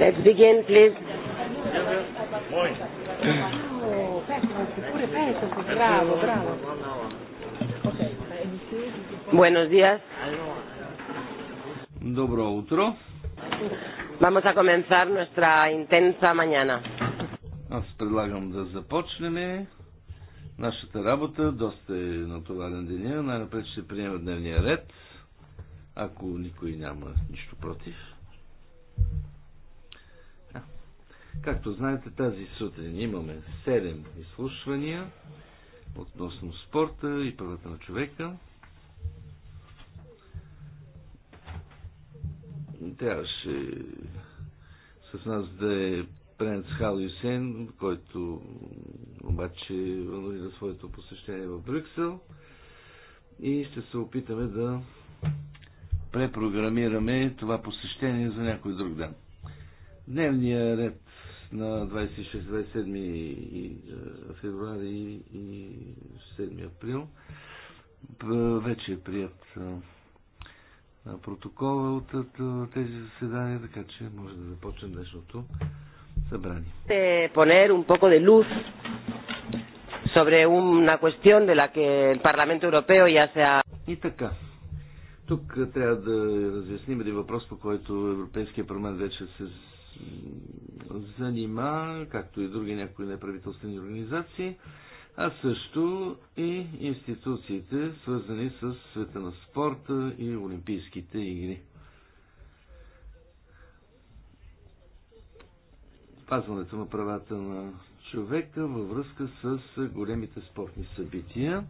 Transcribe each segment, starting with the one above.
Let's begin, please. Buenos días. Dobro utro. Vamos a comenzar nuestra intensa mañana. Аз предлагам да започнем нашата работа. Доста е натоварен деня. Най-напред ще приемем дневния ред, ако никой няма нищо против. Както знаете, тази сутрин имаме 7 изслушвания относно спорта и правата на човека. Трябваше с нас да е Пренц Хал Юсен, който обаче за своето посещение в Брюксел и ще се опитаме да препрограмираме това посещение за някой друг ден. Дневният ред на 26-27 е, февруари и 7 април. Вече е прият е, протокола от тези заседания, така че може да започнем днешното събрание. Е, Понер un poco de luz sobre una cuestión de la que el Parlamento Europeo ya se ha... И така, тук трябва да разясним един въпрос, по който Европейския парламент вече се занима, както и други някои неправителствени организации, а също и институциите, свързани с света на спорта и Олимпийските игри. Пазването на правата на човека във връзка с големите спортни събития.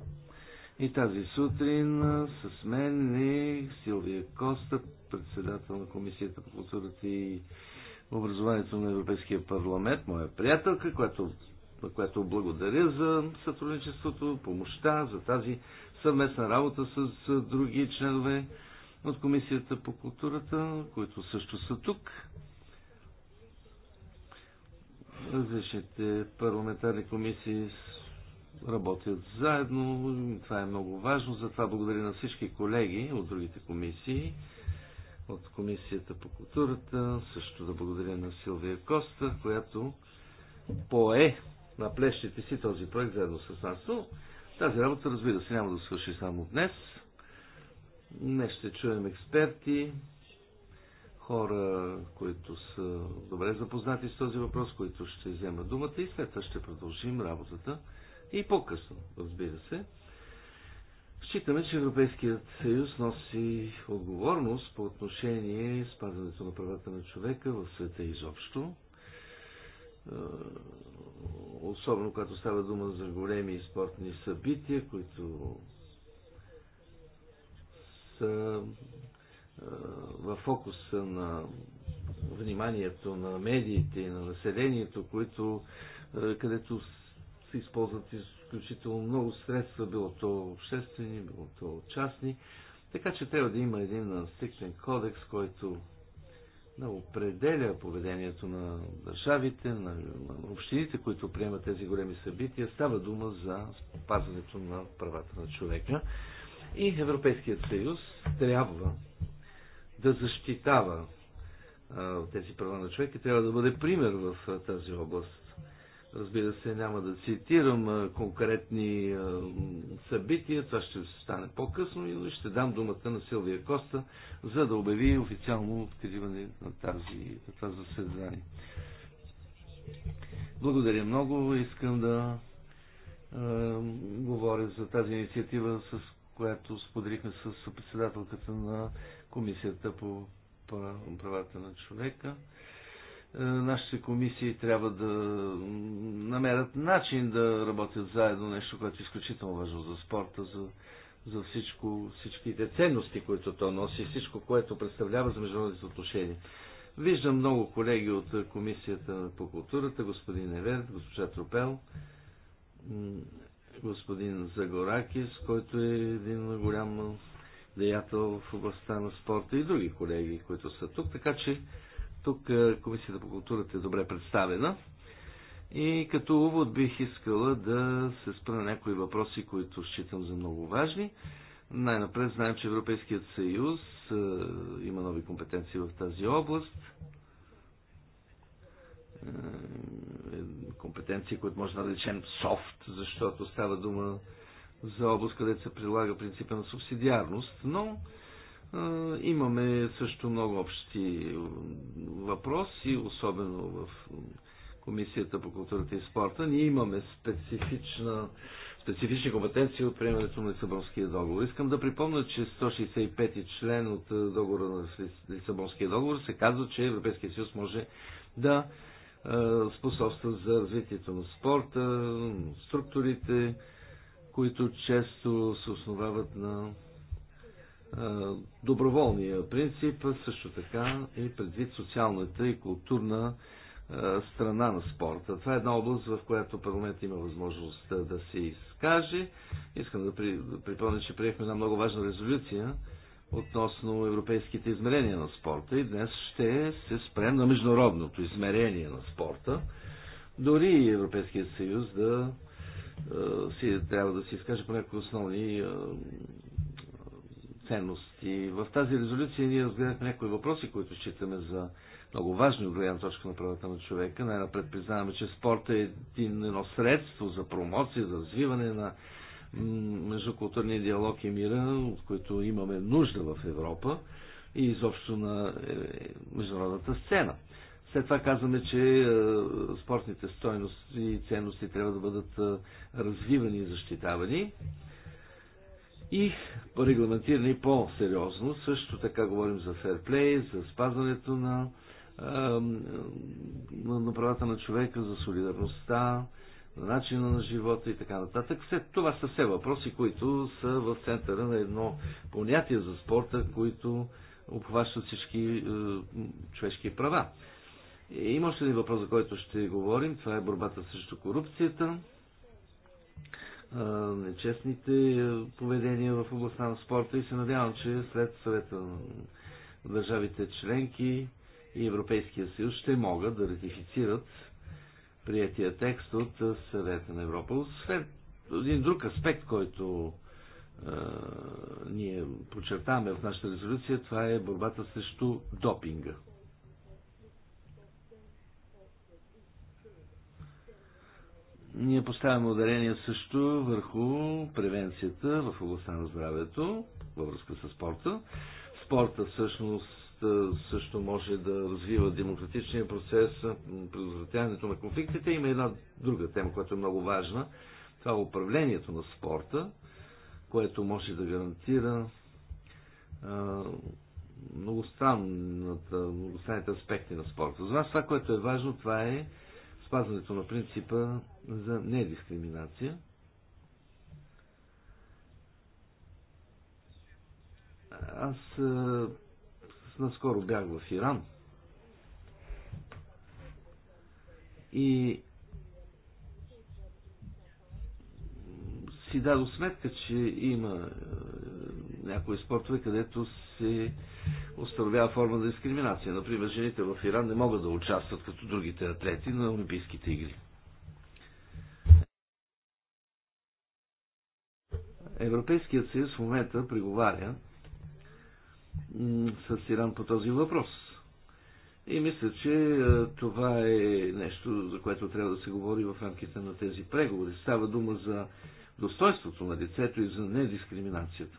И тази сутрин с мен е Силвия Коста, председател на Комисията по културата и образованието на Европейския парламент, моя приятелка, която, на която благодаря за сътрудничеството, помощта, за тази съвместна работа с, с други членове от Комисията по културата, които също са тук. Различните парламентарни комисии работят заедно. Това е много важно. Затова благодаря на всички колеги от другите комисии от Комисията по културата. Също да благодаря на Силвия Коста, която пое на плещите си този проект заедно с нас. Но тази работа, разбира се, няма да свърши само днес. Днес ще чуем експерти, хора, които са добре запознати с този въпрос, които ще вземат думата и след това ще продължим работата и по-късно, разбира се. Считаме, че Европейският съюз носи отговорност по отношение спазването на правата на човека в света изобщо. Е, особено когато става дума за големи спортни събития, които са е, в фокуса на вниманието на медиите и на населението, които, е, където се използват изключително много средства, било то обществени, било то частни. Така че трябва да има един стриктен кодекс, който да определя поведението на държавите, на, на общините, които приемат тези големи събития. Става дума за спазването на правата на човека. И Европейският съюз трябва да защитава а, тези права на човека, трябва да бъде пример в а, тази област. Разбира се, няма да цитирам конкретни събития, това ще стане по-късно, и ще дам думата на Силвия Коста, за да обяви официално откриване на, тази, това заседание. Благодаря много. Искам да а, говоря за тази инициатива, с която споделихме с председателката на Комисията по правата на човека. Е, нашите комисии трябва да намерят начин да работят заедно, нещо, което е изключително важно за спорта, за, за всичко, всичките ценности, които то носи, всичко, което представлява за международните отношения. Виждам много колеги от Комисията по културата, господин Еверт, госпожа Тропел, господин Загоракис, който е един голям деятел в областта на спорта и други колеги, които са тук. Така че тук е, Комисията по културата е добре представена. И като увод бих искала да се спра на някои въпроси, които считам за много важни. Най-напред знаем, че Европейският съюз е, има нови компетенции в тази област. Е, е компетенции, които може да наречем софт, защото става дума за област, където се прилага принципа на субсидиарност, но Имаме също много общи въпроси, особено в Комисията по културата и спорта. Ние имаме специфична, специфични компетенции от приемането на Лисабонския договор. Искам да припомня, че 165 ти член от е, договора на Лисабонския договор се казва, че Европейския съюз може да е, способства за развитието на спорта, структурите, които често се основават на доброволния принцип, също така и предвид социалната и културна страна на спорта. Това е една област, в която парламент има възможност да се изкаже. Искам да припомня, че приехме една много важна резолюция относно европейските измерения на спорта и днес ще се спрем на международното измерение на спорта. Дори Европейският съюз да си, трябва да се изкаже по някои основни ценности. В тази резолюция ние разгледахме някои въпроси, които считаме за много важни от гледна точка на правата на човека. Най-напред признаваме, че спорт е едно средство за промоция, за развиване на междукултурния диалог и мира, от които имаме нужда в Европа и изобщо на е, международната сцена. След това казваме, че е, спортните стойности и ценности трябва да бъдат е, развивани и защитавани и регламентирани по-сериозно. Също така говорим за ферплей, за спазването на, на правата на човека, за солидарността, на начина на живота и така нататък. Все, това са все въпроси, които са в центъра на едно понятие за спорта, които обхващат всички е, човешки права. И има още един въпрос, за който ще говорим. Това е борбата срещу корупцията нечестните поведения в областта на спорта и се надявам, че след съвета на държавите членки и Европейския съюз ще могат да ратифицират приятия текст от съвета на Европа. След един друг аспект, който ние подчертаваме в нашата резолюция, това е борбата срещу допинга. Ние поставяме ударение също върху превенцията в областта на здравето, във връзка с спорта. Спорта всъщност също може да развива демократичния процес, предотвратяването на конфликтите. Има една друга тема, която е много важна. Това е управлението на спорта, което може да гарантира многостранните аспекти на спорта. За нас това, което е важно, това е спазването на принципа за недискриминация. Аз е, наскоро бях в Иран и си дадо сметка, че има е, някои спортове, където се установява форма на дискриминация. Например, жените в Иран не могат да участват като другите атлети на Олимпийските игри. Европейският съюз в момента преговаря с Иран по този въпрос. И мисля, че е, това е нещо, за което трябва да се говори в рамките на тези преговори. Става дума за достоинството на лицето и за недискриминацията.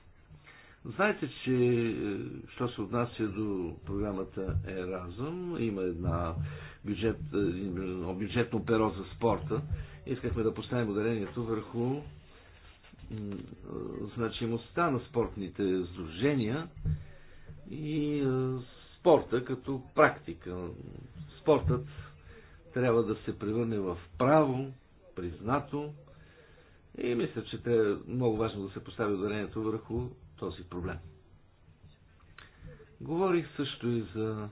Знаете, че, е, що се отнася до програмата Еразъм, има една бюджет, е, бюджетно перо за спорта. Искахме да поставим ударението върху значимостта на спортните сдружения и е, спорта като практика. Спортът трябва да се превърне в право, признато и мисля, че те е много важно да се постави ударението върху този проблем. Говорих също и за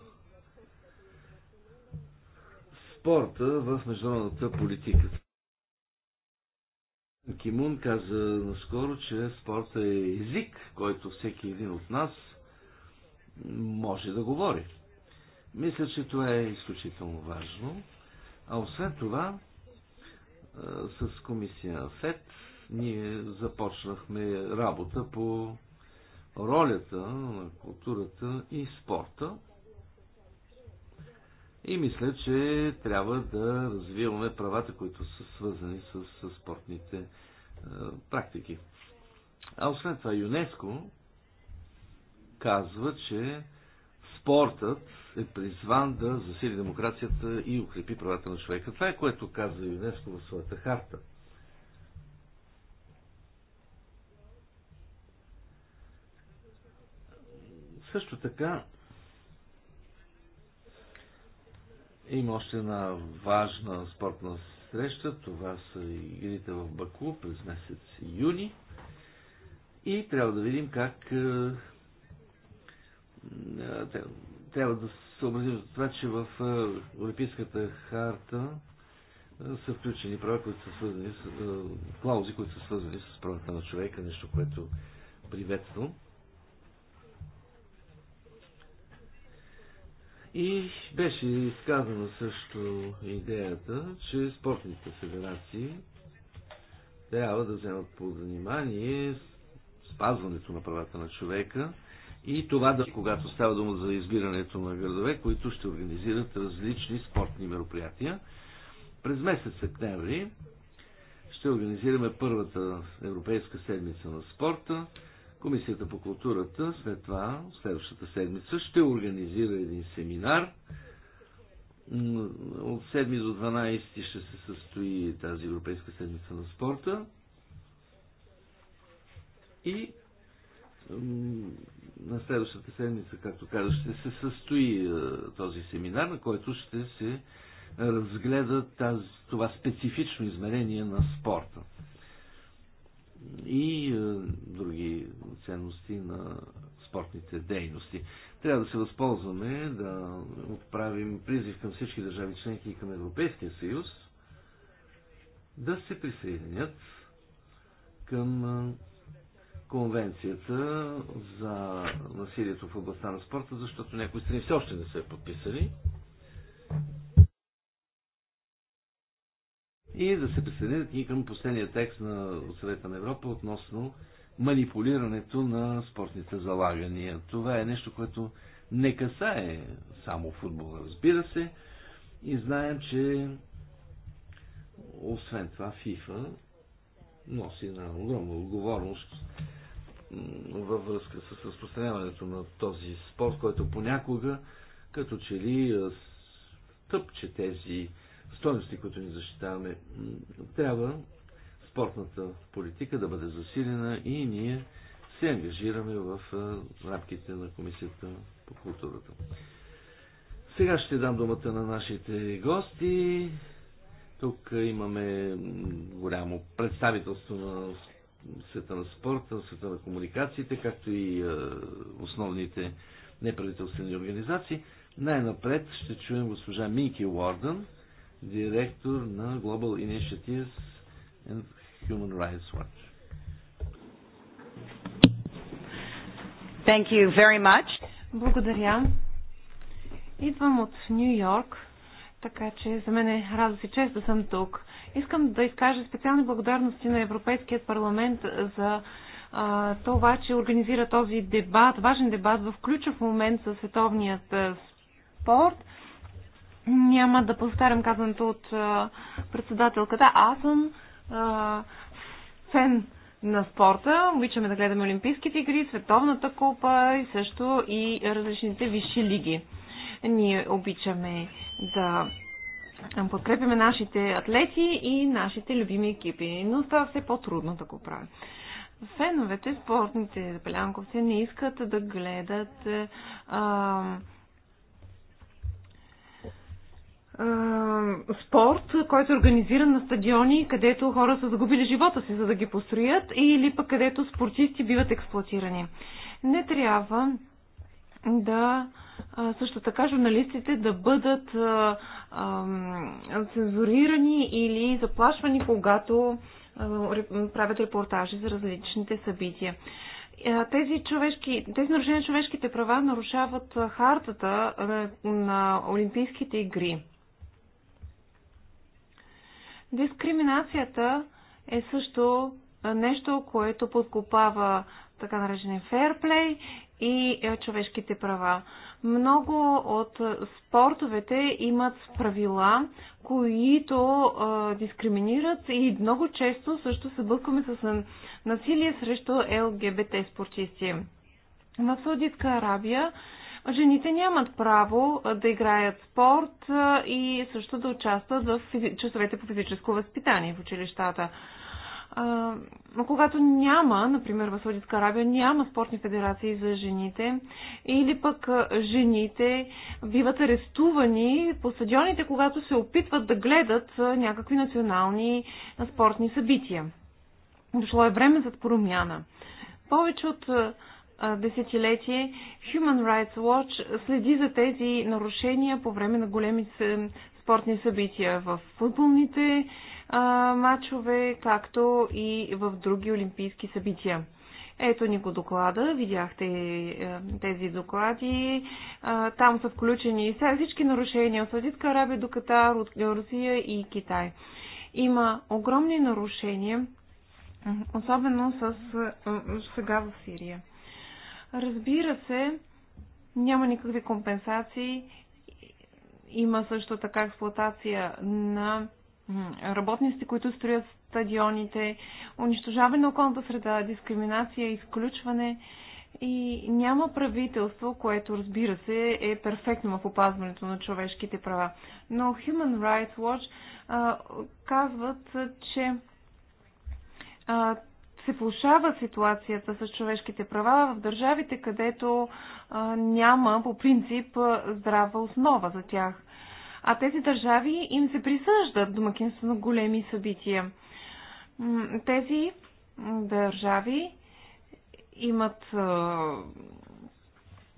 спорта в международната политика. Кимун каза наскоро, че спорта е език, който всеки един от нас може да говори. Мисля, че това е изключително важно. А освен това, с комисия ФЕД ние започнахме работа по ролята на културата и спорта и мисля, че трябва да развиваме правата, които са свързани с, с спортните е, практики. А освен това, ЮНЕСКО казва, че спортът е призван да засили демокрацията и укрепи правата на човека. Това е което казва ЮНЕСКО в своята харта. Също така, Има още една важна спортна среща. Това са игрите в Баку през месец юни. И трябва да видим как е, е, трябва да се съобразим за това, че в е, Олимпийската харта са включени права, които са свързани с клаузи, които са свързани с правата на човека, нещо, което приветствам. И беше изказана също идеята, че спортните федерации трябва да вземат под внимание спазването на правата на човека и това да, когато става дума за избирането на градове, които ще организират различни спортни мероприятия. През месец септември ще организираме първата Европейска седмица на спорта. Комисията по културата след това, следващата седмица, ще организира един семинар. От 7 до 12 ще се състои тази Европейска седмица на спорта. И на следващата седмица, както казах, ще се състои е, този семинар, на който ще се разгледа тази, това специфично измерение на спорта и е, други ценности на спортните дейности. Трябва да се възползваме да отправим призив към всички държави членки и към Европейския съюз да се присъединят към е, конвенцията за насилието в областта на спорта, защото някои страни все още не са подписали и да се присъединят и към последния текст на Съвета на Европа относно манипулирането на спортните залагания. Това е нещо, което не касае само футбола, разбира се. И знаем, че освен това ФИФА носи на огромна отговорност във връзка с разпространяването на този спорт, който понякога като че ли тъпче тези стойности, които ни защитаваме. Трябва спортната политика да бъде засилена и ние се ангажираме в рамките на Комисията по културата. Сега ще дам думата на нашите гости. Тук имаме голямо представителство на света на спорта, света на комуникациите, както и основните неправителствени организации. Най-напред ще чуем госпожа Минки Уордън, директор на Global Initiatives and Human Rights Watch. Thank you very much. Благодаря. Идвам от Нью Йорк, така че за мен е радост и чест да съм тук. Искам да изкажа специални благодарности на Европейският парламент за а, това, че организира този дебат, важен дебат в ключов момент за световният спорт. Няма да повтарям казаното от председателката. Аз съм а, фен на спорта. Обичаме да гледаме Олимпийските игри, Световната купа и също и различните висши лиги. Ние обичаме да подкрепяме нашите атлети и нашите любими екипи, но става все по-трудно да го правим. Феновете, спортните пелянковци не искат да гледат а, спорт, който е организиран на стадиони, където хора са загубили живота си, за да ги построят, или пък където спортисти биват експлуатирани. Не трябва да също така журналистите да бъдат цензурирани или заплашвани, когато правят репортажи за различните събития. Тези, човешки, тези нарушения на човешките права нарушават хартата на Олимпийските игри. Дискриминацията е също нещо, което подкопава така наречения фейрплей и човешките права. Много от спортовете имат правила, които а, дискриминират и много често също се бъркаме с насилие срещу ЛГБТ спортисти. В Саудитска Арабия жените нямат право да играят спорт и също да участват в часовете по физическо възпитание в училищата. Но когато няма, например в Саудитска Арабия, няма спортни федерации за жените, или пък жените биват арестувани по стадионите, когато се опитват да гледат някакви национални спортни събития. Дошло е време за промяна. Повече от десетилетие Human Rights Watch следи за тези нарушения по време на големи спортни събития в футболните а, матчове, както и в други олимпийски събития. Ето ни го доклада, видяхте е, тези доклади. Там са включени всички нарушения от Саудитска Арабия до Катар, от Русия и Китай. Има огромни нарушения, особено с, сега в Сирия. Разбира се, няма никакви компенсации. Има също така експлуатация на работниците, които строят стадионите, унищожаване на околната среда, дискриминация, изключване. И няма правителство, което разбира се е перфектно в опазването на човешките права. Но Human Rights Watch а, казват, че а, се влушава ситуацията с човешките права в държавите, където а, няма по принцип здрава основа за тях. А тези държави им се присъждат домакинство на големи събития. Тези държави имат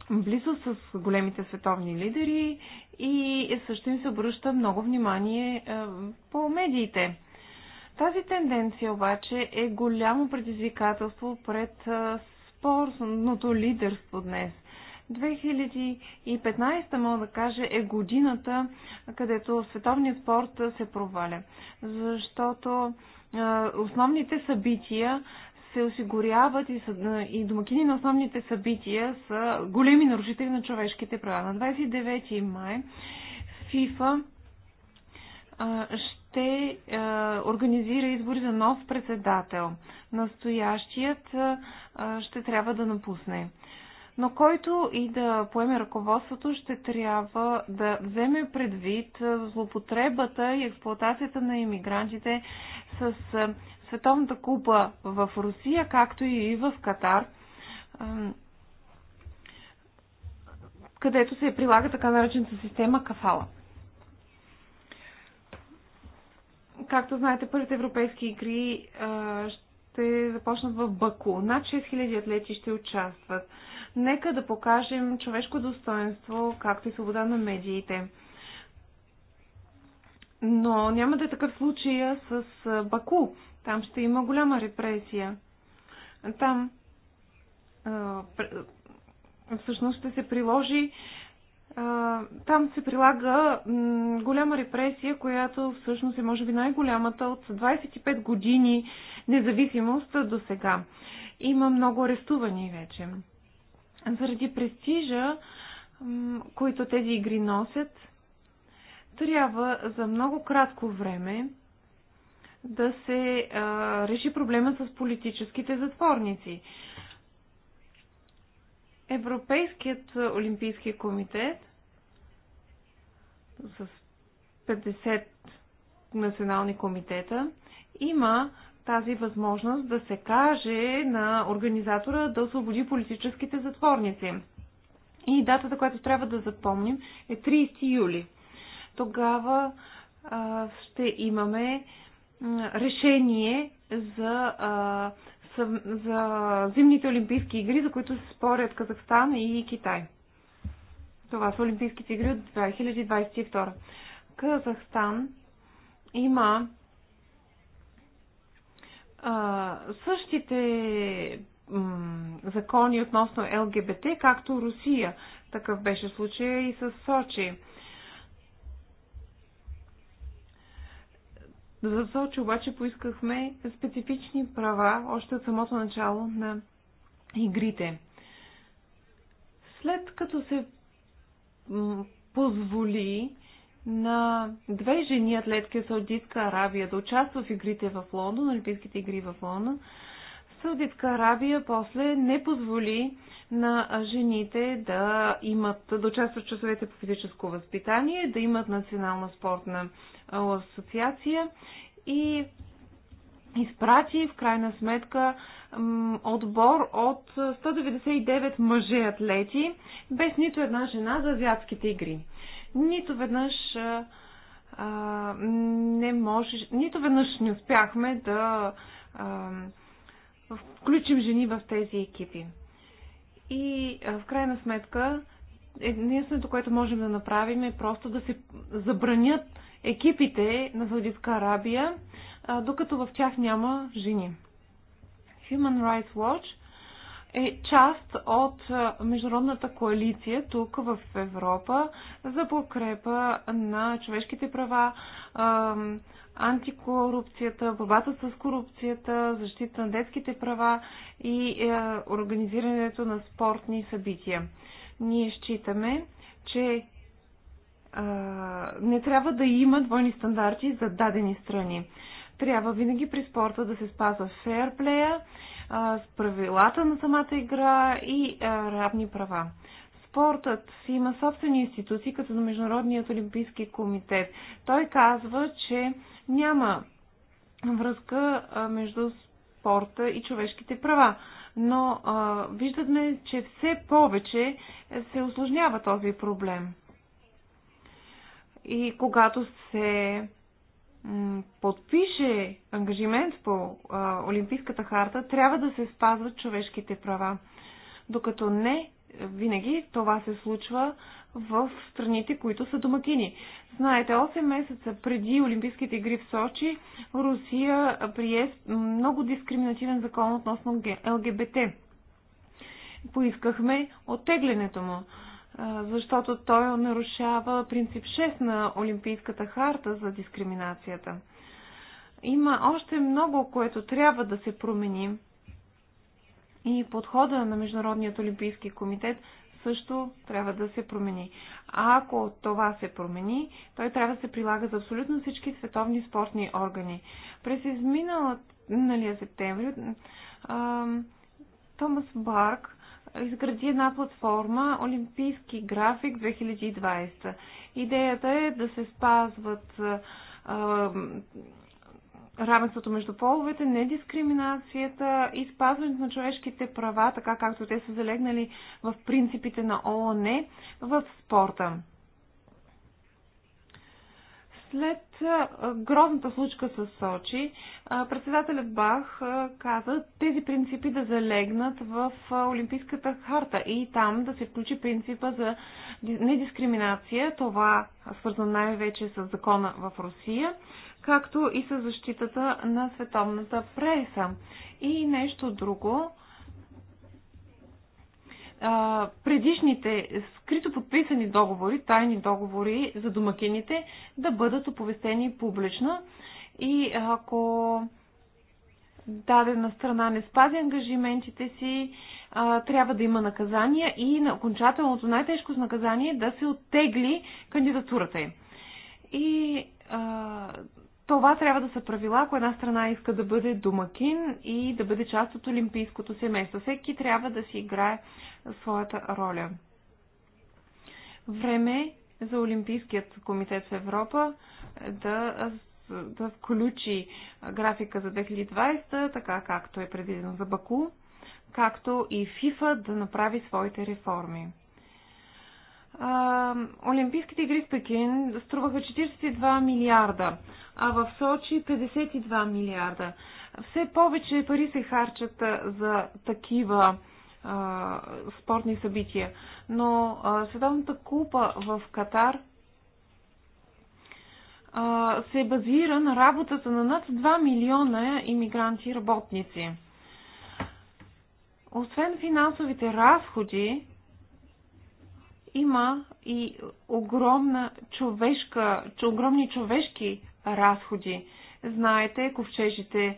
близо с големите световни лидери и също им се обръща много внимание по медиите. Тази тенденция обаче е голямо предизвикателство пред спорното лидерство днес. 2015, мога да кажа, е годината, където световният спорт се проваля. Защото основните събития се осигуряват и, са, и домакини на основните събития са големи нарушители на човешките права. На 29 май ФИФА ще ще е, организира избори за нов председател. Настоящият е, ще трябва да напусне. Но който и да поеме ръководството, ще трябва да вземе предвид е, злопотребата и експлуатацията на иммигрантите с е, Световната купа в Русия, както и в Катар е, където се прилага така наречената система кафала. Както знаете, първите европейски игри а, ще започнат в Баку. Над 6000 атлети ще участват. Нека да покажем човешко достоинство, както и свобода на медиите. Но няма да е такъв случай с Баку. Там ще има голяма репресия. Там а, всъщност ще се приложи там се прилага голяма репресия, която всъщност е може би най-голямата от 25 години независимост до сега. Има много арестувани вече. Заради престижа, които тези игри носят, трябва за много кратко време да се а, реши проблема с политическите затворници. Европейският олимпийски комитет с 50 национални комитета има тази възможност да се каже на организатора да освободи политическите затворници. И датата, която трябва да запомним е 30 юли. Тогава а, ще имаме решение за а, за зимните Олимпийски игри, за които се спорят Казахстан и Китай. Това са Олимпийските игри от 2022. Казахстан има а, същите м, закони относно ЛГБТ, както Русия. Такъв беше случай и с Сочи. А, За Сочи обаче поискахме специфични права още от самото начало на игрите. След като се позволи на две жени атлетки от Саудитска Аравия да участват в игрите в Лондон, Олимпийските игри в Лондон, Саудитска Аравия после не позволи на жените да имат, да участват в часовете по физическо възпитание, да имат национална спортна асоциация и изпрати в крайна сметка отбор от 199 мъже атлети, без нито една жена за азиатските игри. Нито веднъж а, не може, нито веднъж не успяхме да а, включим жени в тези екипи. И в крайна сметка, единственото, което можем да направим е просто да се забранят екипите на Саудитска Арабия, докато в тях няма жени. Human Rights Watch е част от е, международната коалиция тук в Европа за покрепа на човешките права, антикорупцията, борбата с корупцията, защита на детските права и е, организирането на спортни събития. Ние считаме, че не трябва да има двойни стандарти за дадени страни. Трябва винаги при спорта да се спазва фейерплея с правилата на самата игра и равни права. Спортът си има собствени институции, като на Международният олимпийски комитет. Той казва, че няма връзка между спорта и човешките права. Но а, виждаме, че все повече се осложнява този проблем. И когато се подпише ангажимент по а, Олимпийската харта, трябва да се спазват човешките права. Докато не винаги това се случва в страните, които са домакини. Знаете, 8 месеца преди Олимпийските игри в Сочи, Русия прие много дискриминативен закон относно ЛГБТ. Поискахме оттеглянето му защото той нарушава принцип 6 на Олимпийската харта за дискриминацията. Има още много, което трябва да се промени. И подхода на Международният олимпийски комитет също трябва да се промени. А ако това се промени, той трябва да се прилага за абсолютно всички световни спортни органи. През изминалия септември Томас Барк изгради една платформа Олимпийски график 2020. Идеята е да се спазват равенството между половете, недискриминацията и спазването на човешките права, така както те са залегнали в принципите на ООН в спорта. След грозната случка с Сочи, председателят Бах каза тези принципи да залегнат в Олимпийската харта и там да се включи принципа за недискриминация. Това свързано най-вече с закона в Русия, както и с защитата на световната преса. И нещо друго, а, предишните скрито подписани договори, тайни договори за домакините да бъдат оповестени публично и ако дадена страна не спази ангажиментите си, а, трябва да има наказания и на окончателното най-тежко наказание е да се оттегли кандидатурата им. И а, това трябва да са правила, ако една страна иска да бъде домакин и да бъде част от олимпийското семейство. Всеки трябва да си играе своята роля. Време е за Олимпийският комитет в Европа да, да включи графика за 2020, така както е предвидено за Баку, както и ФИФА да направи своите реформи. Олимпийските игри в Пекин струваха 42 милиарда, а в Сочи 52 милиарда. Все повече пари се харчат за такива а, спортни събития. Но а, Световната купа в Катар а, се базира на работата на над 2 милиона иммигранти работници. Освен финансовите разходи, има и огромна човешка, огромни човешки разходи. Знаете, ковчежите,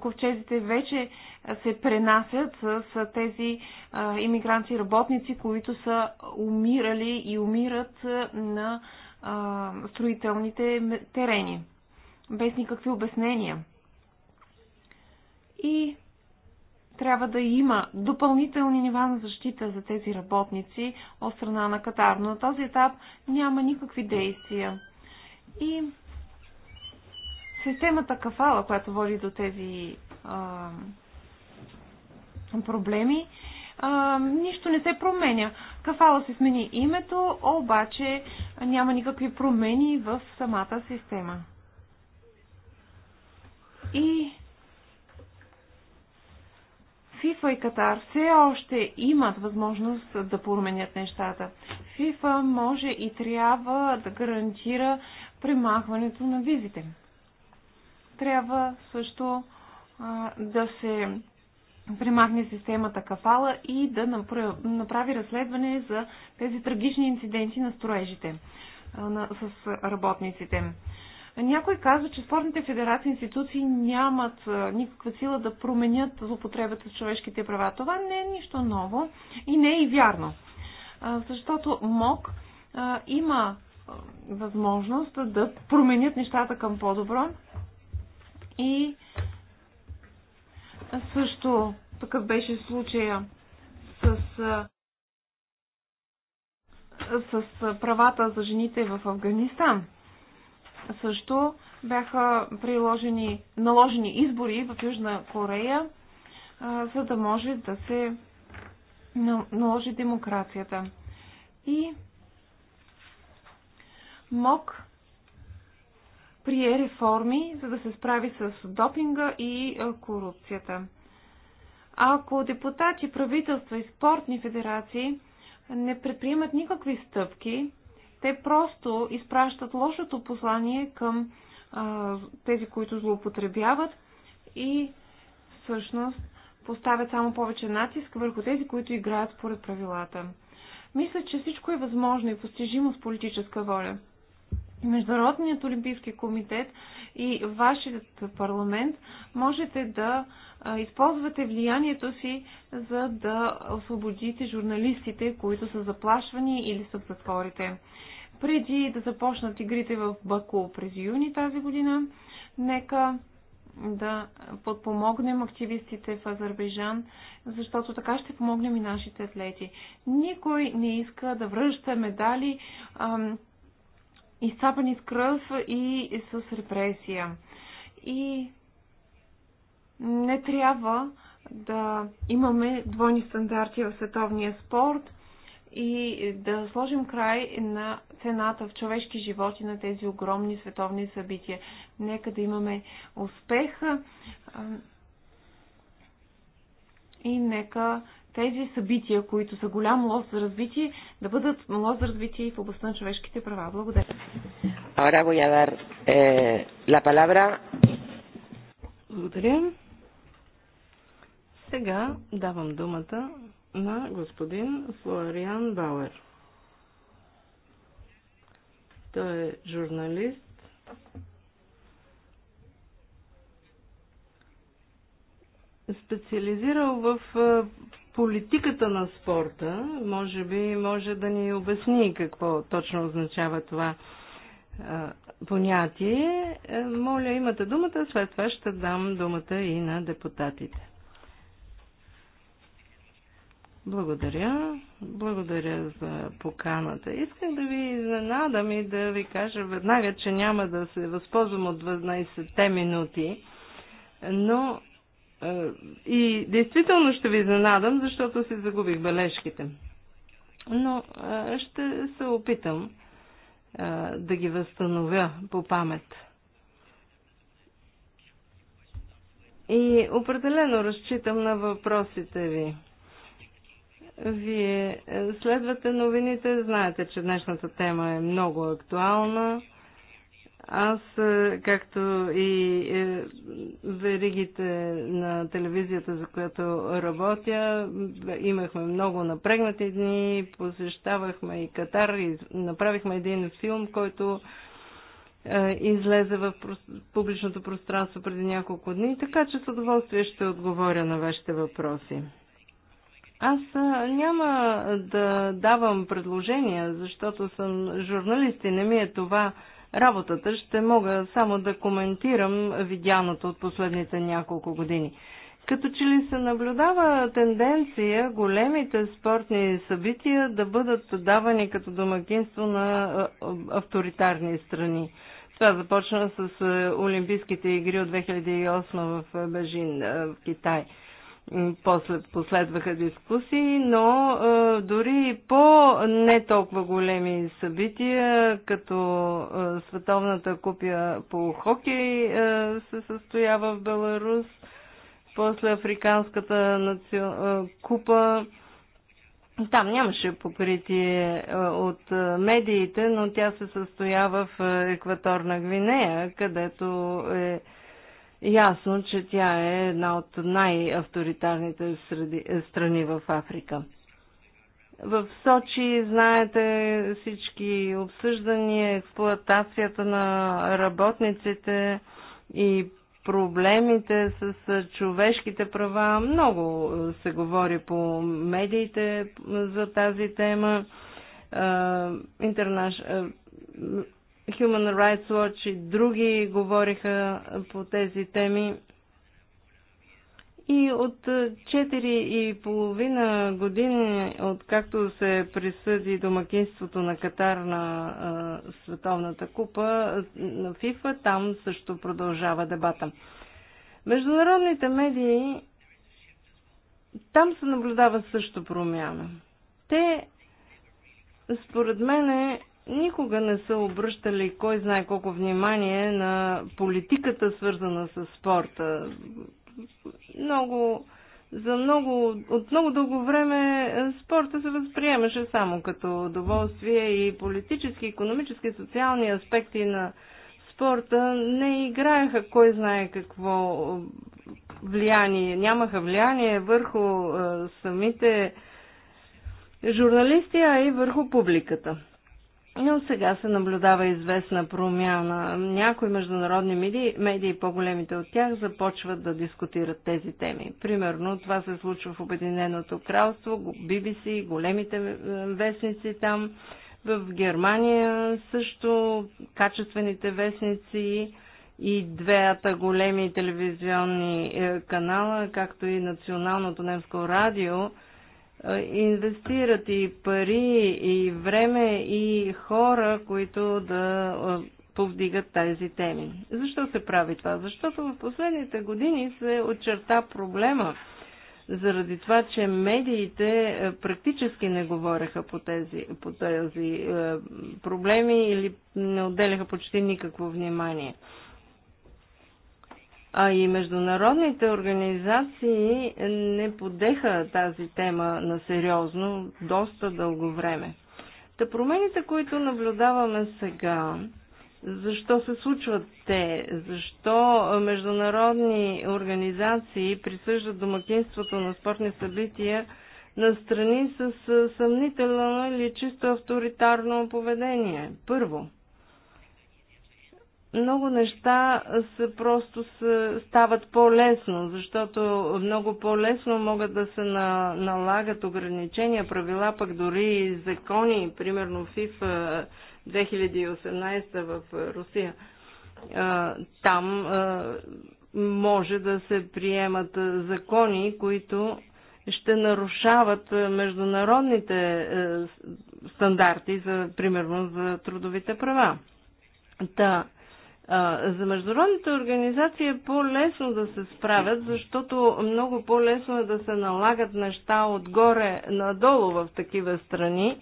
ковчежите вече се пренасят с, с тези а, иммигранти работници, които са умирали и умират на а, строителните терени. Без никакви обяснения. И трябва да има допълнителни нива на защита за тези работници от страна на Катар. Но на този етап няма никакви действия. И системата кафала, която води до тези а, проблеми, а, нищо не се променя. Кафала се смени името, обаче няма никакви промени в самата система. И ФИФА и Катар все още имат възможност да променят нещата. ФИФА може и трябва да гарантира примахването на визите. Трябва също а, да се примахне системата Кафала и да направи разследване за тези трагични инциденти на строежите а, на, с работниците. Някой казва, че спортните федерации и институции нямат никаква сила да променят злоупотребата с човешките права. Това не е нищо ново и не е и вярно. Защото МОК има възможност да променят нещата към по-добро и също такъв беше случая с, с правата за жените в Афганистан също бяха приложени, наложени избори в Южна Корея, за да може да се наложи демокрацията. И МОК прие реформи, за да се справи с допинга и корупцията. Ако депутати, правителства и спортни федерации не предприемат никакви стъпки, те просто изпращат лошото послание към а, тези, които злоупотребяват и всъщност поставят само повече натиск върху тези, които играят според правилата. Мисля, че всичко е възможно и постижимо с политическа воля. Международният олимпийски комитет и вашият парламент можете да използвате влиянието си, за да освободите журналистите, които са заплашвани или са в затворите преди да започнат игрите в Баку през юни тази година. Нека да подпомогнем активистите в Азербайджан, защото така ще помогнем и нашите атлети. Никой не иска да връща медали ам, изцапани с кръв и, и с репресия. И не трябва да имаме двойни стандарти в световния спорт и да сложим край на цената в човешки животи на тези огромни световни събития. Нека да имаме успеха. и нека тези събития, които са голям лост за развитие, да бъдат лост за развитие и в областта на човешките права. Благодаря. Ahora voy a dar eh, la palabra. Благодаря. Сега давам думата на господин Флориан Бауер. Той е журналист. Специализирал в политиката на спорта. Може би може да ни обясни какво точно означава това понятие. Е, моля, имате думата, след това ще дам думата и на депутатите. Благодаря. Благодаря за поканата. Искам да ви изненадам и да ви кажа веднага, че няма да се възползвам от 12-те минути, но е, и действително ще ви изненадам, защото си загубих бележките. Но е, ще се опитам е, да ги възстановя по памет. И определено разчитам на въпросите ви. Вие следвате новините, знаете, че днешната тема е много актуална. Аз, е, както и е, веригите на телевизията, за която работя, имахме много напрегнати дни, посещавахме и Катар, и направихме един филм, който е, излезе в публичното пространство преди няколко дни, така че с удоволствие ще отговоря на вашите въпроси. Аз няма да давам предложения, защото съм журналист и не ми е това работата. Ще мога само да коментирам видяното от последните няколко години. Като че ли се наблюдава тенденция големите спортни събития да бъдат давани като домакинство на авторитарни страни. Това започна с Олимпийските игри от 2008 в Бежин, в Китай – после последваха дискусии, но а, дори и по не толкова големи събития, като а, Световната купия по хокей а, се състоява в Беларус, после Африканската наци... купа. Там нямаше покритие от медиите, но тя се състоява в Екваторна Гвинея, където е ясно, че тя е една от най-авторитарните страни в Африка. В Сочи, знаете, всички обсъждания, експлоатацията на работниците и проблемите с човешките права. Много се говори по медиите за тази тема. Human Rights Watch и други говориха по тези теми. И от 4,5 години, откакто се присъди домакинството на Катар на а, Световната купа на ФИФА, там също продължава дебата. Международните медии, там се наблюдава също промяна. Те, според мен, никога не са обръщали кой знае колко внимание на политиката, свързана с спорта. Много, за много, от много дълго време спорта се възприемаше само като удоволствие и политически, економически, социални аспекти на спорта не играеха кой знае какво влияние, нямаха влияние върху самите журналисти, а и върху публиката. Но сега се наблюдава известна промяна. Някои международни медии, медии по-големите от тях, започват да дискутират тези теми. Примерно това се случва в Обединеното кралство, BBC, големите е, вестници там, в Германия също, качествените вестници и двеята големи телевизионни е, канала, както и националното немско радио, е, инвестират и пари, и време, и хора, които да е, повдигат тези теми. Защо се прави това? Защото в последните години се очерта проблема заради това, че медиите е, практически не говореха по тези, по тези проблеми или не отделяха почти никакво внимание а и международните организации не подеха тази тема на сериозно доста дълго време. Та промените, които наблюдаваме сега, защо се случват те, защо международни организации присъждат домакинството на спортни събития на страни с съмнително или чисто авторитарно поведение. Първо, много неща са, просто са, стават по-лесно, защото много по-лесно могат да се на, налагат ограничения, правила, пък дори и закони, примерно ФИФ 2018 в Русия. Там може да се приемат закони, които ще нарушават международните е, стандарти, за, примерно за трудовите права. Та, да. За международните организации е по-лесно да се справят, защото много по-лесно е да се налагат неща отгоре надолу в такива страни,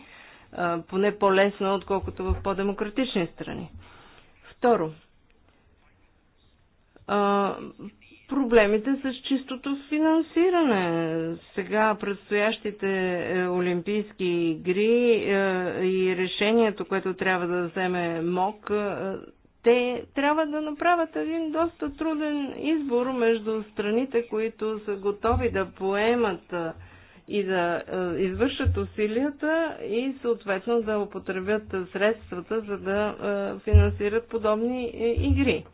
поне по-лесно, отколкото в по-демократични страни. Второ, проблемите с чистото финансиране. Сега предстоящите е, олимпийски игри е, и решението, което трябва да вземе МОК, е, те трябва да направят един доста труден избор между страните, които са готови да поемат и да извършат усилията и съответно да употребят средствата, за да финансират подобни е, игри.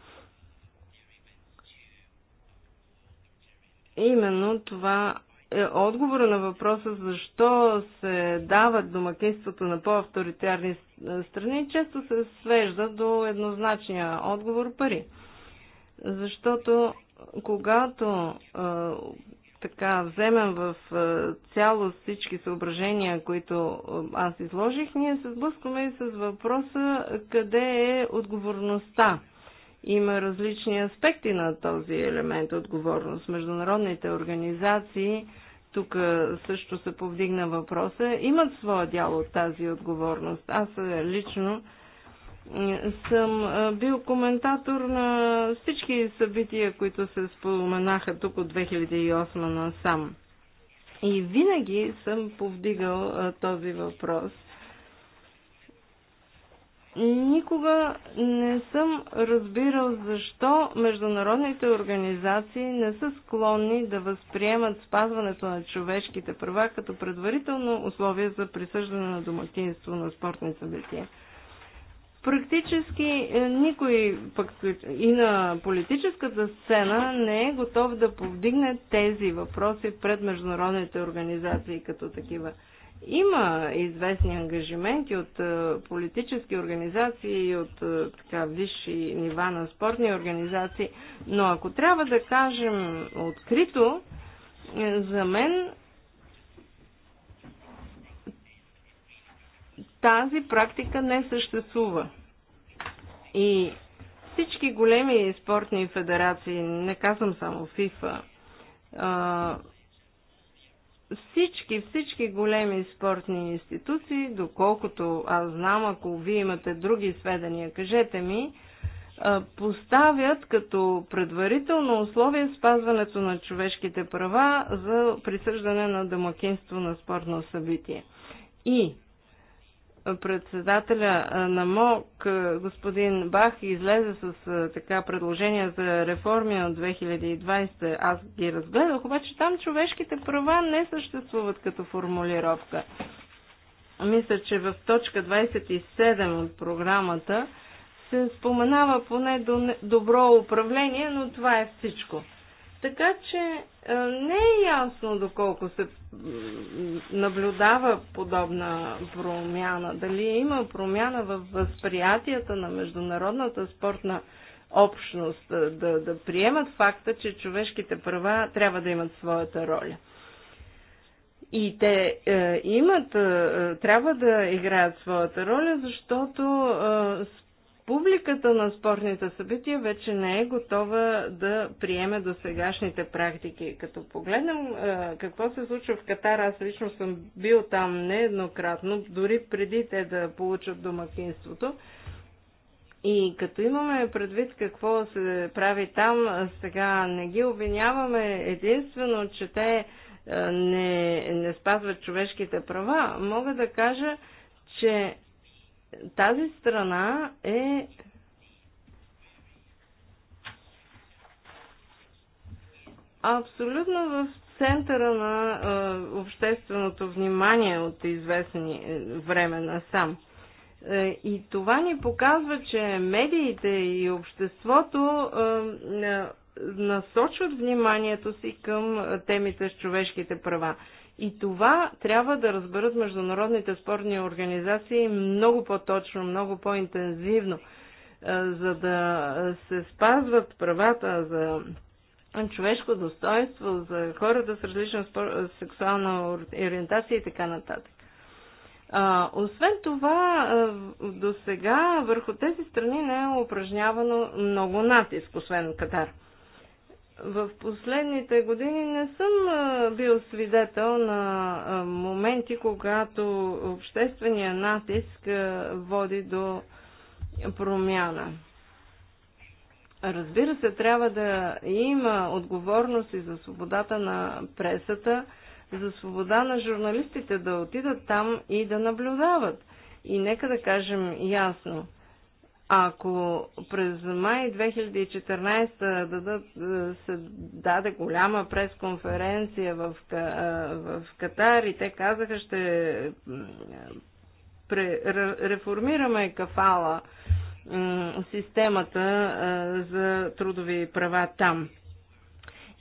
Именно това е отговора на въпроса защо се дават домакинството на по-авторитарни е, страни често се свежда до еднозначния отговор пари. Защото когато е, така вземем в цялост всички съображения, които аз изложих, ние се сблъскваме и с въпроса къде е отговорността има различни аспекти на този елемент отговорност. Международните организации, тук също се повдигна въпроса, имат своя дял от тази отговорност. Аз лично съм бил коментатор на всички събития, които се споменаха тук от 2008 насам. И винаги съм повдигал този въпрос – Никога не съм разбирал защо международните организации не са склонни да възприемат спазването на човешките права като предварително условие за присъждане на домакинство на спортни събития. Практически е, никой пък и на политическата сцена не е готов да повдигне тези въпроси пред международните организации като такива. Има известни ангажименти от е, политически организации и от е, така, висши нива на спортни организации, но ако трябва да кажем открито, е, за мен тази практика не съществува. И всички големи спортни федерации, не казвам само ФИФА, всички, всички големи спортни институции, доколкото аз знам, ако вие имате други сведения, кажете ми, поставят като предварително условие спазването на човешките права за присъждане на домакинство на спортно събитие. И председателя на МОК, господин Бах, излезе с така предложения за реформи от 2020. Аз ги разгледах, обаче там човешките права не съществуват като формулировка. Мисля, че в точка 27 от програмата се споменава поне добро управление, но това е всичко. Така че не е ясно доколко се наблюдава подобна промяна. Дали е има промяна в възприятията на международната спортна общност да, да приемат факта, че човешките права трябва да имат своята роля. И те е, имат, е, е трябва да играят своята роля, защото е, публиката на спортните събития вече не е готова да приеме до сегашните практики. Като погледнем какво се случва в Катар, аз лично съм бил там нееднократно, дори преди те да получат домакинството. И като имаме предвид какво се прави там, сега не ги обвиняваме единствено, че те не, не спазват човешките права. Мога да кажа, че тази страна е абсолютно в центъра на е, общественото внимание от известни е, време на сам. Е, и това ни показва, че медиите и обществото е, насочват вниманието си към темите с човешките права. И това трябва да разберат международните спортни организации много по-точно, много по-интензивно, е, за да се спазват правата за човешко достоинство, за хората с различна спор... сексуална ориентация и така нататък. А, освен това, е, до сега върху тези страни не е упражнявано много натиск, освен Катар в последните години не съм бил свидетел на моменти, когато обществения натиск води до промяна. Разбира се, трябва да има отговорност и за свободата на пресата, за свобода на журналистите да отидат там и да наблюдават. И нека да кажем ясно – ако през май 2014 дадат, е, се даде голяма пресконференция в, е, в Катар и те казаха, ще пре, реформираме кафала системата е, за трудови права там.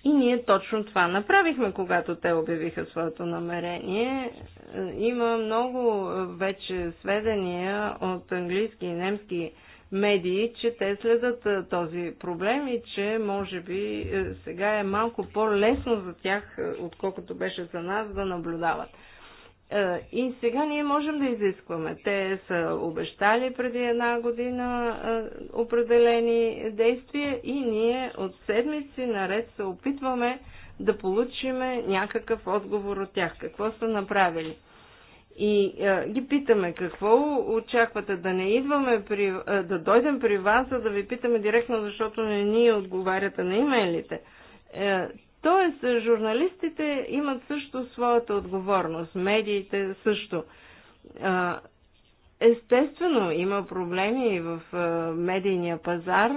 И ние точно това направихме, когато те обявиха своето намерение. Има много вече сведения от английски и немски медии, че те следят е, този проблем и че може би е, сега е малко по-лесно за тях, е, отколкото беше за нас, да наблюдават. И сега ние можем да изискваме. Те са обещали преди една година определени действия и ние от седмици наред се опитваме да получиме някакъв отговор от тях. Какво са направили? И а, ги питаме какво очаквате да не идваме при, а, да дойдем при вас, за да ви питаме директно, защото не ни отговаряте на имейлите. А, е, тоест, журналистите имат също своята отговорност, медиите също. А, естествено, има проблеми и в а, медийния пазар.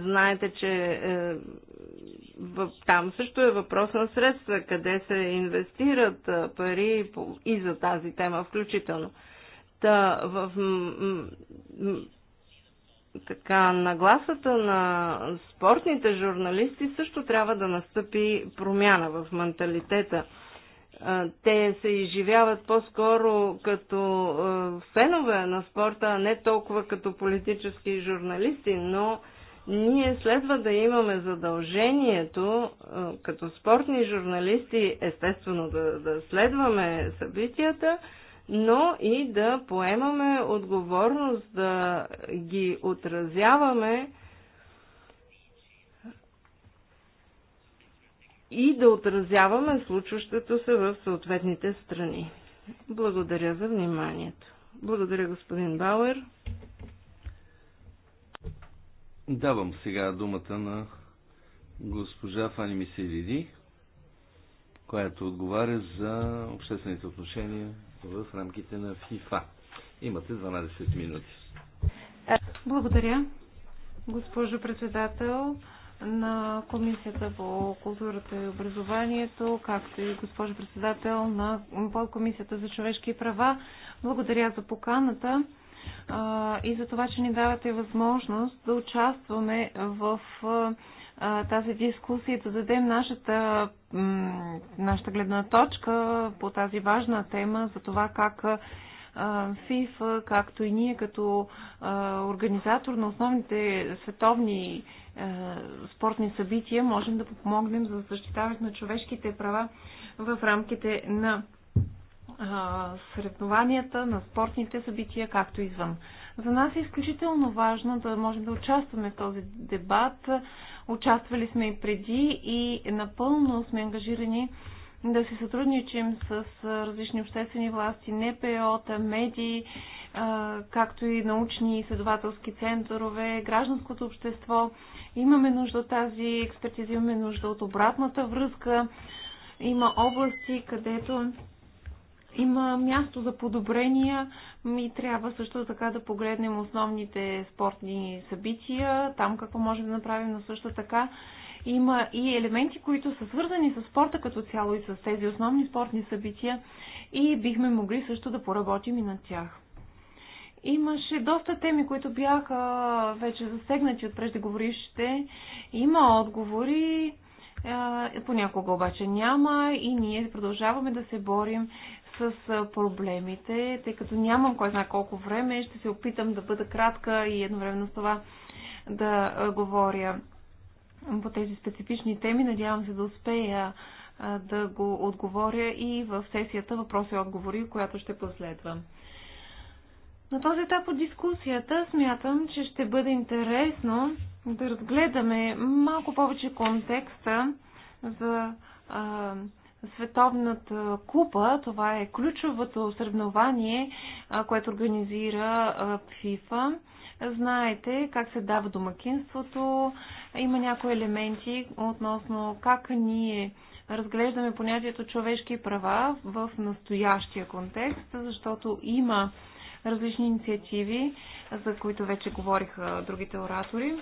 Знаете, че е, там също е въпрос на средства, къде се инвестират пари и за тази тема включително. Та, в така, нагласата на спортните журналисти също трябва да настъпи промяна в менталитета. Те се изживяват по-скоро като фенове на спорта, а не толкова като политически журналисти, но ние следва да имаме задължението като спортни журналисти, естествено да, да следваме събитията, но и да поемаме отговорност да ги отразяваме и да отразяваме случващото се в съответните страни. Благодаря за вниманието. Благодаря, господин Бауер. Давам сега думата на госпожа Фани Миселиди, която отговаря за обществените отношения в рамките на ФИФА. Имате 12 минути. Благодаря, госпожо председател на Комисията по културата и образованието, както и госпожо председател на Комисията за човешки права. Благодаря за поканата и за това, че ни давате възможност да участваме в тази дискусия и да дадем нашата, нашата гледна точка по тази важна тема за това как ФИФА, както и ние като организатор на основните световни спортни събития, можем да помогнем за защитаването на човешките права в рамките на съревнованията, на спортните събития, както извън. За нас е изключително важно да можем да участваме в този дебат. Участвали сме и преди и напълно сме ангажирани да се сътрудничим с различни обществени власти, НПО-та, медии, както и научни изследователски центрове, гражданското общество. Имаме нужда от тази експертиза, имаме нужда от обратната връзка. Има области, където има място за подобрения и трябва също така да погледнем основните спортни събития, там какво можем да направим, но също така има и елементи, които са свързани с спорта като цяло и с тези основни спортни събития и бихме могли също да поработим и над тях. Имаше доста теми, които бяха вече засегнати от преждеговорившите. Има отговори, понякога обаче няма и ние продължаваме да се борим с проблемите, тъй като нямам кой знае колко време, ще се опитам да бъда кратка и едновременно с това да говоря по тези специфични теми. Надявам се да успея да го отговоря и в сесията въпроси и отговори, която ще последва. На този етап от дискусията смятам, че ще бъде интересно да разгледаме малко повече контекста за Световната купа, това е ключовото съревнование, което организира ФИФА. Знаете как се дава домакинството. Има някои елементи относно как ние разглеждаме понятието човешки права в настоящия контекст, защото има различни инициативи, за които вече говориха другите оратори.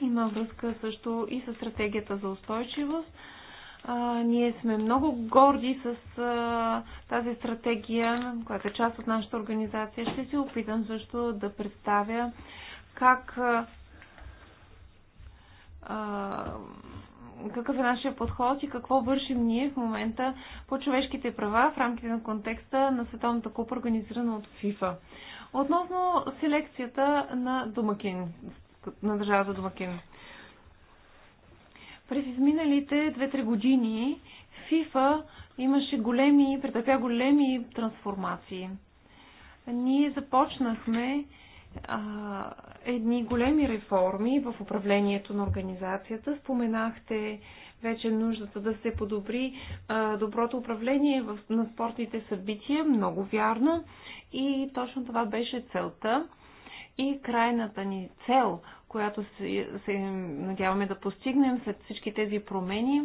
Има връзка също и с стратегията за устойчивост а, ние сме много горди с а, тази стратегия, която е част от нашата организация. Ще се опитам също да представя как а, какъв е нашия подход и какво вършим ние в момента по човешките права в рамките на контекста на Световната купа, организирана от ФИФА. Относно селекцията на домакин, на държавата домакин. През изминалите 2-3 години FIFA имаше големи, претърпя големи трансформации. Ние започнахме а, едни големи реформи в управлението на организацията. Споменахте вече нуждата да се подобри а, доброто управление в, на спортните събития. Много вярно. И точно това беше целта. И крайната ни цел която се, се надяваме да постигнем след всички тези промени,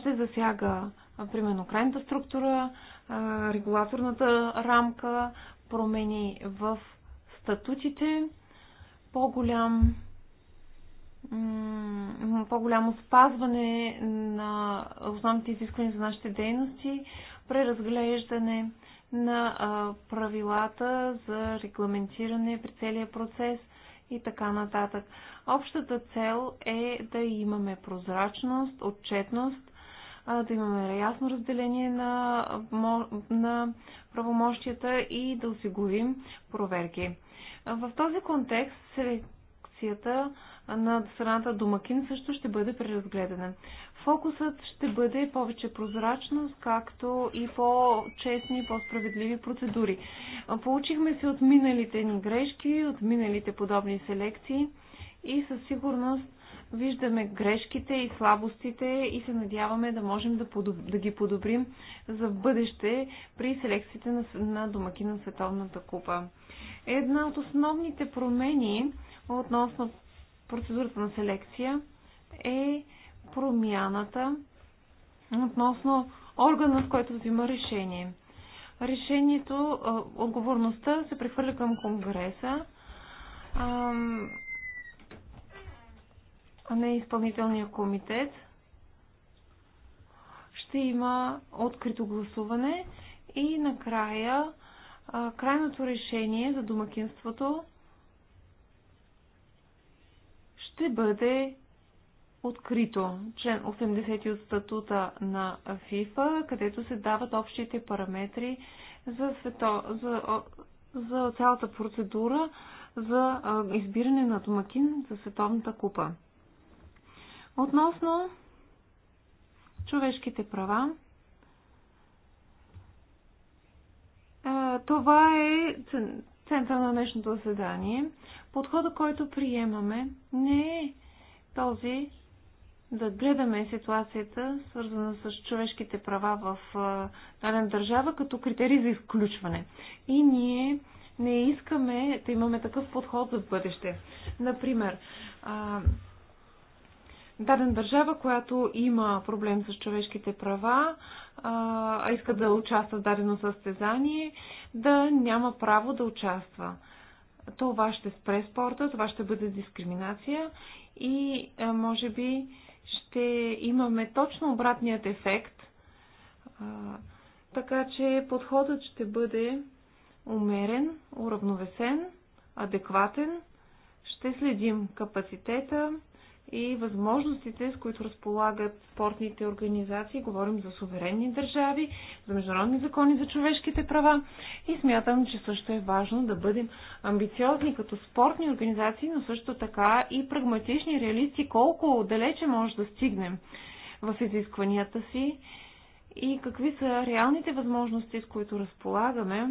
ще засяга примерно крайната структура, регулаторната рамка, промени в статутите, по-голям по-голямо спазване на основните изисквания за нашите дейности, преразглеждане на правилата за регламентиране при целия процес и така нататък. Общата цел е да имаме прозрачност, отчетност, да имаме ясно разделение на, на правомощията и да осигурим проверки. В този контекст селекцията на страната Домакин също ще бъде преразгледана. Фокусът ще бъде повече прозрачност, както и по-честни, по-справедливи процедури. Получихме се от миналите ни грешки, от миналите подобни селекции и със сигурност виждаме грешките и слабостите и се надяваме да можем да, подоб... да ги подобрим за бъдеще при селекциите на, на домаки на Световната купа. Една от основните промени относно процедурата на селекция е промяната относно органа, в който взима решение. Решението, отговорността се прехвърля към Конгреса, а не изпълнителния комитет. Ще има открито гласуване и накрая крайното решение за домакинството ще бъде открито член 80 от статута на ФИФА, където се дават общите параметри за, свето, за, за цялата процедура за избиране на домакин за Световната купа. Относно човешките права, това е център на днешното заседание. Подходът, който приемаме, не е този да гледаме ситуацията, свързана с човешките права в дадена държава, като критерий за изключване. И ние не искаме да имаме такъв подход за бъдеще. Например, даден държава, която има проблем с човешките права, а иска да участва в дадено състезание, да няма право да участва. Това ще спре спорта, това ще бъде дискриминация и може би ще имаме точно обратният ефект. А, така че подходът ще бъде умерен, уравновесен, адекватен. Ще следим капацитета, и възможностите, с които разполагат спортните организации. Говорим за суверенни държави, за международни закони за човешките права и смятам, че също е важно да бъдем амбициозни като спортни организации, но също така и прагматични реалисти, колко далече може да стигнем в изискванията си и какви са реалните възможности, с които разполагаме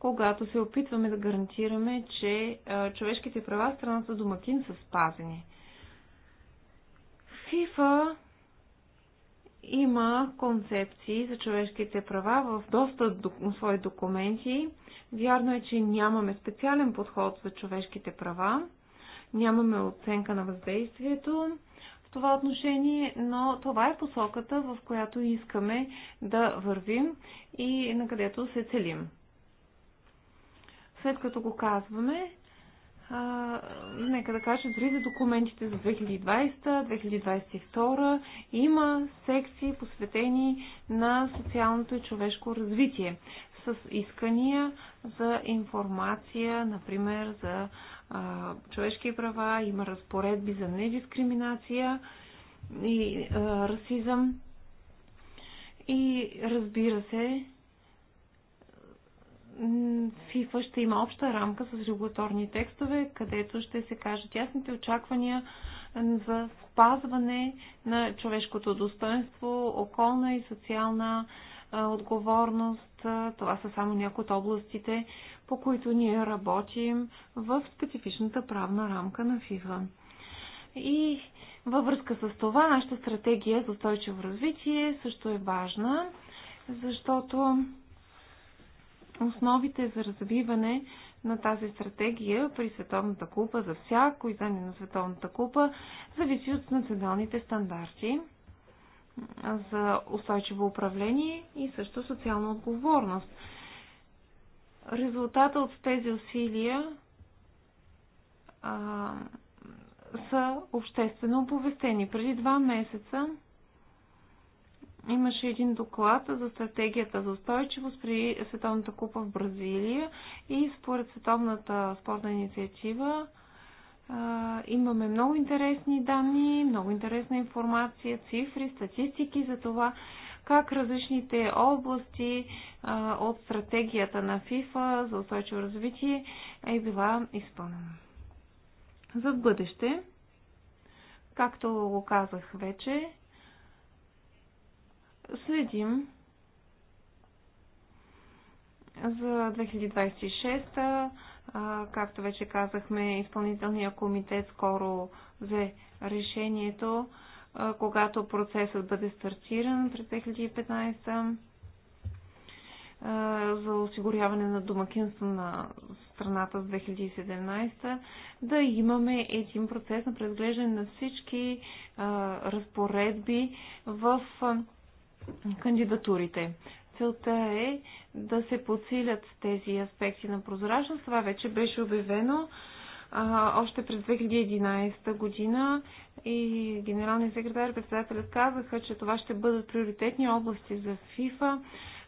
когато се опитваме да гарантираме, че човешките права в страната домакин са спазени. ФИФА има концепции за човешките права в доста свои документи. Вярно е, че нямаме специален подход за човешките права, нямаме оценка на въздействието в това отношение, но това е посоката, в която искаме да вървим и на където се целим. След като го казваме, а, нека да кажа, дори за документите за 2020-2022 има секции посветени на социалното и човешко развитие с искания за информация, например за а, човешки права, има разпоредби за недискриминация и а, расизъм. И разбира се, ФИФА ще има обща рамка с регулаторни текстове, където ще се кажат ясните очаквания за спазване на човешкото достоинство, околна и социална отговорност. Това са само някои от областите, по които ние работим в специфичната правна рамка на ФИФА. И във връзка с това, нашата стратегия за устойчиво развитие също е важна, защото основите за развиване на тази стратегия при Световната купа за всяко издание на Световната купа зависи от националните стандарти за устойчиво управление и също социална отговорност. Резултата от тези усилия а, са обществено оповестени. Преди два месеца имаше един доклад за стратегията за устойчивост при Световната купа в Бразилия и според Световната спортна инициатива имаме много интересни данни, много интересна информация, цифри, статистики за това как различните области от стратегията на ФИФА за устойчиво развитие е била изпълнена. За бъдеще, както го казах вече, следим за 2026, както вече казахме, изпълнителният комитет скоро взе решението, когато процесът бъде стартиран през 2015 за осигуряване на домакинство на страната с 2017, да имаме един процес на преразглеждане на всички разпоредби в кандидатурите. Целта е да се подсилят тези аспекти на прозрачност. Това вече беше обявено а, още през 2011 година и генералният секретар и председателят казаха, че това ще бъдат приоритетни области за ФИФА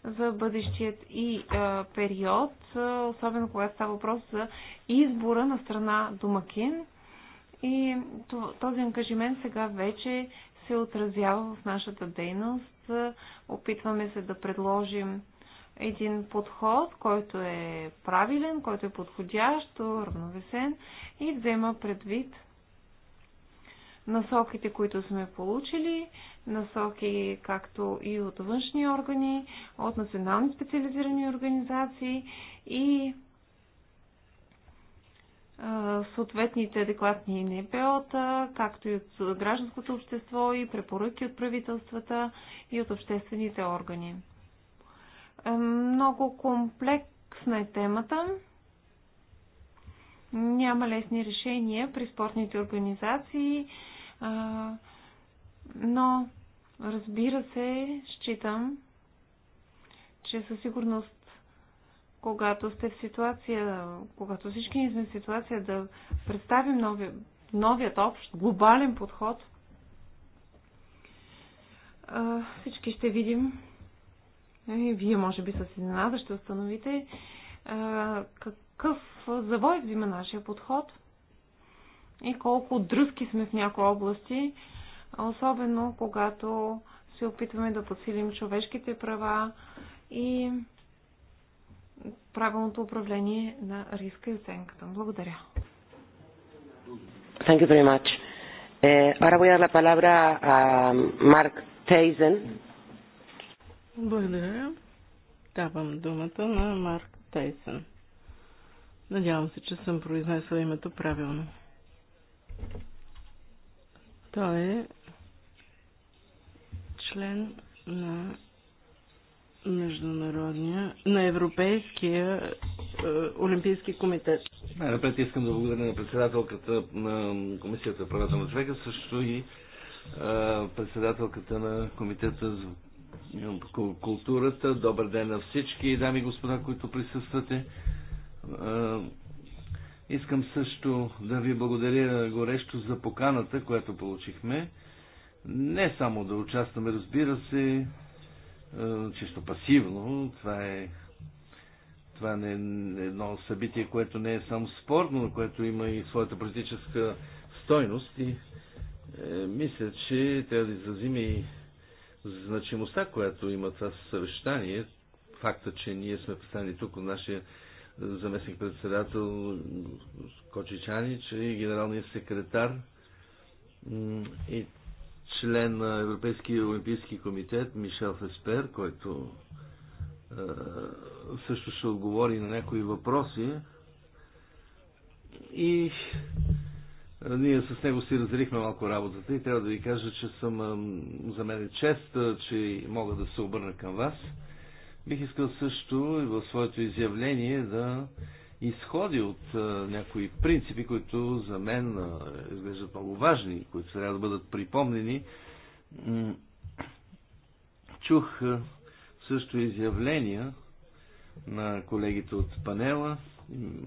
за бъдещият и а, период, а, особено когато става въпрос за избора на страна домакин. И този ангажимент сега вече се отразява в нашата дейност Опитваме се да предложим един подход, който е правилен, който е подходящ, равновесен и взема предвид насоките, които сме получили, насоки както и от външни органи, от национални специализирани организации и съответните адекватни НПО-та, както и от гражданското общество и препоръки от правителствата и от обществените органи. Е, много комплексна е темата. Няма лесни решения при спортните организации, но разбира се, считам, че със сигурност когато сте в ситуация, когато всички ни сме в ситуация да представим нови, новият общ глобален подход, всички ще видим, и е, вие може би с изненада ще установите, какъв завой взима нашия подход и колко дръзки сме в някои области, особено когато се опитваме да подсилим човешките права и правилното управление на риска и оценката. Благодаря. Thank you very much. Eh, ahora voy a dar la palabra a Mark Tyson. Благодаря. Давам думата на Марк Тайсън. Надявам се, че съм произнесла името правилно. Той е член на международния, на Европейския е, Олимпийски комитет. Най-напред искам да благодаря на председателката на Комисията за правата на човека, също и е, председателката на Комитета за културата. Добър ден на всички дами и господа, които присъствате. Е, искам също да ви благодаря горещо за поканата, която получихме. Не само да участваме, разбира се, е, чисто пасивно. Това е това не е едно събитие, което не е само спорно, но което има и своята политическа стойност и е, мисля, че трябва да изразим и значимостта, която има това съвещание. Факта, че ние сме представени тук от нашия заместник председател Кочичанич и генералният секретар и член на Европейския олимпийски комитет Мишел Феспер, който е, също ще отговори на някои въпроси. И ние с него си разрихме малко работата и трябва да ви кажа, че съм за мен е чест, че мога да се обърна към вас. Бих искал също и в своето изявление да изходи от някои принципи, които за мен изглеждат много важни, които трябва да бъдат припомнени. Чух също изявления на колегите от панела.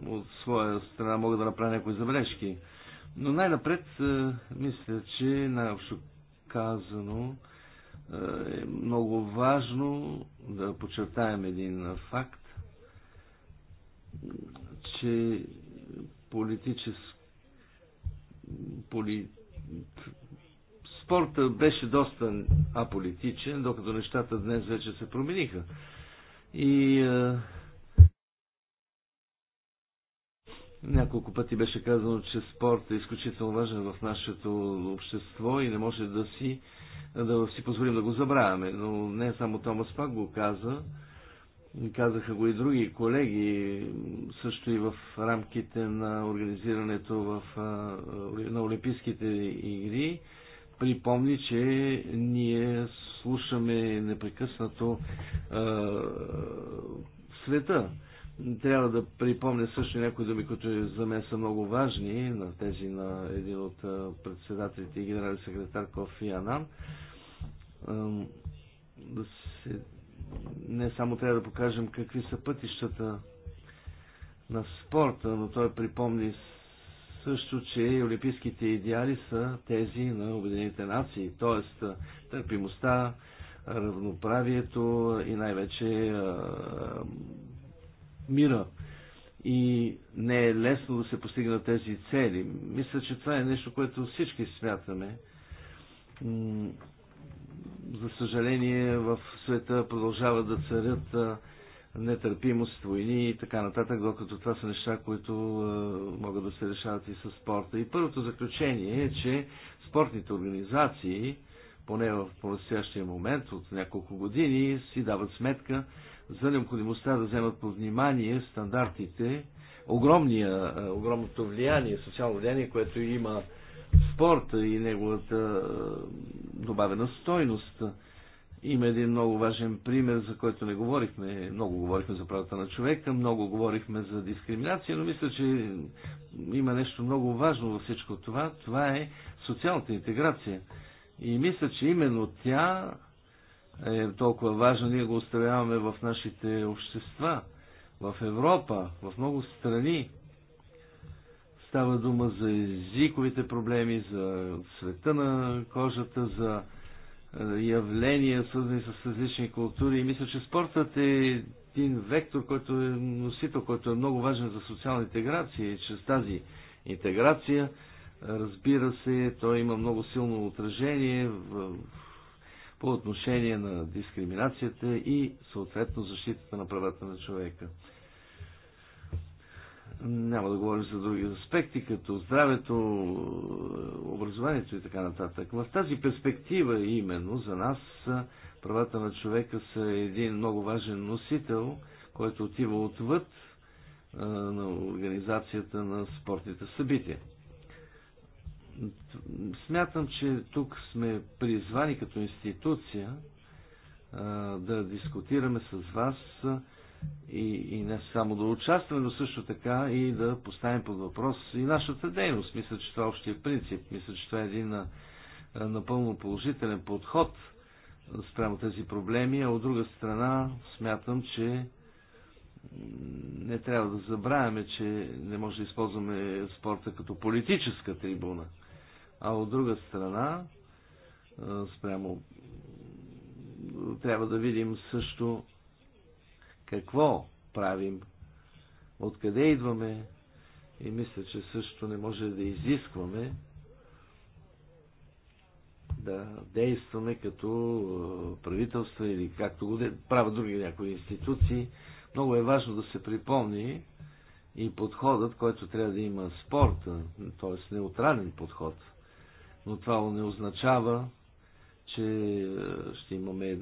От своя страна мога да направя някои забележки. Но най-напред мисля, че най-общо казано е много важно да подчертаем един факт, че политически поли... спорта беше доста аполитичен, докато нещата днес вече се промениха. И а... Няколко пъти беше казано, че спорт е изключително важен в нашето общество и не може да си, да си позволим да го забравяме. Но не само Томас Пак го каза, Казаха го и други колеги, също и в рамките на организирането в, на Олимпийските игри. Припомни, че ние слушаме непрекъснато а, света. Трябва да припомня също някои думи, които за мен са много важни, на тези на един от председателите и генерален секретар Кофи Анан. Да се не само трябва да покажем какви са пътищата на спорта, но той припомни също, че олимпийските идеали са тези на Обединените нации, т.е. търпимостта, равноправието и най-вече мира. И не е лесно да се постигнат тези цели. Мисля, че това е нещо, което всички смятаме за съжаление, в света продължават да царят нетърпимост, войни и така нататък, докато това са неща, които могат да се решават и с спорта. И първото заключение е, че спортните организации, поне в настоящия момент от няколко години, си дават сметка за необходимостта да вземат под внимание стандартите, огромния, огромното влияние, социално влияние, което има спорта и неговата е, добавена стойност. Има един много важен пример, за който не говорихме. Много говорихме за правата на човека, много говорихме за дискриминация, но мисля, че има нещо много важно във всичко това. Това е социалната интеграция. И мисля, че именно тя е толкова важна. Ние го оставяваме в нашите общества, в Европа, в много страни. Става дума за езиковите проблеми, за цвета на кожата, за е, явления, свързани с различни култури. И мисля, че спортът е един вектор, който е носител, който е много важен за социална интеграция и чрез тази интеграция, разбира се, той има много силно отражение в, по отношение на дискриминацията и съответно защитата на правата на човека. Няма да говорим за други аспекти, като здравето, образованието и така нататък. В тази перспектива именно за нас правата на човека са един много важен носител, който отива отвъд на организацията на спортните събития. Смятам, че тук сме призвани като институция да дискутираме с вас и, и не само да участваме, но също така и да поставим под въпрос и нашата дейност. Мисля, че това е общия принцип. Мисля, че това е един на, напълно положителен подход спрямо тези проблеми, а от друга страна смятам, че не трябва да забравяме, че не може да използваме спорта като политическа трибуна. А от друга страна, спрямо трябва да видим също какво правим, откъде идваме и мисля, че също не може да изискваме да действаме като е, правителство или както го правят други някои институции. Много е важно да се припомни и подходът, който трябва да има спорта, е, т.е. неутрален подход. Но това не означава, че е, ще имаме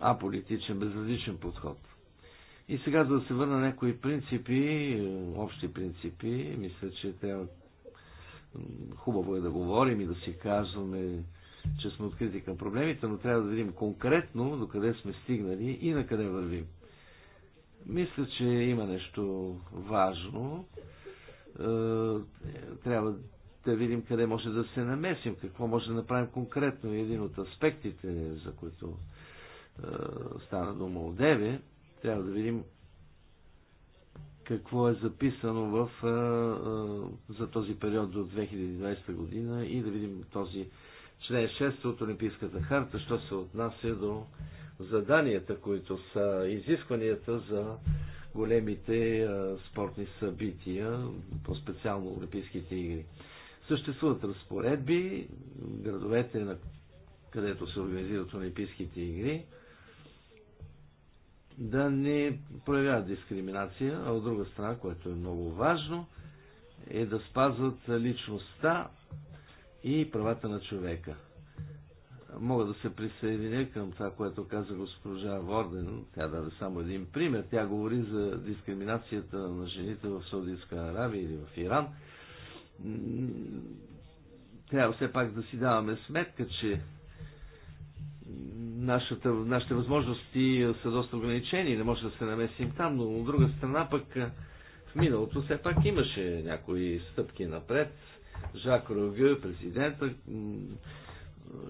аполитичен, безразличен подход. И сега, за да се върна някои принципи, е, общи принципи, мисля, че трябва хубаво е да говорим и да си казваме, че сме открити към проблемите, но трябва да видим конкретно до къде сме стигнали и на къде вървим. Мисля, че има нещо важно. Е, трябва да видим къде може да се намесим, какво може да направим конкретно. Един от аспектите, за които е, стана дума от Деве, трябва да видим какво е записано в, е, е, за този период до 2020 година и да видим този член 6 от Олимпийската харта, що се отнася до заданията, които са изискванията за големите спортни събития, по-специално Олимпийските игри. Съществуват разпоредби, градовете, на където се организират Олимпийските игри, да не проявяват дискриминация, а от друга страна, което е много важно, е да спазват личността и правата на човека. Мога да се присъединя към това, което каза госпожа Ворден. Тя даде само един пример. Тя говори за дискриминацията на жените в Саудитска Аравия или в Иран. Трябва все пак да си даваме сметка, че нашата, нашите възможности е, са доста ограничени, не може да се намесим там, но от друга страна пък е, в миналото все пак имаше някои стъпки напред. Жак Рогю, президента,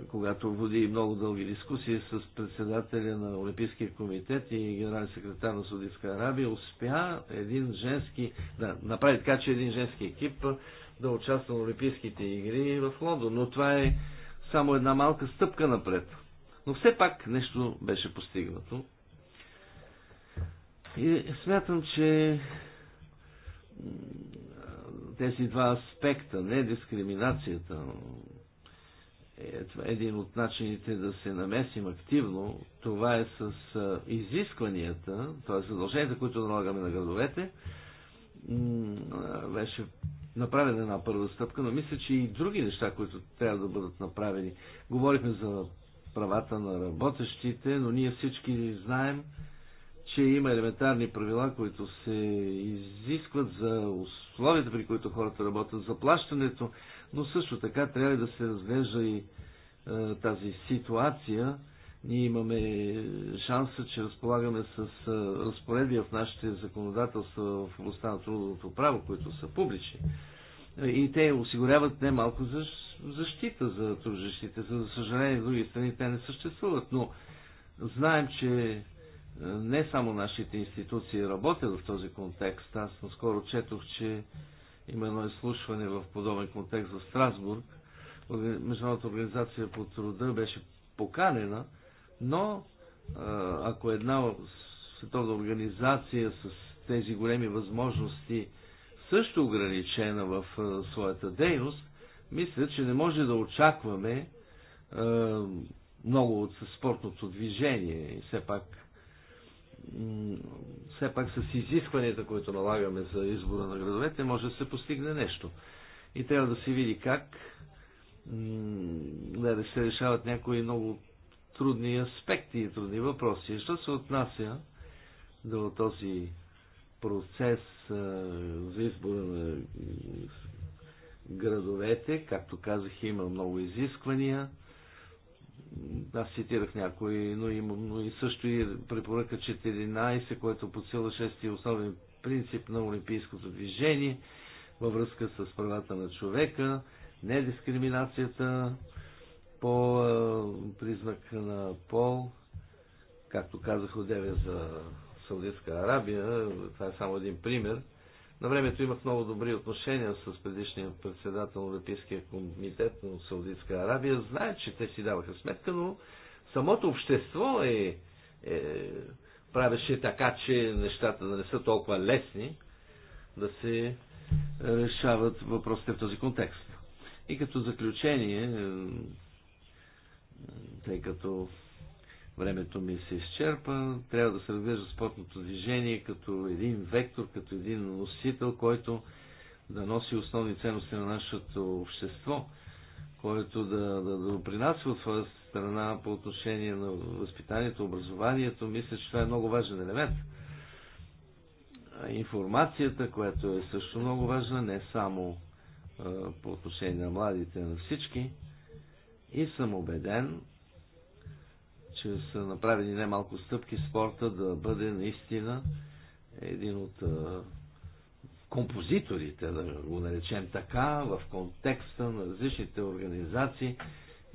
когато води много дълги дискусии с председателя на Олимпийския комитет и генерален секретар на Судитска Арабия, успя един женски, да, направи така, че един женски екип да участва на Олимпийските игри в Лондон. Но това е само една малка стъпка напред. Но все пак нещо беше постигнато. И смятам, че тези два аспекта, не дискриминацията, е, е един от начините да се намесим активно, това е с изискванията, т.е. задълженията, които налагаме на градовете, беше направена една първа стъпка, но мисля, че и други неща, които трябва да бъдат направени. Говорихме за правата на работещите, но ние всички знаем, че има елементарни правила, които се изискват за условията, при които хората работят, за плащането. но също така трябва да се разглежда и е, тази ситуация. Ние имаме шанса, че разполагаме с е, разпоредия в нашите законодателства в областта на трудовото право, които са публични и те осигуряват немалко защита за тружещите. За съжаление, в други страни те не съществуват, но знаем, че е, не само нашите институции работят в този контекст. Аз наскоро четох, че има едно изслушване в подобен контекст в Страсбург. Международната организация по труда беше поканена, но е, ако една световна организация с тези големи възможности също ограничена в своята дейност, мисля, че не може да очакваме много от спортното движение. Все пак, все пак с изискванията, които налагаме за избора на градовете, може да се постигне нещо. И трябва да се види как да се решават някои много трудни аспекти и трудни въпроси. Що се отнася до този процес за избора на градовете. Както казах, има много изисквания. Аз цитирах някои, но, има, но и също и препоръка 14, което подсила 6 е основен принцип на Олимпийското движение във връзка с правата на човека, недискриминацията по признак на пол, както казах, отделя за Саудитска Арабия, това е само един пример, на времето имах много добри отношения с предишния председател на Олимпийския комитет на Саудитска Арабия. Знае, че те си даваха сметка, но самото общество е, е, правеше така, че нещата да не са толкова лесни да се решават въпросите в този контекст. И като заключение, тъй като времето ми се изчерпа. Трябва да се разглежда спортното движение като един вектор, като един носител, който да носи основни ценности на нашето общество, който да, да, да допринася от своя страна по отношение на възпитанието, образованието. Мисля, че това е много важен елемент. Информацията, която е също много важна, не само по отношение на младите, на всички. И съм убеден, че са направени немалко стъпки спорта да бъде наистина един от композиторите, да го наречем така, в контекста на различните организации.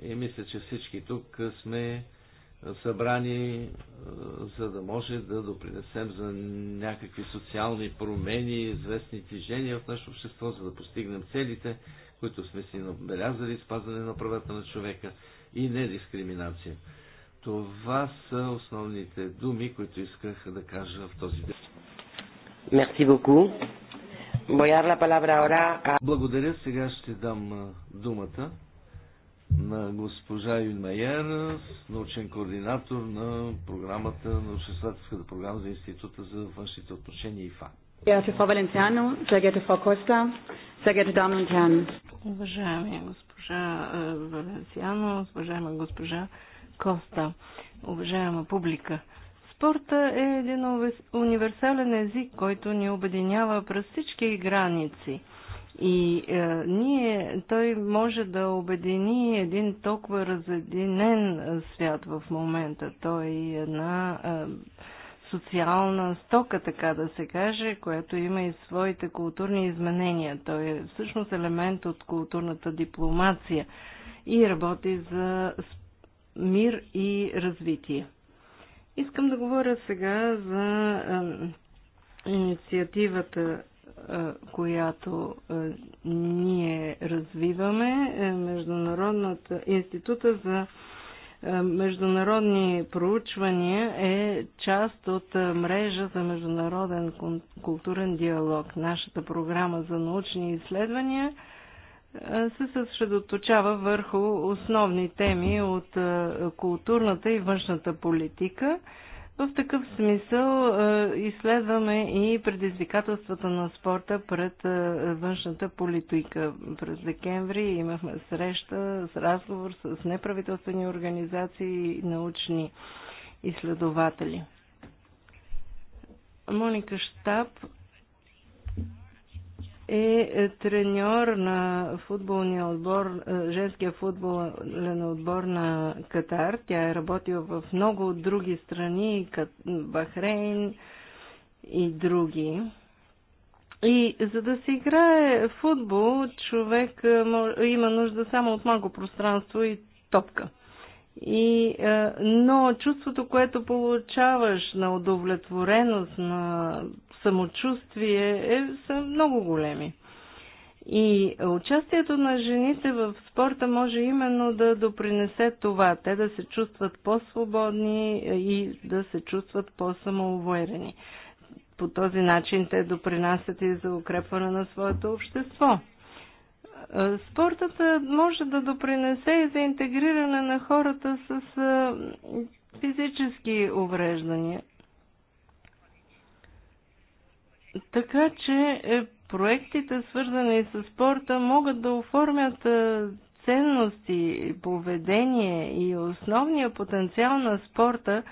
И мисля, че всички тук сме събрани, за да може да допринесем за някакви социални промени, известни движения в нашето общество, за да постигнем целите, които сме си набелязали, спазване на правата на човека и недискриминация. Това са основните думи, които исках да кажа в този ден. Мерси боку. Благодаря. Сега ще дам думата на госпожа Майер, научен координатор на програмата, на обществата програма за Института за външните отношения ИФА. ФА. Уважаеми госпожа Валенциано, уважаема госпожа Коста. Уважаема публика, спорта е един универсален език, който ни обединява през всички граници. И е, ние, той може да обедини един толкова разединен е, свят в момента. Той е една е, социална стока, така да се каже, която има и своите културни изменения. Той е всъщност елемент от културната дипломация и работи за спорта мир и развитие. Искам да говоря сега за инициативата, която ние развиваме, е, Международната института за международни проучвания е част от мрежа за международен културен диалог. Нашата програма за научни изследвания – се съсредоточава върху основни теми от културната и външната политика. В такъв смисъл изследваме и предизвикателствата на спорта пред външната политика. През декември имахме среща с разговор с неправителствени организации и научни изследователи. Моника Штаб е треньор на футболния отбор, е, женския футболен отбор на Катар. Тя е работила в много други страни, Бахрейн и други. И за да се играе футбол, човек е, има нужда само от малко пространство и топка. И, е, но чувството, което получаваш на удовлетвореност, на самочувствие е, са много големи. И участието на жените в спорта може именно да допринесе това, те да се чувстват по-свободни и да се чувстват по-самоуверени. По този начин те допринасят и за укрепване на своето общество. Е, спортът може да допринесе и за интегриране на хората с е, физически увреждания. Така че е, проектите, свързани с спорта, могат да оформят е, ценности, поведение и основния потенциал на спорта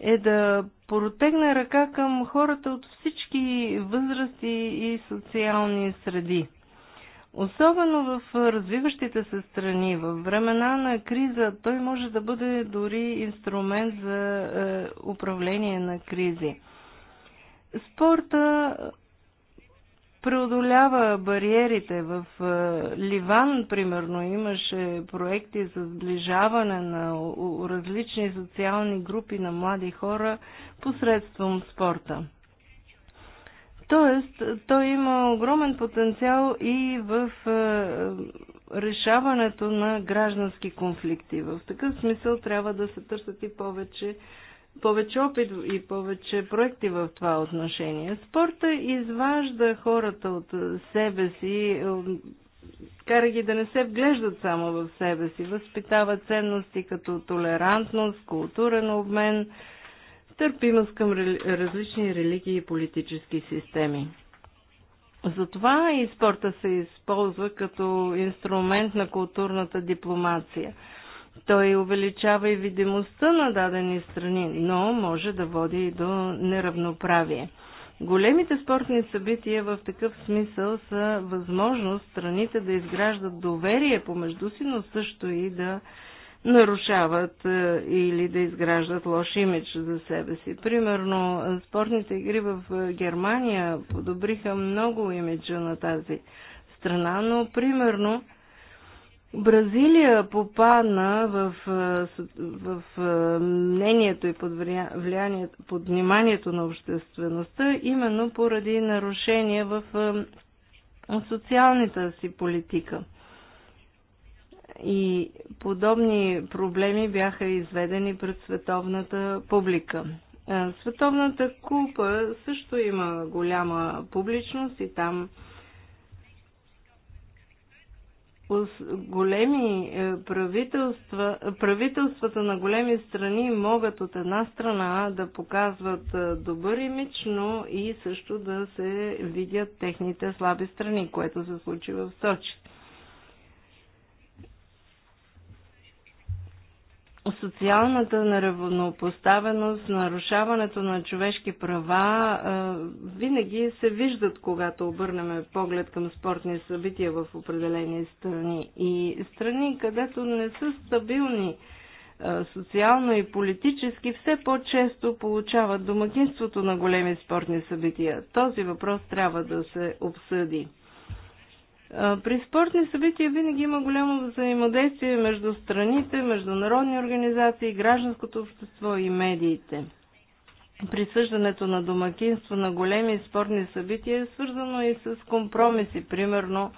е да протегне ръка към хората от всички възрасти и социални среди. Особено в развиващите се страни, в времена на криза, той може да бъде дори инструмент за е, управление на кризи. Спорта преодолява бариерите. В е, Ливан, примерно, имаше проекти за сближаване на различни социални групи на млади хора посредством спорта. Тоест, той има огромен потенциал и в е, решаването на граждански конфликти. В такъв смисъл трябва да се търсят и повече повече опит и повече проекти в това отношение. Спорта изважда хората от себе си, кара ги да не се вглеждат само в себе си, възпитава ценности като толерантност, културен обмен, търпимост към различни религии и политически системи. Затова и спорта се използва като инструмент на културната дипломация – той увеличава и видимостта на дадени страни, но може да води и до неравноправие. Големите спортни събития в такъв смисъл са възможност страните да изграждат доверие помежду си, но също и да нарушават е, или да изграждат лош имидж за себе си. Примерно, спортните игри в е, Германия подобриха много имиджа на тази страна, но примерно Бразилия попадна в, в мнението и под, влияние, под вниманието на обществеността именно поради нарушения в социалната си политика. И подобни проблеми бяха изведени пред световната публика. Световната купа също има голяма публичност и там големи е, правителства, правителствата на големи страни могат от една страна да показват е, добър имидж, но и също да се видят техните слаби страни, което се случи в Сочи. социалната неравнопоставеност, нарушаването на човешки права винаги се виждат, когато обърнем поглед към спортни събития в определени страни. И страни, където не са стабилни социално и политически, все по-често получават домакинството на големи спортни събития. Този въпрос трябва да се обсъди. При спортни събития винаги има голямо взаимодействие между страните, международни организации, гражданското общество и медиите. Присъждането на домакинство на големи спортни събития е свързано и с компромиси, примерно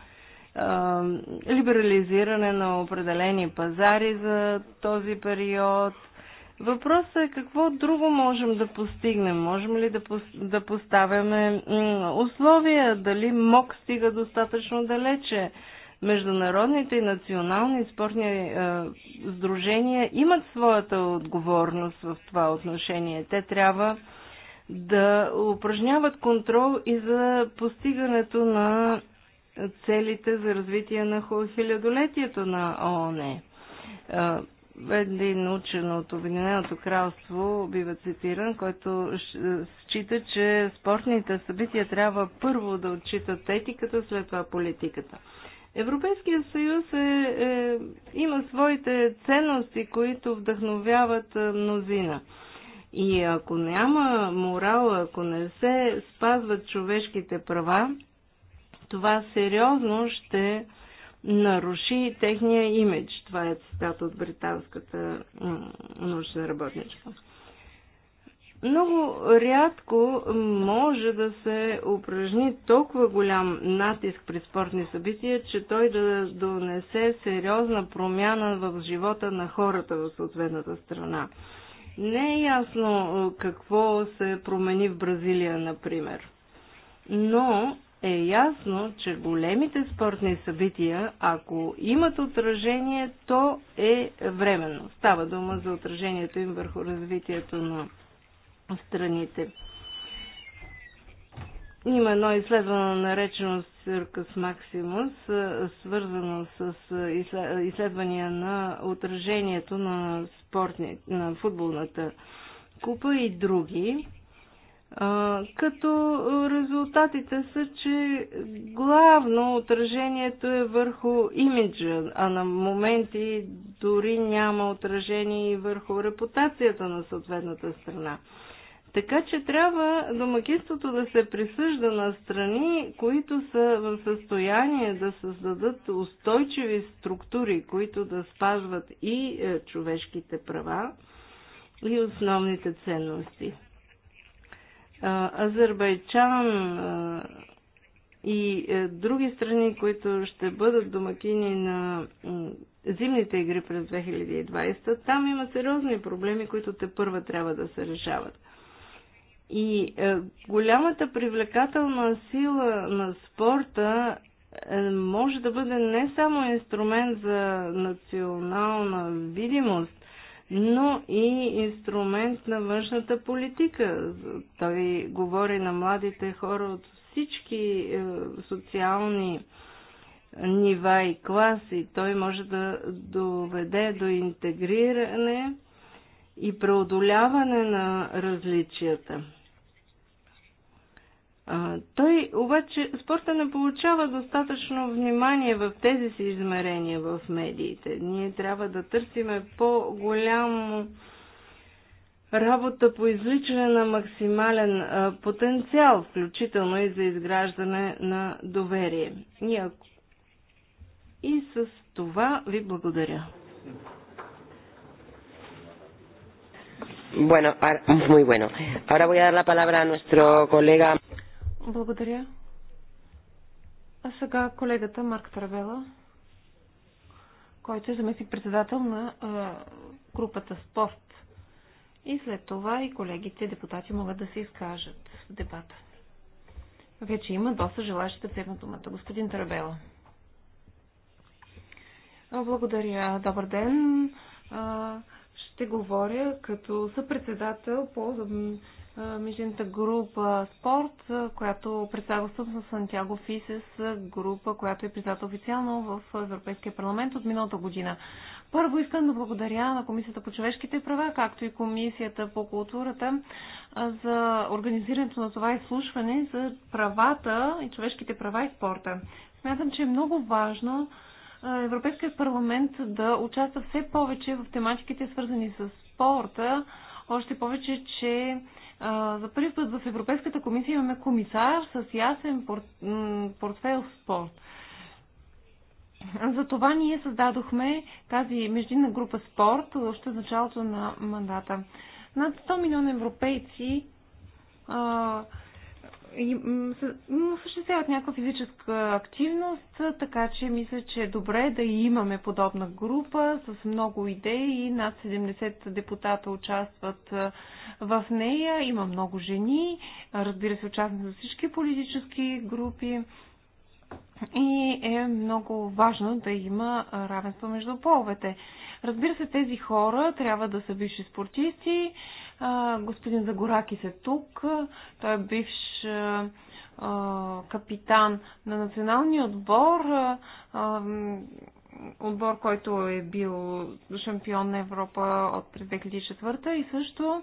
либерализиране на определени пазари за този период, Въпросът е какво друго можем да постигнем. Можем ли да, да поставяме условия, дали МОК стига достатъчно далече. Международните и национални спортни е, сдружения имат своята отговорност в това отношение. Те трябва да упражняват контрол и за постигането на целите за развитие на хилядолетието на ООН. Е. Е, един учен от Обединеното кралство бива цитиран, който счита, че спортните събития трябва първо да отчитат етиката, след това политиката. Европейския съюз е, е, има своите ценности, които вдъхновяват е, мнозина. И ако няма морал, ако не се спазват човешките права, това сериозно ще наруши техния имидж. Това е цитата от британската научна работничка. Много рядко може да се упражни толкова голям натиск при спортни събития, че той да донесе сериозна промяна в живота на хората в съответната страна. Не е ясно какво се промени в Бразилия, например. Но е ясно, че големите спортни събития, ако имат отражение, то е временно. Става дума за отражението им върху развитието на страните. Има едно изследване, наречено Circus Maximus, свързано с изследвания на отражението на, спортни, на футболната купа и други като резултатите са, че главно отражението е върху имиджа, а на моменти дори няма отражение и върху репутацията на съответната страна. Така че трябва домакинството да се присъжда на страни, които са в състояние да създадат устойчиви структури, които да спазват и е, човешките права, и основните ценности. Азербайджан и е, други страни, които ще бъдат домакини на зимните игри през 2020, там има сериозни проблеми, които те първа трябва да се решават. И е, голямата привлекателна сила на спорта е, може да бъде не само инструмент за национална видимост, но и инструмент на външната политика. Той говори на младите хора от всички е, социални е, нива и класи. Той може да доведе до интегриране и преодоляване на различията той обаче спорта не получава достатъчно внимание в тези си измерения в медиите. Ние трябва да търсиме по-голямо работа по изличане на максимален потенциал, включително и за изграждане на доверие. И, ако... и с това ви благодаря. Bueno, muy bueno. Ahora voy a dar la palabra a nuestro colega. Благодаря. А сега колегата Марк Травела, който е заместник председател на а, групата Спорт. И след това и колегите депутати могат да се изкажат в дебата. Вече има доста желащи да вземат думата. Господин Тарабела. Благодаря. Добър ден. Ще говоря като съпредседател по междинната група спорт, която съм с Сантьяго Фисес, група, която е призната официално в Европейския парламент от миналата година. Първо искам да благодаря на Комисията по човешките права, както и Комисията по културата за организирането на това изслушване за правата и човешките права и спорта. Смятам, че е много важно Европейският парламент да участва все повече в тематиките свързани с спорта, още повече, че за първи път в Европейската комисия имаме комисар с ясен портфел в спорт. Затова ние създадохме тази междинна група спорт още в началото на мандата. Над 100 милиона европейци осъществяват някаква физическа активност, така че мисля, че е добре да имаме подобна група с много идеи. Над 70 депутата участват в нея. Има много жени. Разбира се, участват за всички политически групи. И е много важно да има равенство между половете. Разбира се, тези хора трябва да са бивши спортисти. Господин Загоракис е тук. Той е бивш капитан на националния отбор. Отбор, който е бил шампион на Европа от през 2004 и също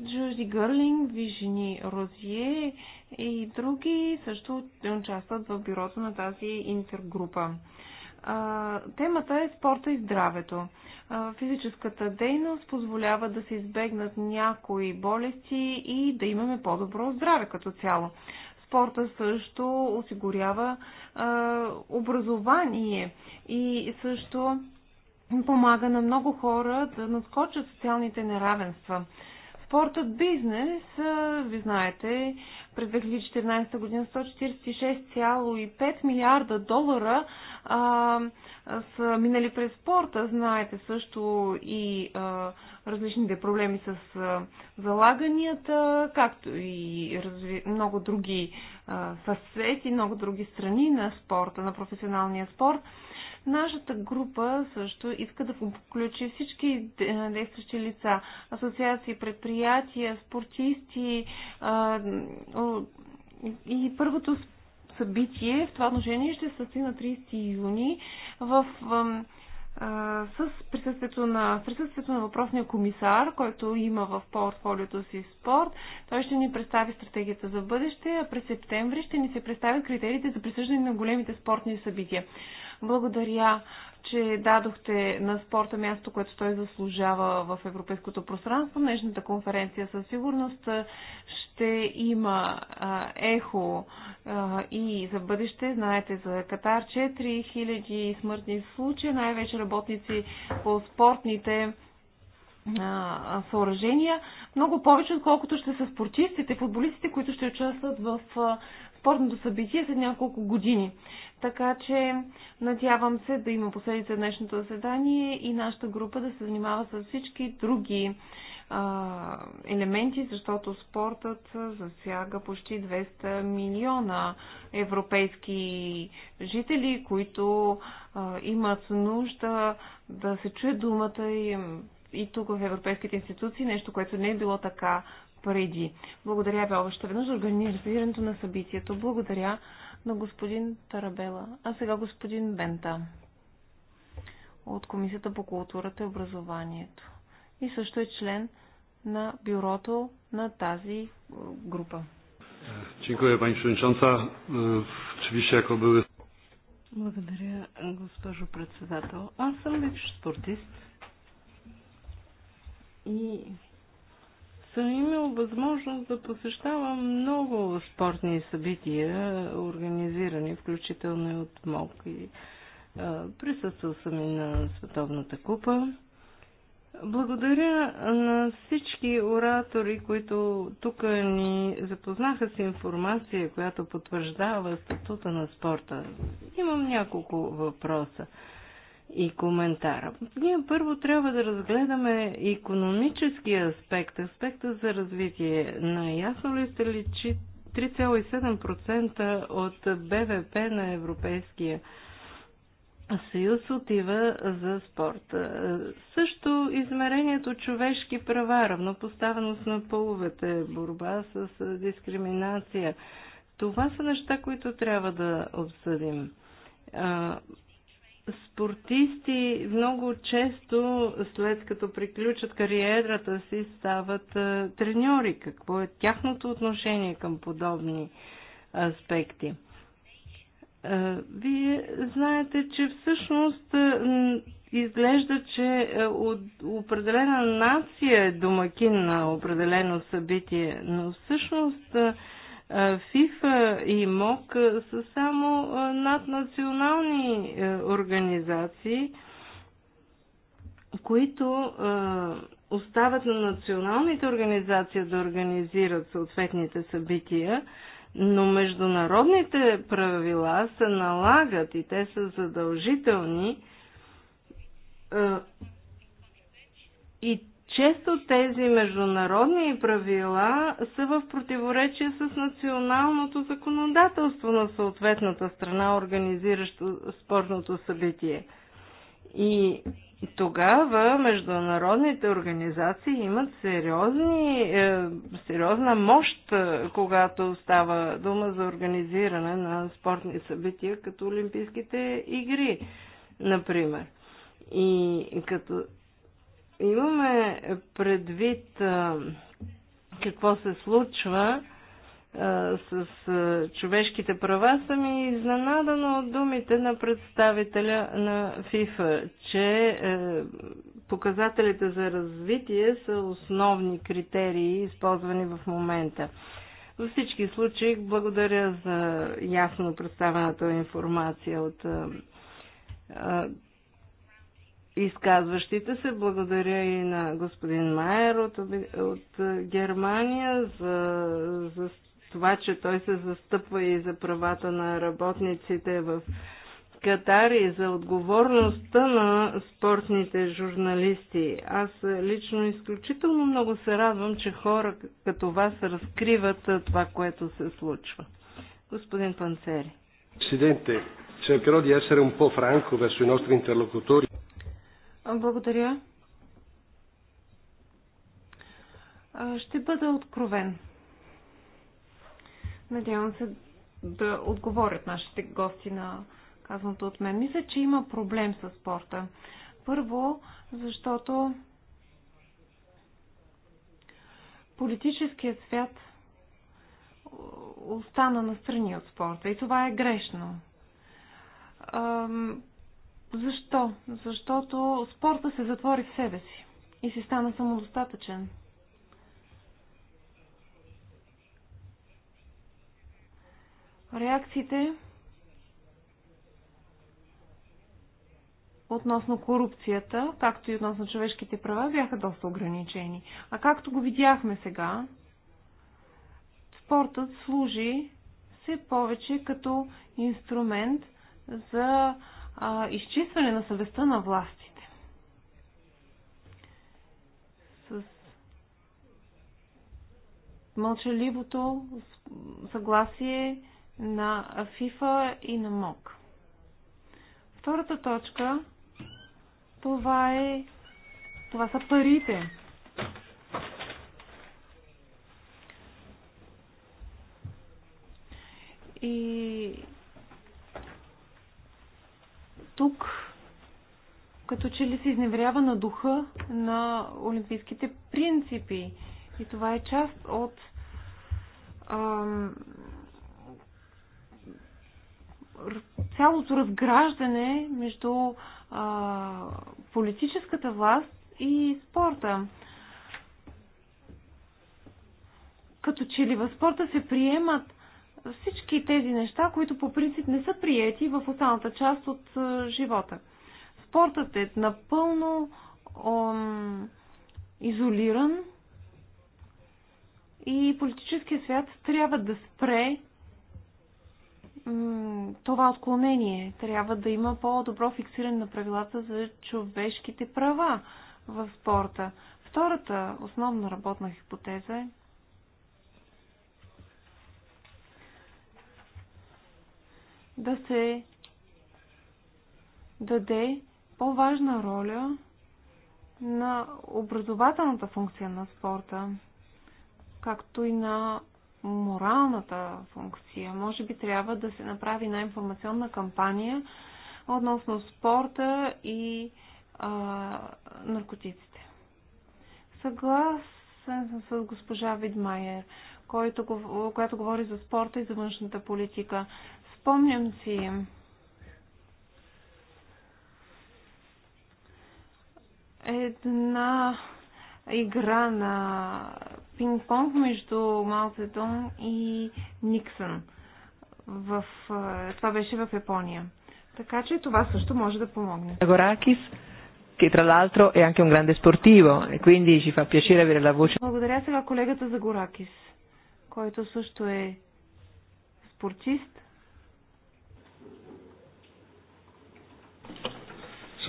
Джуди Гърлинг, Вижени Розие и други също участват в бюрото на тази интергрупа. А, темата е спорта и здравето. А, физическата дейност позволява да се избегнат някои болести и да имаме по-добро здраве като цяло. Спорта също осигурява а, образование и също помага на много хора да надскочат социалните неравенства. Спортът бизнес, ви знаете, през 2014 година 146,5 милиарда долара а, са минали през спорта. Знаете също и а, различните проблеми с а, залаганията, както и разви... много други съсвети, много други страни на спорта, на професионалния спорт. Нашата група също иска да включи всички действащи лица, асоциации, предприятия, спортисти и първото събитие в това отношение ще се състои на 30 юни в с присъствието на, присъствието на въпросния комисар, който има в портфолиото си спорт. Той ще ни представи стратегията за бъдеще, а през септември ще ни се представят критериите за присъждане на големите спортни събития. Благодаря, че дадохте на спорта място, което той заслужава в европейското пространство. Днешната конференция със сигурност ще има ехо и за бъдеще. Знаете за Катар 4000 смъртни случаи, най-вече работници по спортните съоръжения, много повече, отколкото ще са спортистите, футболистите, които ще участват в спортното събитие след няколко години. Така че надявам се да има последица днешното заседание и нашата група да се занимава с всички други а, елементи, защото спортът засяга почти 200 милиона европейски жители, които а, имат нужда да се чуе думата им и тук в европейските институции, нещо, което не е било така преди. Благодаря ви още веднъж за организирането на събитието. Благодаря на господин Тарабела. А сега господин Бента от Комисията по културата и образованието. И също е член на бюрото на тази е, група. Dziękuję Pani Przewodnicząca. Е, oczywiście ако бъде... Благодаря, госпожо председател. Аз съм бивш спортист и съм имал възможност да посещавам много спортни събития, организирани включително и от МОК. И, а, присъствал съм и на Световната купа. Благодаря на всички оратори, които тук ни запознаха с информация, която потвърждава статута на спорта. Имам няколко въпроса и коментара. Ние първо трябва да разгледаме економическия аспект, аспекта за развитие. Наясно ли сте ли, че 3,7% от БВП на Европейския съюз отива за спорт. Също измерението човешки права, равнопоставеност на половете, борба с дискриминация. Това са неща, които трябва да обсъдим спортисти много често, след като приключат кариерата си, стават треньори. Какво е тяхното отношение към подобни аспекти? Вие знаете, че всъщност изглежда, че от определена нация е домакин на определено събитие, но всъщност ФИФА и МОК са само наднационални организации, които остават на националните организации да организират съответните събития, но международните правила се налагат и те са задължителни и често тези международни правила са в противоречие с националното законодателство на съответната страна, организиращо спортното събитие. И тогава международните организации имат сериозни, е, сериозна мощ, е, когато става дума за организиране на спортни събития, като Олимпийските игри, например. И като имаме предвид какво се случва с човешките права, съм и изненадана от думите на представителя на ФИФА, че е, показателите за развитие са основни критерии, използвани в момента. Във всички случаи, благодаря за ясно представената информация от е, е, изказващите се. Благодаря и на господин Майер от, от Германия за, за това, че той се застъпва и за правата на работниците в Катар и за отговорността на спортните журналисти. Аз лично изключително много се радвам, че хора като вас разкриват това, което се случва. Господин Панцери. Президенте, cercherò di essere un po' franco verso i nostri interlocutori. Благодаря. Ще бъда откровен. Надявам се да отговорят нашите гости на казаното от мен. Мисля, че има проблем с спорта. Първо, защото политическият свят остана настрани от спорта и това е грешно. Защо? Защото спорта се затвори в себе си и си стана самодостатъчен. Реакциите относно корупцията, както и относно човешките права, бяха доста ограничени. А както го видяхме сега, спортът служи все повече като инструмент за а, изчистване на съвестта на властите. С мълчаливото съгласие на ФИФА и на МОК. Втората точка това е това са парите. И тук като че ли се изневрява на духа на олимпийските принципи. И това е част от ам, цялото разграждане между а, политическата власт и спорта. Като че ли в спорта се приемат всички тези неща, които по принцип не са приети в останалата част от живота. Спортът е напълно ом, изолиран и политическия свят трябва да спре това отклонение. Трябва да има по-добро фиксиране на правилата за човешките права в спорта. Втората основна работна хипотеза е, да се даде по-важна роля на образователната функция на спорта, както и на моралната функция. Може би трябва да се направи една информационна кампания относно спорта и а, наркотиците. Съгласен съм с госпожа Видмайер, която говори за спорта и за външната политика. Спомням си една игра на пинг-понг между Мао Цедон и Никсън. В, това беше в Япония. Така че това също може да помогне. Горакис, che tra l'altro è anche un grande sportivo e quindi ci fa piacere avere la voce. Благодаря сега колегата за Горакис, който също е спортист.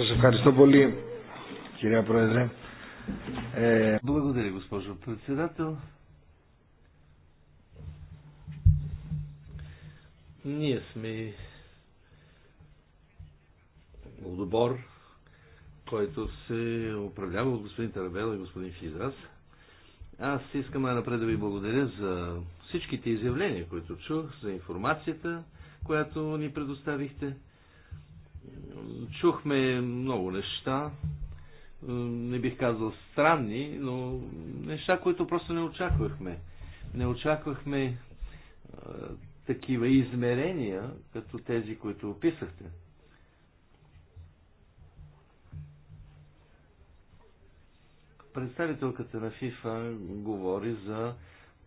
Σας ευχαριστώ πολύ, κυρία Πρόεδρε. Ε... Благодаря, госпожо председател. Ние сме отбор, който се управлява от господин Тарабела и господин Физас. Аз искам най-напред да ви благодаря за всичките изявления, които чух, за информацията, която ни предоставихте. Чухме много неща, не бих казал странни, но неща, които просто не очаквахме. Не очаквахме такива измерения, като тези, които описахте. Представителката на FIFA говори за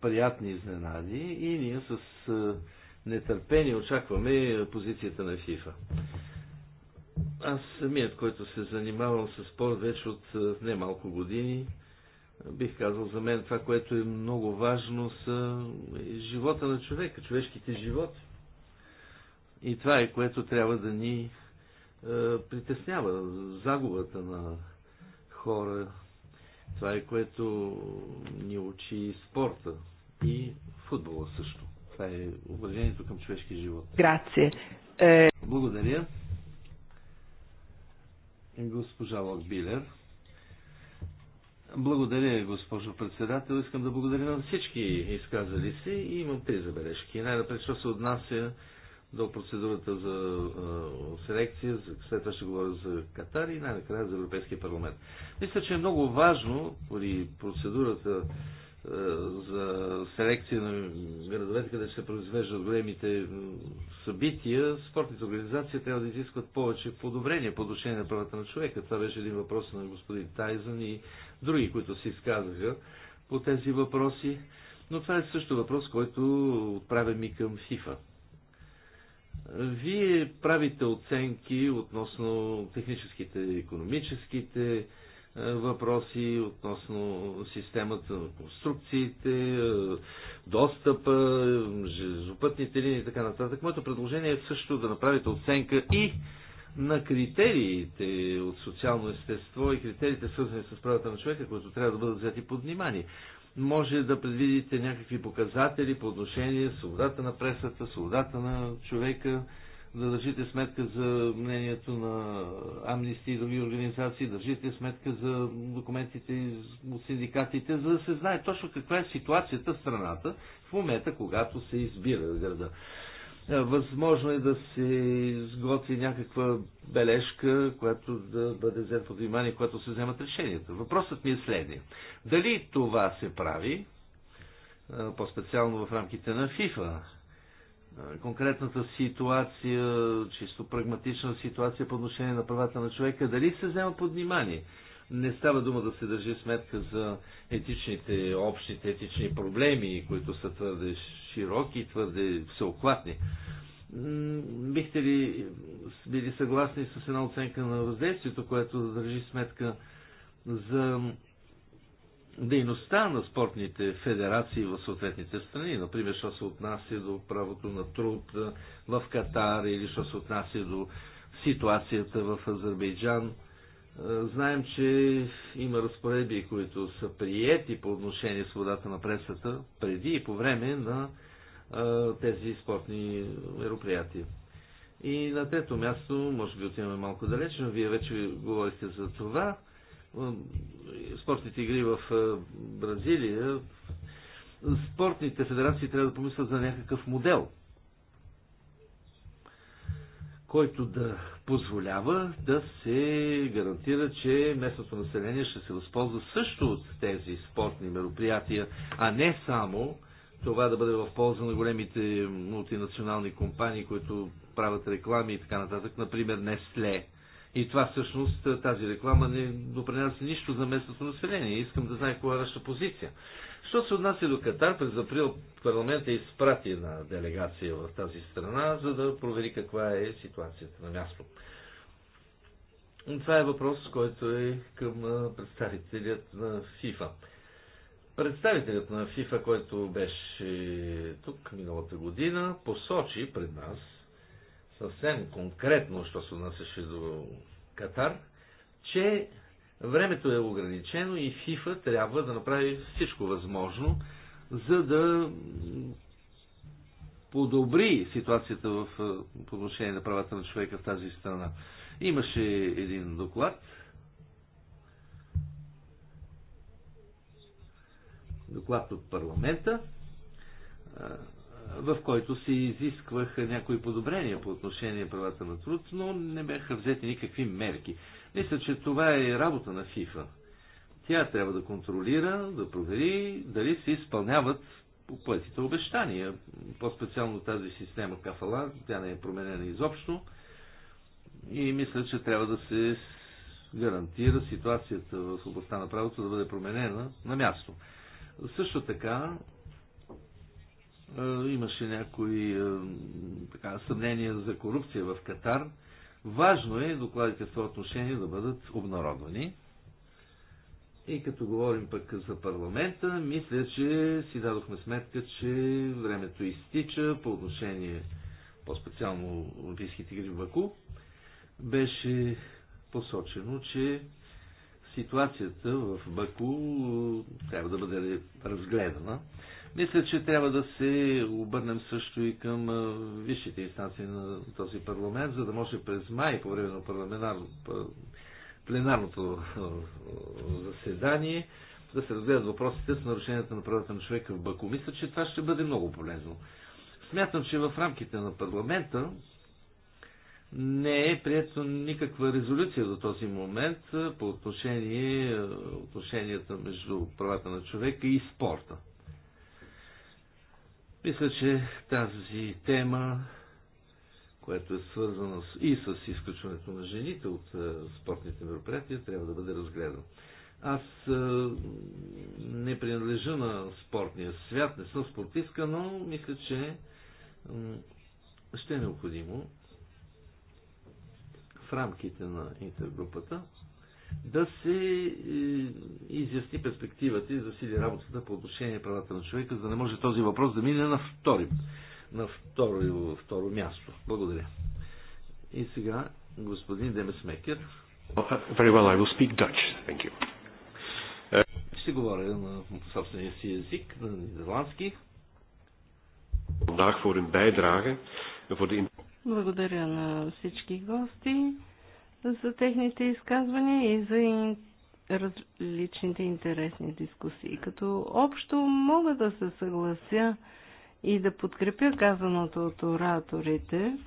приятни изненади и ние с нетърпение очакваме позицията на FIFA. Аз самият, който се занимавам с спорт вече от немалко години, бих казал за мен това, което е много важно, са живота на човека, човешките животи. И това е което трябва да ни е, притеснява. Загубата на хора. Това е което ни учи спорта. И футбола също. Това е уважението към човешки живот. Грация. Е. Благодаря. Госпожа Локбилер. Благодаря, госпожо председател. Искам да благодаря на всички изказали се и имам три забележки. Най-напред, що се отнася до процедурата за селекция, след това ще говоря за Катар и най-накрая за Европейския парламент. Мисля, че е много важно при процедурата е, за селекция на градовете, къде ще се произвеждат големите събития, спортните организации трябва да изискват повече подобрение по отношение на правата на човека. Това беше един въпрос на господин Тайзън и други, които се изказаха по тези въпроси. Но това е също въпрос, който отправям и към ФИФА. Вие правите оценки относно техническите, економическите, е, въпроси относно системата на конструкциите, е, достъпа, е, железопътните линии и така нататък. Моето предложение е също да направите оценка и на критериите от социално естество и критериите свързани с правата на човека, които трябва да бъдат взети под внимание. Може да предвидите някакви показатели по отношение свободата на пресата, свободата на човека, да държите сметка за мнението на амнисти и други организации, държите сметка за документите от синдикатите, за да се знае точно каква е ситуацията в страната в момента, когато се избира града. Е, възможно е да се изготви някаква бележка, която да бъде взета под внимание, когато се вземат решенията. Въпросът ми е следния. Дали това се прави, е, по-специално в рамките на ФИФА, е, конкретната ситуация, чисто прагматична ситуация по отношение на правата на човека, дали се взема под внимание. Не става дума да се държи сметка за етичните, общите етични проблеми, които са твърде широки и твърде всеоклатни. Бихте ли били съгласни с една оценка на въздействието, което да държи сметка за дейността на спортните федерации в съответните страни. Например, що се отнася до правото на труд в Катар или що се отнася до ситуацията в Азербайджан. Знаем, че има разпоредби, които са приети по отношение свободата на пресата преди и по време на тези спортни мероприятия. И на трето място, може би отиваме малко далеч, но вие вече говорихте за това, спортните игри в Бразилия, спортните федерации трябва да помислят за някакъв модел, който да позволява да се гарантира, че местното население ще се възползва също от тези спортни мероприятия, а не само това да бъде в полза на големите мултинационални компании, които правят реклами и така нататък, например Nestle, и това всъщност, е, тази реклама не допринася нищо за местното население. Искам да знае коя е ваша позиция. Що се отнася до Катар, през април парламента изпрати на делегация в тази страна, за да провери каква е ситуацията на място. Това е въпрос, който е към е, представителят на ФИФА. Представителят на ФИФА, който беше тук миналата година, посочи пред нас, съвсем конкретно, що се отнасяше до Катар, че времето е ограничено и ФИФА трябва да направи всичко възможно, за да подобри ситуацията в отношение на правата на човека в тази страна. Имаше един доклад, доклад от парламента, в който се изискваха някои подобрения по отношение правата на труд, но не бяха взети никакви мерки. Мисля, че това е работа на ФИФА. Тя трябва да контролира, да провери дали се изпълняват по поетите обещания. По-специално тази система Кафала, тя не е променена изобщо. И мисля, че трябва да се гарантира ситуацията в областта на правото да бъде променена на място. Също така е, имаше някои е, така, съмнения за корупция в Катар. Важно е докладите в това отношение да бъдат обнародвани. И като говорим пък за парламента, мисля, че си дадохме сметка, че времето изтича по отношение по-специално Олимпийските игри в Баку. Беше посочено, че ситуацията в Баку е, трябва да бъде разгледана мисля, че трябва да се обърнем също и към висшите инстанции на този парламент, за да може през май, по време на пленарното заседание, да се разгледат въпросите с нарушенията на правата на човека в Баку. Мисля, че това ще бъде много полезно. Смятам, че в рамките на парламента не е прието никаква резолюция до този момент по отношение отношенията между правата на човека и спорта. Мисля, че тази тема, която е свързана и с изключването на жените от е, спортните мероприятия, трябва да бъде разгледана. Аз е, не принадлежа на спортния свят, не съм спортистка, но мисля, че ще е необходимо в рамките на интергрупата да се е, изясни перспективата и засили работата по отношение правата на човека, за да не може този въпрос да мине на втори, на второ, второ място. Благодаря. И сега господин Демесмекер. Very well, I will speak Dutch. Thank you. Е, ще говоря на собствения си език, на нидерландски. Благодаря на всички гости за техните изказвания и за различните интересни дискусии. Като общо мога да се съглася и да подкрепя казаното от ораторите.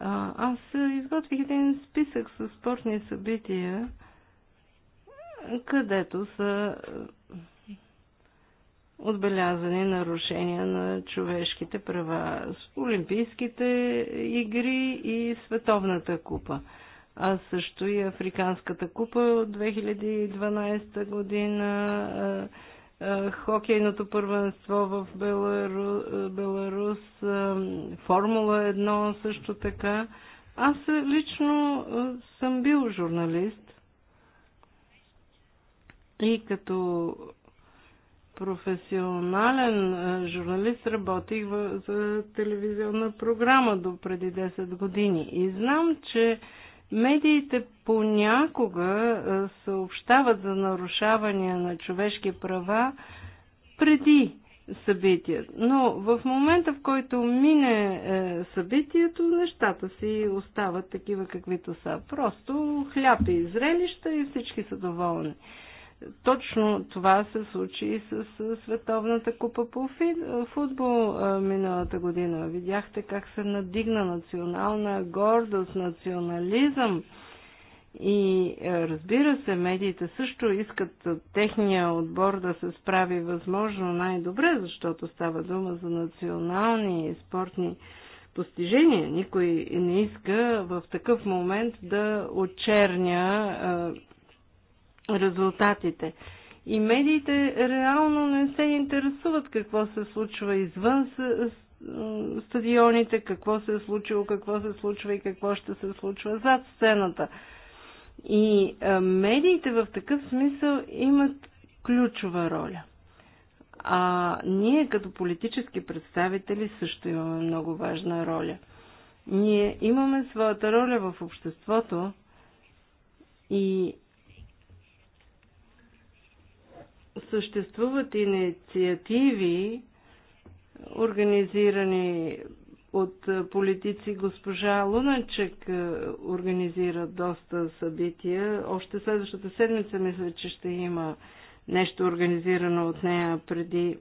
Аз изготвих един списък с спортни събития, където са отбелязани нарушения на човешките права с Олимпийските игри и Световната купа а също и Африканската купа от 2012 година, хокейното първенство в Беларус, Формула 1 също така. Аз лично съм бил журналист и като професионален журналист работих за телевизионна програма до преди 10 години и знам, че Медиите понякога съобщават за нарушавания на човешки права преди събития. Но в момента, в който мине е, събитието, нещата си остават такива каквито са. Просто хляб и зрелища и всички са доволни. Точно това се случи и с Световната купа по футбол миналата година. Видяхте как се надигна национална гордост, национализъм. И разбира се, медиите също искат техния отбор да се справи възможно най-добре, защото става дума за национални и спортни постижения. Никой не иска в такъв момент да очерня резултатите. И медиите реално не се интересуват какво се случва извън стадионите, какво се е случило, какво се случва и какво ще се случва зад сцената. И медиите в такъв смисъл имат ключова роля. А ние като политически представители също имаме много важна роля. Ние имаме своята роля в обществото и съществуват инициативи, организирани от политици. Госпожа Луначек е, организира доста събития. Още следващата седмица мисля, че ще има нещо организирано от нея преди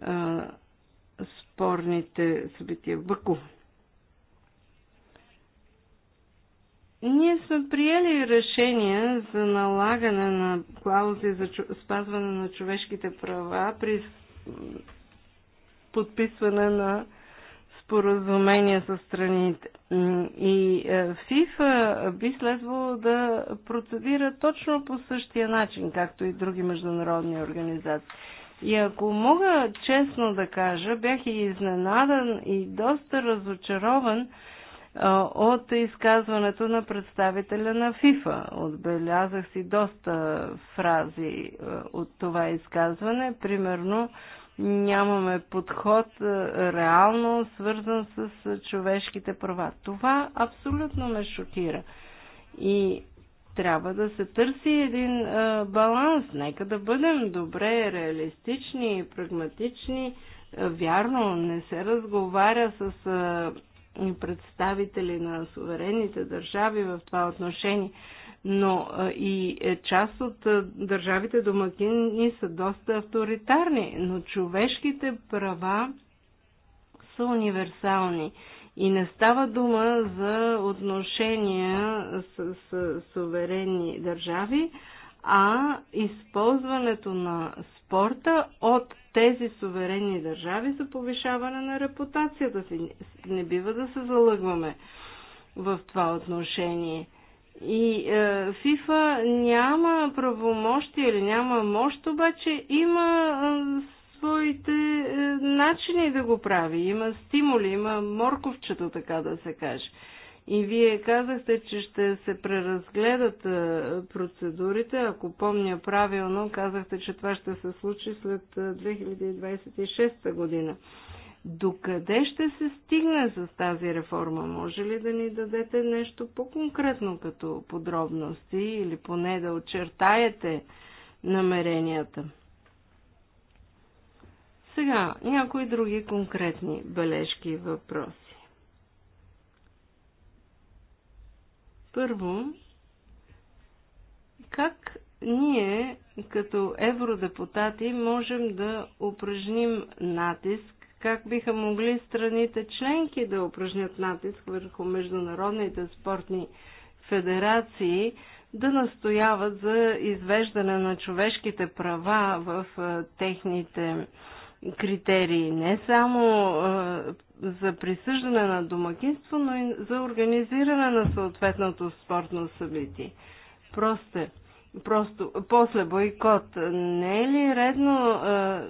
а, е, спорните събития в Баку. Ние сме приели решение за налагане на клаузи за спазване на човешките права при подписване на споразумения с страните. И е, ФИФА би следвало да процедира точно по същия начин, както и други международни организации. И ако мога честно да кажа, бях и изненадан и доста разочарован, от изказването на представителя на ФИФА. Отбелязах си доста фрази от това изказване. Примерно, нямаме подход реално свързан с човешките права. Това абсолютно ме шокира. И трябва да се търси един баланс. Нека да бъдем добре реалистични и прагматични. Вярно, не се разговаря с представители на суверенните държави в това отношение, но и е, част от държавите домакини са доста авторитарни, но човешките права са универсални. И не става дума за отношения с, с суверенни държави, а използването на спорта от тези суверенни държави за повишаване на репутацията си. Не бива да се залъгваме в това отношение. И е, ФИФА няма правомощи или няма мощ, обаче има е, своите е, начини да го прави. Има стимули, има морковчето, така да се каже. Е, и вие казахте, че ще се преразгледат е, процедурите. Ако помня правилно, казахте, че това ще се случи след 2026 е, година. Докъде ще се стигне с тази реформа? Може ли да ни дадете нещо по-конкретно като подробности или поне да очертаете намеренията? Сега, някои други конкретни бележки и въпроси. Първо, как ние като евродепутати можем да упражним натиск, как биха могли страните членки да упражнят натиск върху международните спортни федерации, да настояват за извеждане на човешките права в техните критерии. Не само за присъждане на домакинство, но и за организиране на съответното спортно събитие. Просто, просто после бойкот, не е ли редно а,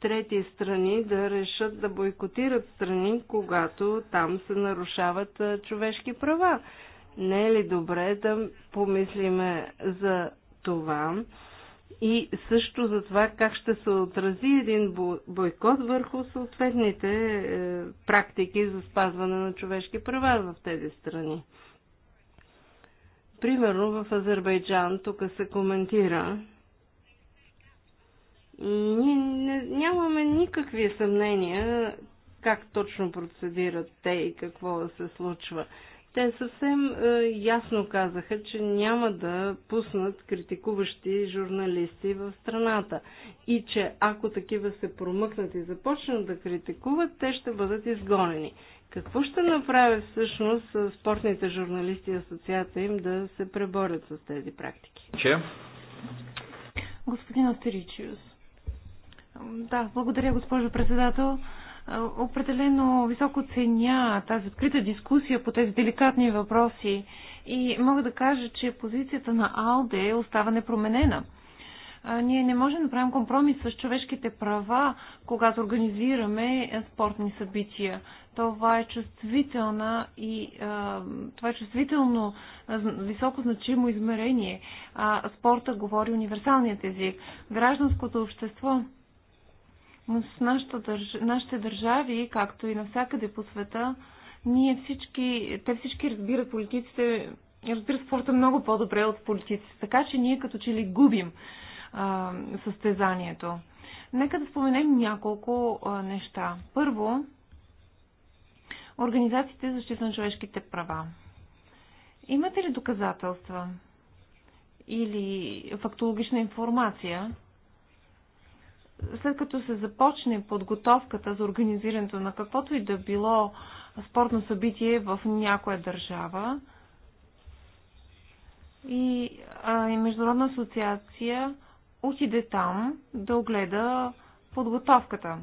трети страни да решат да бойкотират страни, когато там се нарушават а, човешки права? Не е ли добре да помислиме за това? и също за това как ще се отрази един бойкот върху съответните е, практики за спазване на човешки права в тези страни. Примерно в Азербайджан, тук се коментира, ние не, нямаме никакви съмнения как точно процедират те и какво се случва. Те съвсем е, ясно казаха, че няма да пуснат критикуващи журналисти в страната и че ако такива се промъкнат и започнат да критикуват, те ще бъдат изгонени. Какво ще направи всъщност е, спортните журналисти и асоциация им да се преборят с тези практики? Че? Господин Астеричиус. Да, благодаря, госпожо председател. Е, определено високо ценя тази открита дискусия по тези деликатни въпроси и мога да кажа, че позицията на АЛДЕ остава непроменена. Е, ние не можем да правим компромис с човешките права, когато организираме спортни събития. Това е чувствителна и е, това е чувствително високо значимо измерение. А спорта говори универсалният език. Гражданското общество но с нашата, нашите държави, както и навсякъде по света, ние всички, те всички разбират политиците, разбират спорта много по-добре от политиците. Така че ние като че ли губим а, състезанието. Нека да споменем няколко а, неща. Първо, организациите за защита на човешките права. Имате ли доказателства или фактологична информация след като се започне подготовката за организирането на каквото и да било спортно събитие в някоя държава, и, а, и Международна асоциация отиде там да огледа подготовката.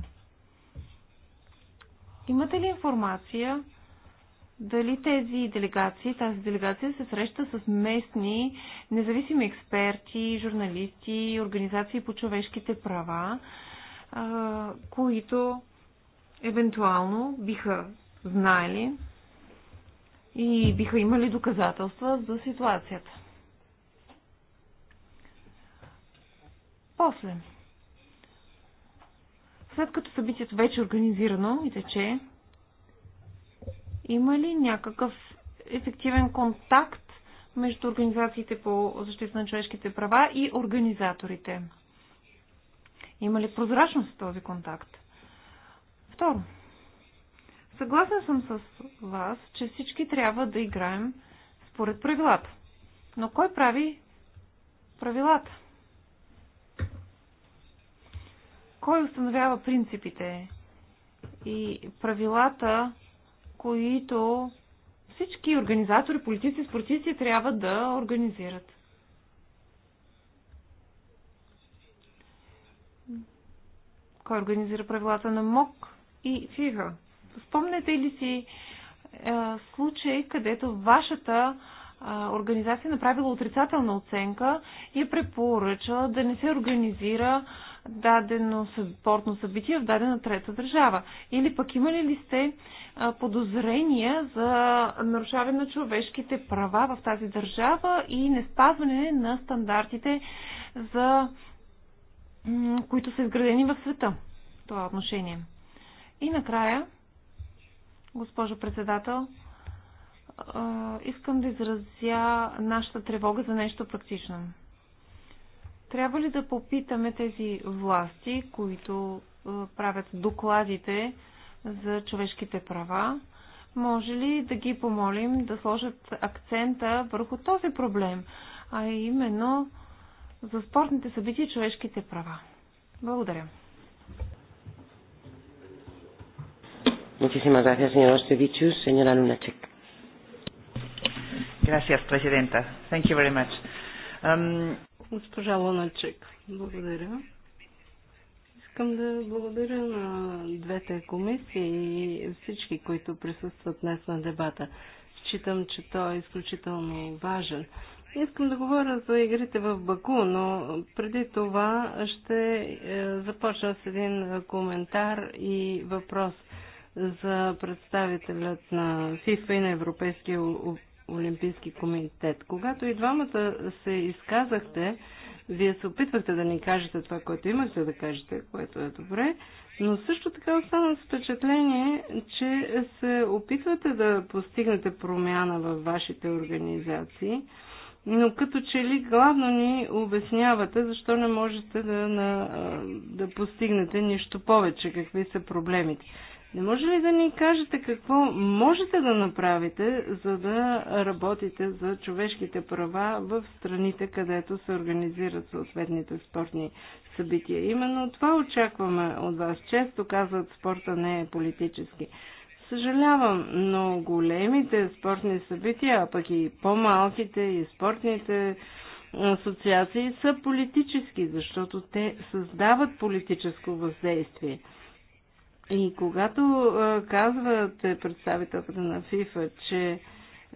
Имате ли информация дали тези делегации, тази делегация се среща с местни независими експерти, журналисти, организации по човешките права, които евентуално биха знали и биха имали доказателства за ситуацията. После, след като събитието вече е организирано и тече, има ли някакъв ефективен контакт между организациите по защита на човешките права и организаторите? Има ли прозрачност в този контакт? Второ, съгласен съм с вас, че всички трябва да играем според правилата. Но кой прави правилата? Кой установява принципите и правилата които всички организатори, политици, спортисти трябва да организират. Кой организира правилата на МОК и ФИГА? Спомнете ли си е, случай, където вашата е, организация направила отрицателна оценка и е препоръчала да не се организира е, дадено спортно събитие в дадена трета държава? Или пък имали ли сте подозрения за нарушаване на човешките права в тази държава и не спазване на стандартите, за които са изградени в света в това отношение? И накрая, госпожо председател, искам да изразя нашата тревога за нещо практично. Трябва ли да попитаме тези власти, които правят докладите за човешките права, може ли да ги помолим да сложат акцента върху този проблем, а именно за спортните събития и човешките права? Благодаря. Muchísimas gracias, señor Señora Lunacek. Gracias, Presidenta. Thank you very much. Um... Госпожа Лоначек, благодаря. Искам да благодаря на двете комисии и всички, които присъстват днес на дебата. Считам, че той е изключително важен. Искам да говоря за игрите в Баку, но преди това ще е, започна с един коментар и въпрос за представителят на ФИФА и на Европейския Олимпийски комитет. Когато и двамата се изказахте, вие се опитвахте да ни кажете това, което имахте да кажете, което е добре, но също така остана с впечатление, че се опитвате да постигнете промяна във вашите организации, но като че ли главно ни обяснявате защо не можете да, на, да постигнете нищо повече, какви са проблемите. Не може ли да ни кажете какво можете да направите, за да работите за човешките права в страните, където се организират съответните спортни събития? Именно това очакваме от вас. Често казват, спорта не е политически. Съжалявам, но големите спортни събития, а пък и по-малките и спортните асоциации са политически, защото те създават политическо въздействие – и когато казвате представителката на ФИФА, че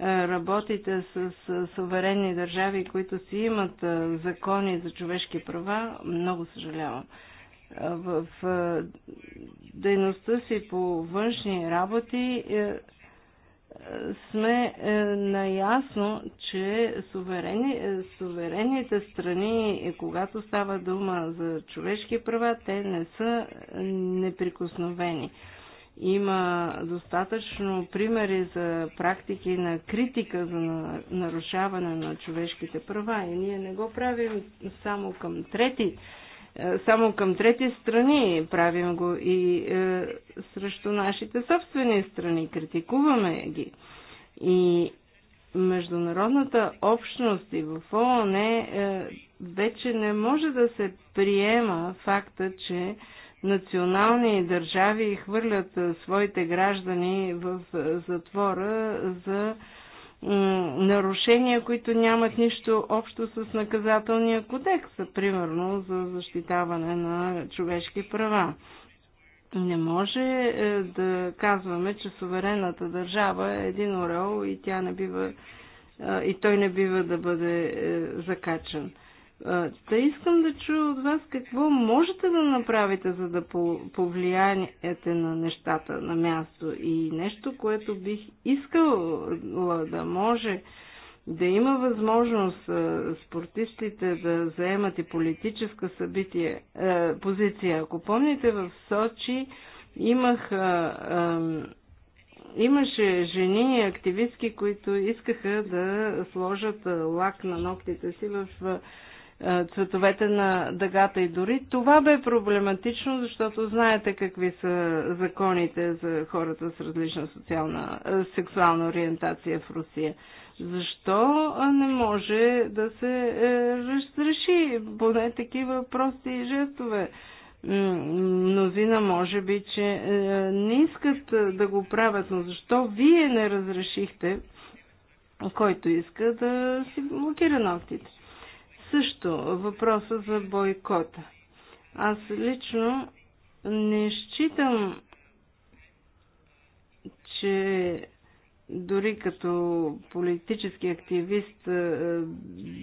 работите с суверенни държави, които си имат закони за човешки права, много съжалявам. В дейността си по външни работи е, сме е, наясно, че суверени, е, суверените страни, когато става дума за човешки права, те не са неприкосновени. Има достатъчно примери за практики на критика за нарушаване на човешките права и ние не го правим само към трети е, само към трети страни, правим го и е, срещу нашите собствени страни, критикуваме ги. И международната общност и в ООН е, вече не може да се приема факта, че национални държави хвърлят е, своите граждани в е, затвора за нарушения, които нямат нищо общо с наказателния кодекс, примерно за защитаване на човешки права. Не може е, да казваме, че суверенната държава е един орел и тя не бива е, и той не бива да бъде е, закачан. Та искам да чуя от вас какво можете да направите, за да повлияете на нещата на място и нещо, което бих искала да може да има възможност спортистите да заемат и политическа събитие, позиция. Ако помните в Сочи имах, имаше жени и активистки, които искаха да сложат лак на ногтите си в е, цветовете на дъгата и дори. Това бе проблематично, защото знаете какви са законите за хората с различна социална, е, сексуална ориентация в Русия. Защо е, не може да се разреши поне такива прости жестове? Мнозина може би, че не искат да го правят, но защо вие не разрешихте, който иска да си блокира ногтите? Също въпроса за бойкота. Аз лично не считам, че дори като политически активист е,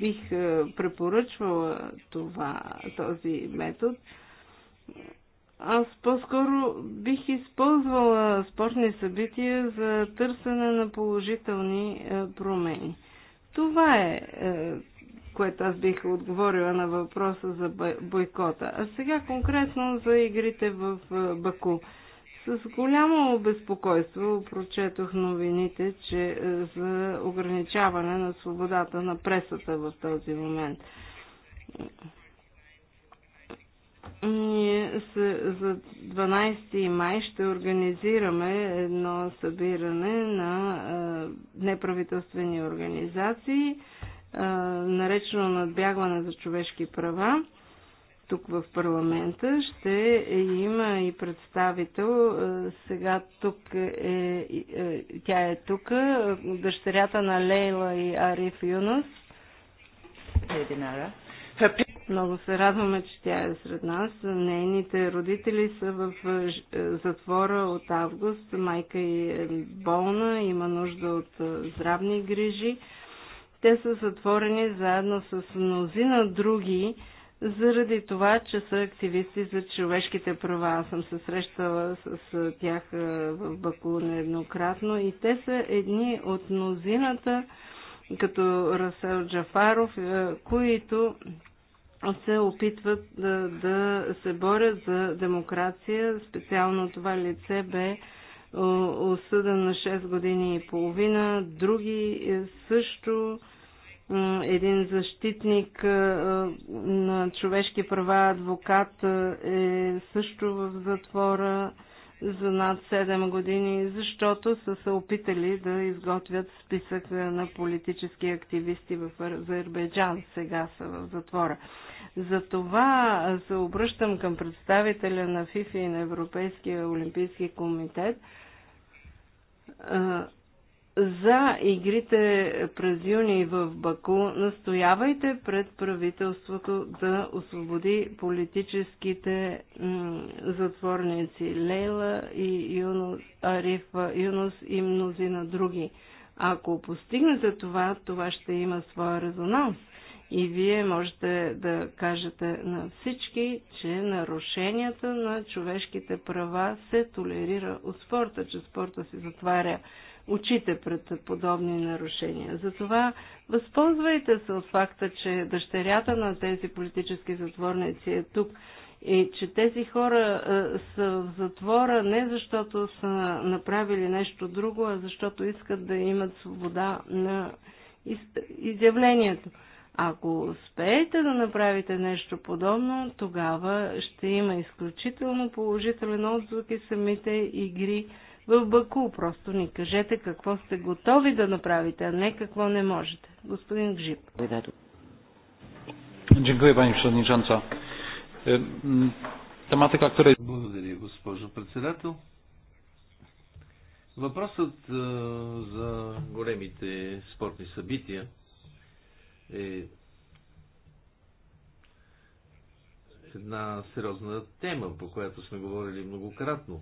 бих е, препоръчвала това, този метод. Аз по-скоро бих използвала спортни събития за търсене на положителни е, промени. Това е което аз бих отговорила на въпроса за бойкота. А сега конкретно за игрите в Баку. С голямо безпокойство прочетох новините, че за ограничаване на свободата на пресата в този момент. Ние за 12 май ще организираме едно събиране на неправителствени организации – наречено надбягване за човешки права, тук в парламента ще има и представител. Сега тук е, тя е тук, дъщерята на Лейла и Ариф Юнус. Много се радваме, че тя е сред нас. Нейните родители са в затвора от август. Майка е болна, има нужда от здравни грижи те са затворени заедно с мнозина други, заради това, че са активисти за човешките права. Аз съм се срещала с тях в Баку нееднократно и те са едни от мнозината, като Расел Джафаров, които се опитват да, да се борят за демокрация. Специално това лице бе осъден на 6 години и половина. Други също един защитник на човешки права, адвокат е също в затвора за над 7 години, защото са се опитали да изготвят списък на политически активисти в Азербайджан. Сега са в затвора. Затова се обръщам към представителя на ФИФИ и на Европейския олимпийски комитет за игрите през юни в Баку, настоявайте пред правителството да освободи политическите затворници Лейла и Юнус, Арифа Юнус и мнозина други. Ако постигнете това, това ще има своя резонанс. И вие можете да кажете на всички, че нарушенията на човешките права се толерира от спорта, че спорта си затваря очите пред подобни нарушения. Затова възползвайте се от факта, че дъщерята на тези политически затворници е тук и че тези хора е, са в затвора не защото са направили нещо друго, а защото искат да имат свобода на из... изявлението. Ако успеете да направите нещо подобно, тогава ще има изключително положителен отзвук и самите игри в Баку. Просто ни кажете какво сте готови да направите, а не какво не можете. Господин Гжип. пани Шадничанца. Тематика, която е... Благодаря, госпожо председател. Въпросът е, за големите спортни събития е една сериозна тема, по която сме говорили многократно.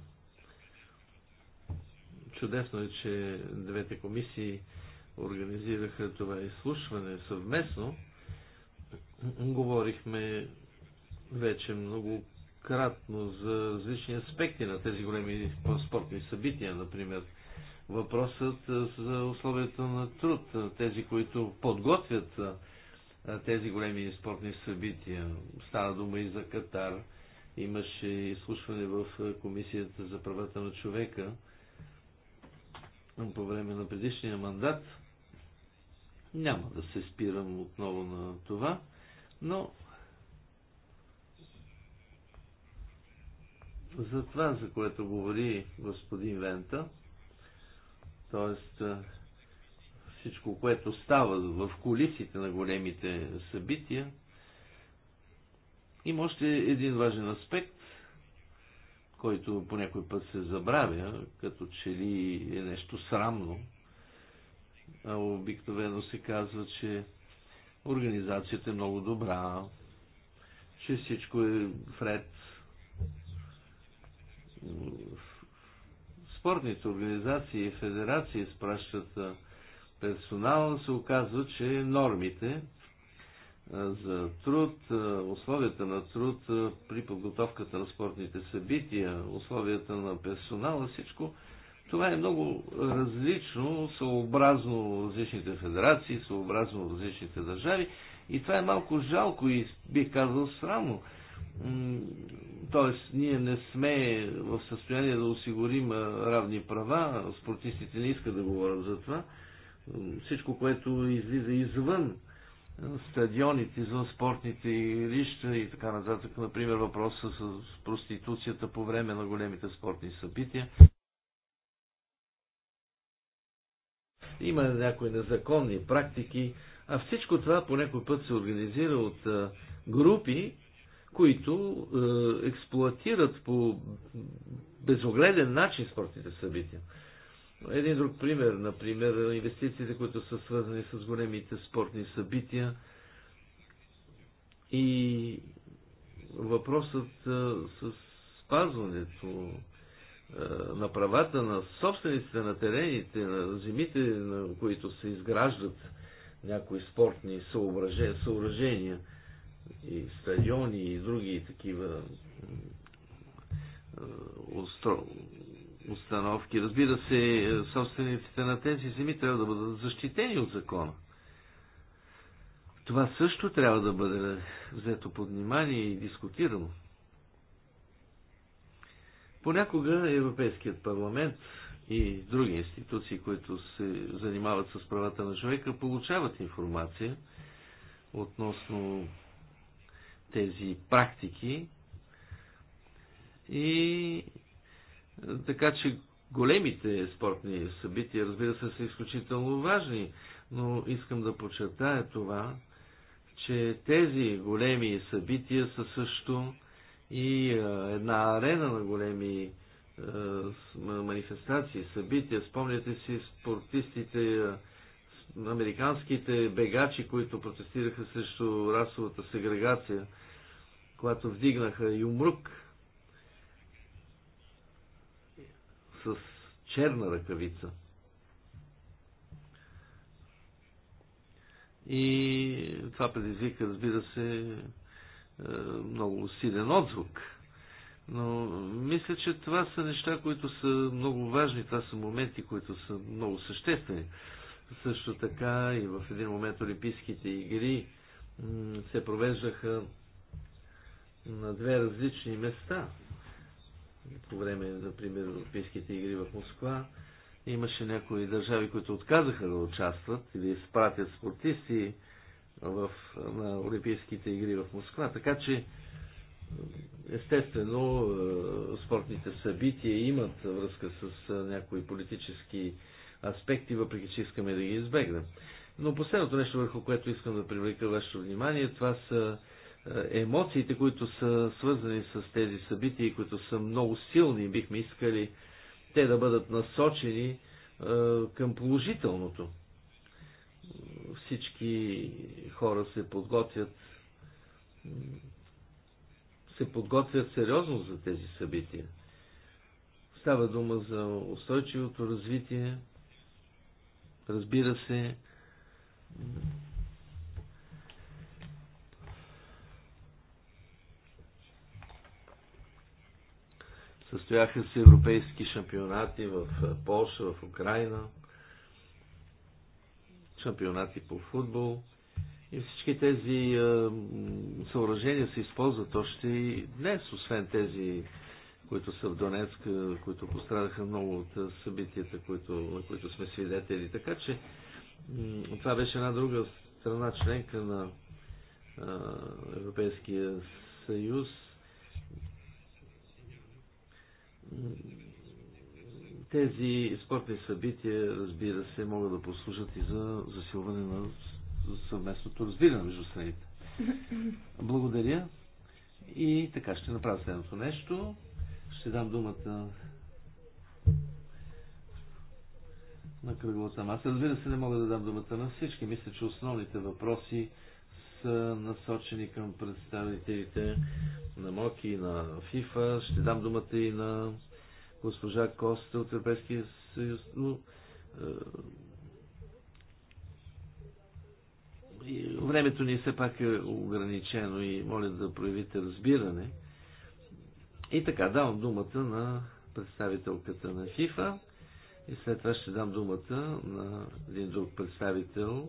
Чудесно е, че двете комисии организираха това изслушване съвместно. Говорихме вече многократно за различни аспекти на тези големи спортни събития, например въпросът за условията на труд, тези, които подготвят тези големи спортни събития. Става дума и за Катар. Имаше изслушване в Комисията за правата на човека по време на предишния мандат. Няма да се спирам отново на това, но за това, за което говори господин Вента, т.е. всичко, което става в колисите на големите събития, има още един важен аспект, който по някой път се забравя, като че ли е нещо срамно. А обикновено се казва, че организацията е много добра, че всичко е вред. Спортните организации и федерации спращат персонал, се оказва, че нормите за труд, условията на труд при подготовката на спортните събития, условията на персонала, всичко това е много различно, съобразно различните федерации, съобразно различните държави и това е малко жалко и бих казал срамно. Тоест, ние не сме в състояние да осигурим равни права, спортистите не искат да говорят за това. Всичко, което излиза извън стадионите, извън спортните игрища и така нататък. Например, въпроса с проституцията по време на големите спортни събития. Има някои незаконни практики, а всичко това по някой път се организира от групи, които експлуатират по безогледен начин спортните събития. Един друг пример, например, инвестициите, които са свързани с големите спортни събития и въпросът с спазването на правата на собствениците на терените, на земите, на които се изграждат някои спортни съоръжения и стадиони и други такива установки. Разбира се, собствениците на тези земи трябва да бъдат защитени от закона. Това също трябва да бъде взето под внимание и дискутирано. Понякога Европейският парламент и други институции, които се занимават с правата на човека, получават информация относно тези практики и така че големите спортни събития, разбира се, са изключително важни, но искам да подчертая това, че тези големи събития са също и една арена на големи манифестации, събития. Спомняте си спортистите, американските бегачи, които протестираха срещу расовата сегрегация, когато вдигнаха юмрук с черна ръкавица. И това предизвика, разбира се, е, много силен отзвук. Но мисля, че това са неща, които са много важни, това са моменти, които са много съществени. Също така и в един момент Олимпийските игри се провеждаха на две различни места по време, например, Олимпийските игри в Москва, имаше някои държави, които отказаха да участват или изпратят спортисти в, на Олимпийските игри в Москва. Така че, естествено, е, спортните събития имат връзка с е, някои политически аспекти, въпреки че искаме да ги избегнем. Но последното нещо, върху което искам да привлека вашето внимание, това са е, емоциите, които са свързани с тези събития които са много силни, бихме искали те да бъдат насочени е, към положителното. Всички хора се подготвят се подготвят сериозно за тези събития. Става дума за устойчивото развитие, разбира се, Състояха се европейски шампионати в Польша, в Украина, шампионати по футбол. И всички тези е, съоръжения се използват още и днес, освен тези, които са в Донецк, които пострадаха много от събитията, които, на които сме свидетели. Така че това беше една друга страна, членка на е, Европейския съюз, Тези спортни събития, разбира се, могат да послужат и за засилване на съвместното разбиране между страните. Благодаря. И така ще направя следното нещо. Ще дам думата на кръглата маса. Разбира се, не мога да дам думата на всички. Мисля, че основните въпроси са насочени към представителите на МОКИ и на ФИФА. Ще дам думата и на госпожа Коста от Европейския съюз. Но, е, времето ни все пак е ограничено и моля да проявите разбиране. И така, давам думата на представителката на ФИФА и след това ще дам думата на един друг представител,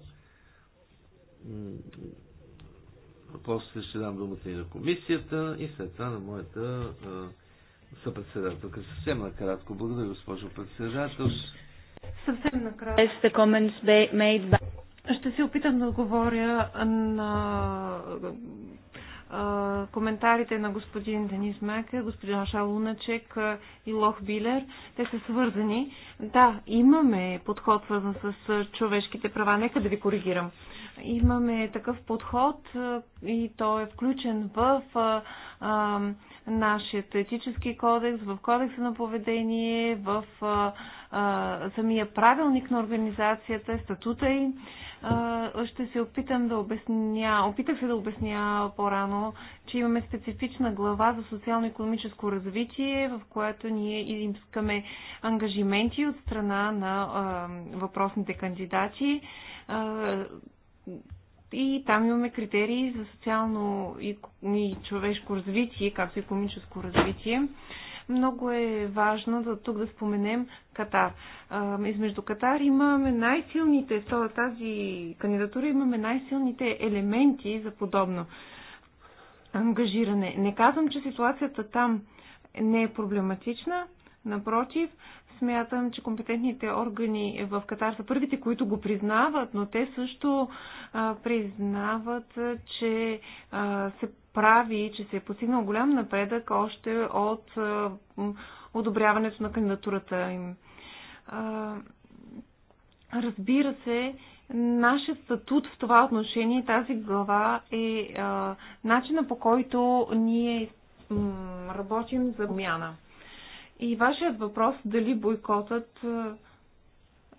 после ще дам думата и на комисията и след това на моята съпредседателка. Съвсем накратко. Благодаря, госпожо председател. Съвсем накратко. Ще се опитам да отговоря на коментарите на господин Денис Мека, господин Шалуначек и Лох Билер. Те са свързани. Да, имаме подход свързан с човешките права. Нека да ви коригирам имаме такъв подход и той е включен в нашия етически кодекс, в кодекса на поведение, в самия правилник на организацията, статута А, Ще се опитам да обясня, опитах се да обясня по-рано, че имаме специфична глава за социално-економическо развитие, в която ние искаме ангажименти от страна на въпросните кандидати и там имаме критерии за социално и, и човешко развитие, както и економическо развитие. Много е важно да тук да споменем Катар. А, измежду Катар имаме най-силните, в тази кандидатура имаме най-силните елементи за подобно ангажиране. Не казвам, че ситуацията там не е проблематична, напротив, Смятам, че компетентните органи в Катар са първите, които го признават, но те също а, признават, че а, се прави, че се е постигнал голям напредък още от а, одобряването на кандидатурата им. А, разбира се, нашият статут в това отношение, тази глава е а, начина по който ние работим за обмяна. И вашият въпрос дали бойкотът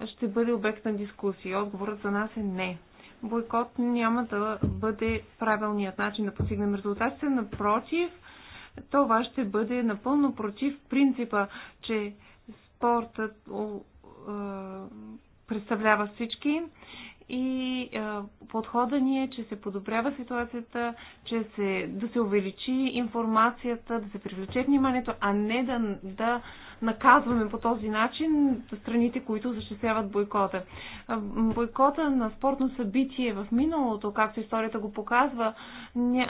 ще бъде обект на дискусия. Отговорът за нас е не. Бойкот няма да бъде правилният начин да постигнем резултатите. Напротив, това ще бъде напълно против принципа, че спортът представлява всички и а, подхода ни е, че се подобрява ситуацията, че се, да се увеличи информацията, да се привлече вниманието, а не да, да наказваме по този начин страните, които осъществяват бойкота. Бойкота на спортно събитие в миналото, както историята го показва, не,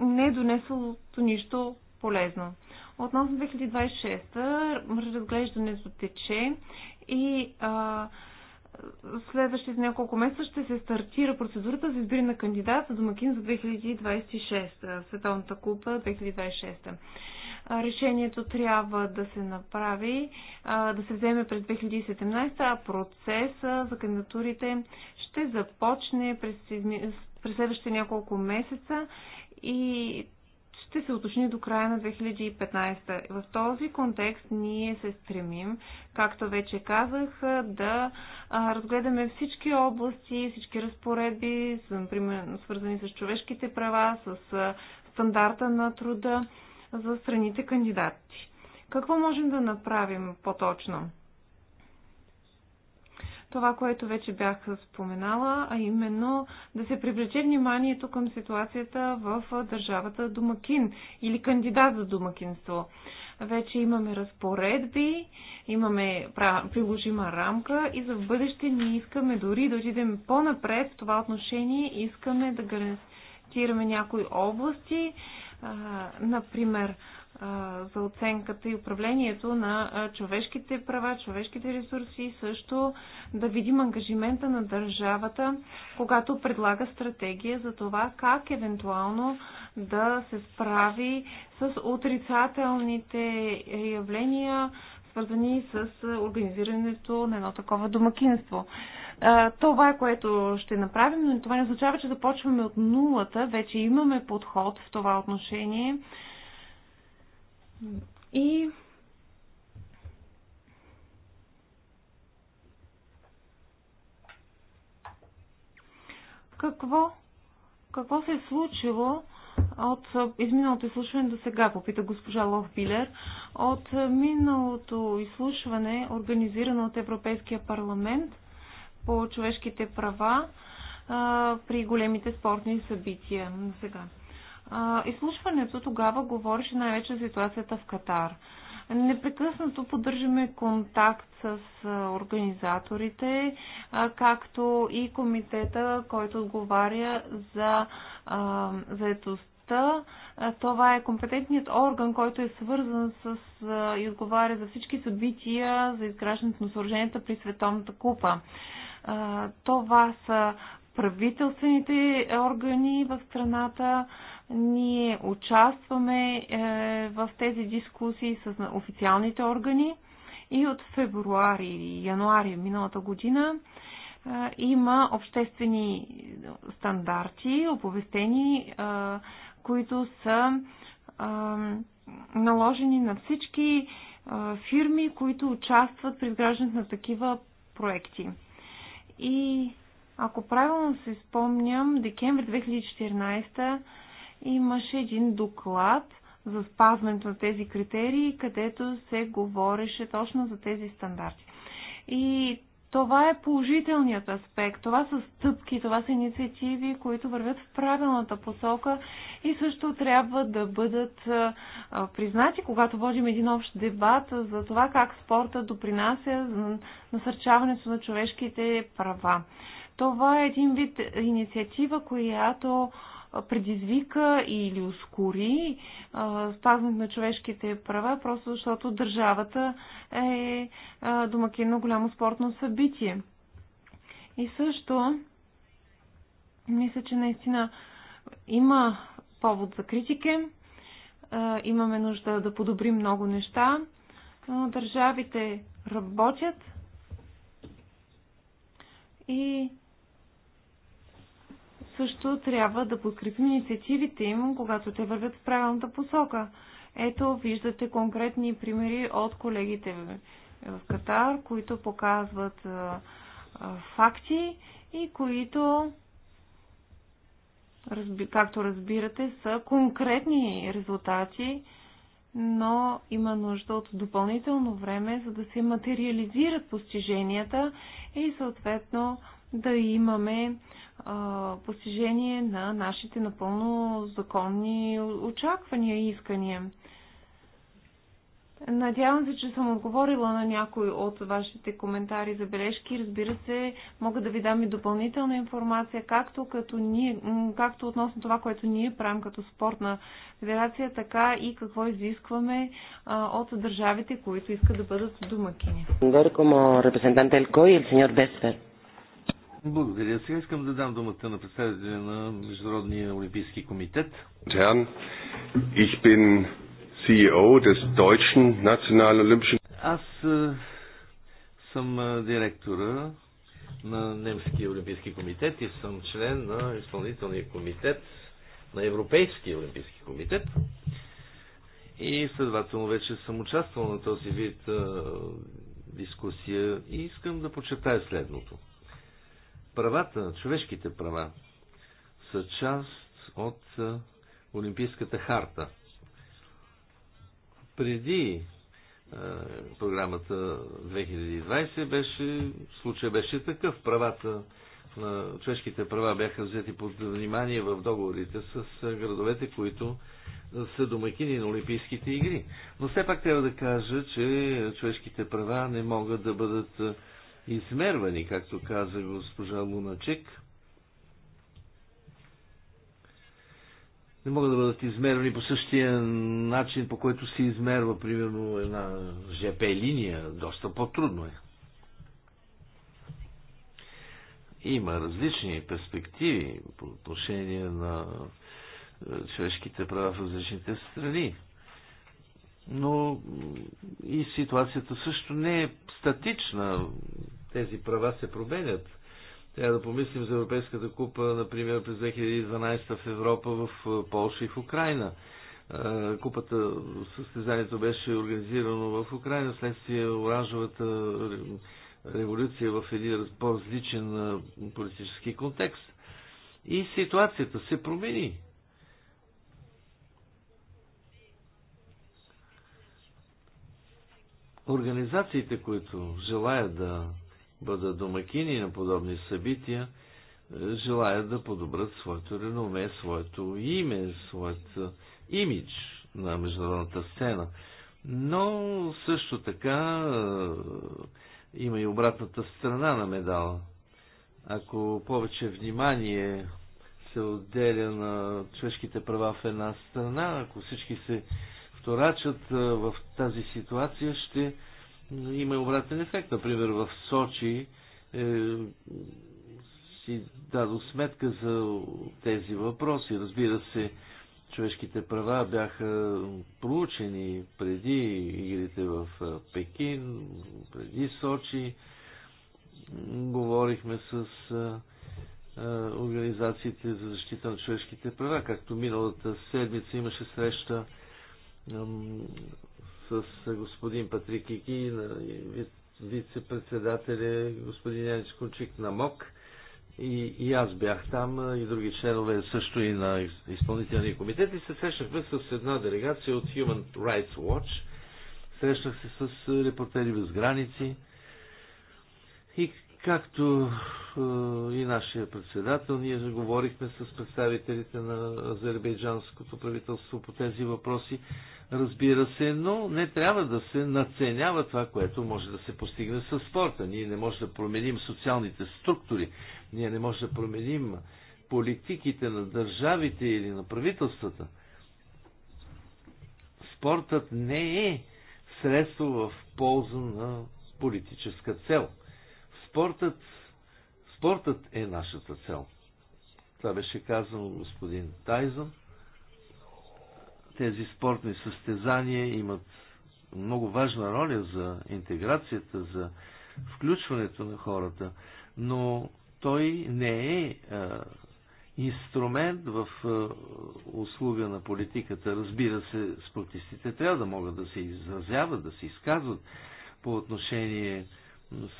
не е донесло нищо полезно. Относно 2026, разглеждането тече и а, следващите няколко месеца ще се стартира процедурата за избиране на кандидат за домакин за 2026, Световната купа 2026. Решението трябва да се направи, да се вземе през 2017, а процеса за кандидатурите ще започне през, през следващите няколко месеца и ще се уточни до края на 2015. В този контекст ние се стремим, както вече казах, да разгледаме всички области, всички разпоредби, например, свързани с човешките права, с стандарта на труда за страните кандидати. Какво можем да направим по-точно? това, което вече бях споменала, а именно да се привлече вниманието към ситуацията в държавата домакин или кандидат за домакинство. Вече имаме разпоредби, имаме приложима рамка и за в бъдеще ние искаме дори да отидем по-напред в това отношение, искаме да гарантираме някои области, например, за оценката и управлението на човешките права, човешките ресурси, и също да видим ангажимента на държавата, когато предлага стратегия за това как евентуално да се справи с отрицателните явления, свързани с организирането на едно такова домакинство. Това е което ще направим, но това не означава, че започваме от нулата. Вече имаме подход в това отношение. И какво, какво се е случило от изминалото изслушване до сега, попита госпожа Лохбилер. От миналото изслушване, организирано от Европейския парламент по човешките права при големите спортни събития на сега изслушването тогава говореше най-вече за ситуацията в Катар. Непрекъснато поддържаме контакт с организаторите, както и комитета, който отговаря за заетостта. Това е компетентният орган, който е свързан с и отговаря за всички събития за изграждането на съоръженията при Световната купа. Това са правителствените органи в страната, ние участваме е, в тези дискусии с официалните органи и от февруари и януари миналата година е, има обществени стандарти, оповестени, е, които са наложени на всички фирми, които участват при изграждането на такива проекти. И ако правилно се спомням, декември 2014 имаше един доклад за спазването на тези критерии, където се говореше точно за тези стандарти. И това е положителният аспект. Това са стъпки, това са инициативи, които вървят в правилната посока и също трябва да бъдат признати, когато водим един общ дебат за това как спорта допринася за насърчаването на човешките права. Това е един вид инициатива, която предизвика или ускори спазването на човешките права, просто защото държавата е домакин на голямо спортно събитие. И също, мисля, че наистина има повод за критики, имаме нужда да подобрим много неща, но държавите работят и също трябва да подкрепим инициативите им, когато те вървят в правилната посока. Ето, виждате конкретни примери от колегите в Катар, които показват а, а, факти и които, разби, както разбирате, са конкретни резултати, но има нужда от допълнително време, за да се материализират постиженията и съответно да имаме постижение на нашите напълно законни очаквания и искания. Надявам се, че съм отговорила на някой от вашите коментари, забележки. Разбира се, мога да ви дам и допълнителна информация, както, като ние, както относно това, което ние правим като спортна федерация, така и какво изискваме а, от държавите, които искат да бъдат домакини. Como репрезентант Елко и сеньор Бесфер. Благодаря. Сега искам да дам думата на представителя на Международния олимпийски комитет. Ich bin CEO des Deutschen Аз е, съм е, директора на Немския олимпийски комитет и съм член на изпълнителния комитет на Европейския олимпийски комитет. И следователно вече съм участвал на този вид е, дискусия и искам да подчертая следното. Правата, човешките права са част от Олимпийската харта. Преди програмата 2020 беше, случай беше такъв. Правата на човешките права бяха взети под внимание в договорите с градовете, които са домакини на Олимпийските игри. Но все пак трябва да кажа, че човешките права не могат да бъдат измервани, както каза госпожа Луначек. Не могат да бъдат измервани по същия начин, по който се измерва, примерно, една ЖП линия. Доста по-трудно е. Има различни перспективи по отношение на е, човешките права в различните страни но и ситуацията също не е статична. Тези права се променят. Трябва да помислим за Европейската купа, например, през 2012 в Европа, в Польша и в Украина. Купата, състезанието беше организирано в Украина следствие оранжевата революция в един по-различен политически контекст. И ситуацията се промени. Организациите, които желаят да бъдат домакини на подобни събития, е, желаят да подобрат своето реноме, своето име, своят е, имидж на международната сцена. Но също така е, има и обратната страна на медала. Ако повече внимание се отделя на човешките права в една страна, ако всички се турачат в тази ситуация ще има обратен ефект. Например, в Сочи е, си дадо сметка за тези въпроси. Разбира се, човешките права бяха проучени преди игрите в Пекин, преди Сочи. Говорихме с организациите за защита на човешките права. Както миналата седмица имаше среща с господин Патрик Ики вице-председателя господин Янис Кунчик на МОК. И, и аз бях там, и други членове също и на изпълнителния комитет. И се срещнахме с една делегация от Human Rights Watch. Срещнах се с репортери без граници. И Както и нашия председател, ние говорихме с представителите на азербайджанското правителство по тези въпроси, разбира се, но не трябва да се наценява това, което може да се постигне с спорта. Ние не можем да променим социалните структури, ние не можем да променим политиките на държавите или на правителствата. Спортът не е средство в полза на политическа цел – Спортът, спортът е нашата цел. Това беше казано господин Тайзън. Тези спортни състезания имат много важна роля за интеграцията, за включването на хората, но той не е а, инструмент в а, услуга на политиката. Разбира се, спортистите трябва да могат да се изразяват, да се изказват по отношение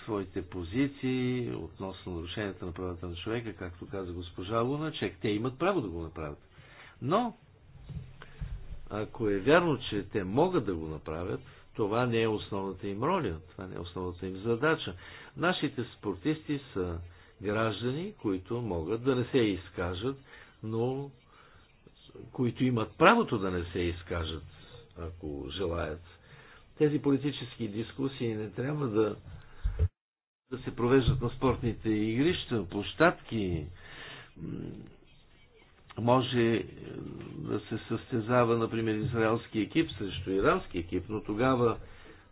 своите позиции относно нарушенията на правата на човека, както каза госпожа Луначек. Те имат право да го направят. Но, ако е вярно, че те могат да го направят, това не е основната им роля, това не е основната им задача. Нашите спортисти са граждани, които могат да не се изкажат, но които имат правото да не се изкажат, ако желаят. Тези политически дискусии не трябва да да се провеждат на спортните игрища, площадки, може е, да се състезава, например, израелски екип срещу ирански екип, но тогава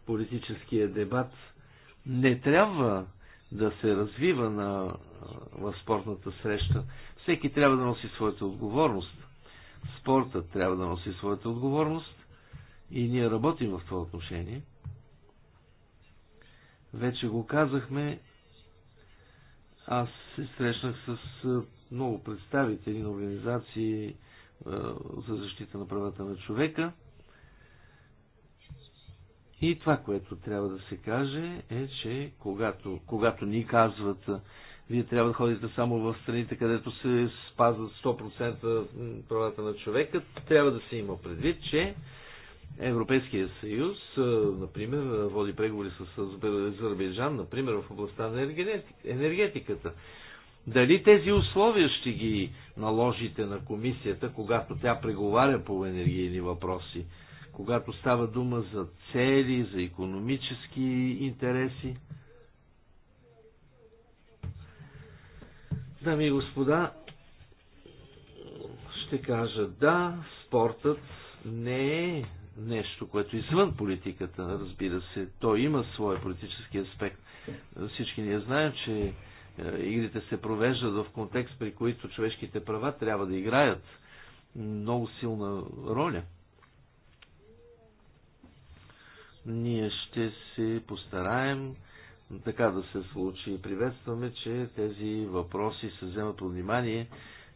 политическия дебат не трябва да се развива на, в спортната среща. Всеки трябва да носи своята отговорност. Спортът трябва да носи своята отговорност и ние работим в това отношение. Вече го казахме, аз се срещнах с много представители на организации за защита на правата на човека. И това, което трябва да се каже, е, че когато, когато ни казват, вие трябва да ходите само в страните, където се спазват 100% правата на човека, трябва да се има предвид, че Европейския съюз, например, води преговори с Азербайджан, например, в областта на енергетиката. Дали тези условия ще ги наложите на комисията, когато тя преговаря по енергийни въпроси, когато става дума за цели, за економически интереси? Дами и господа, ще кажа да, спортът не е нещо, което е извън политиката, разбира се. То има своя политически аспект. Всички ние знаем, че е, игрите се провеждат в контекст, при които човешките права трябва да играят много силна роля. Ние ще се постараем така да се случи. Приветстваме, че тези въпроси се вземат под внимание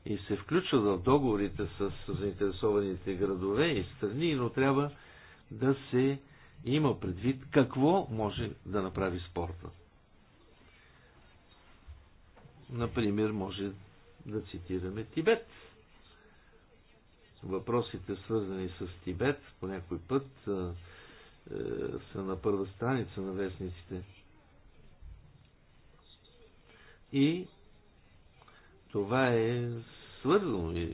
и се включват в договорите с заинтересованите градове и страни, но трябва да се има предвид какво може да направи спорта. Например, може да цитираме Тибет. Въпросите, свързани с Тибет, по някой път е, са на първа страница на вестниците. И това е свързано и,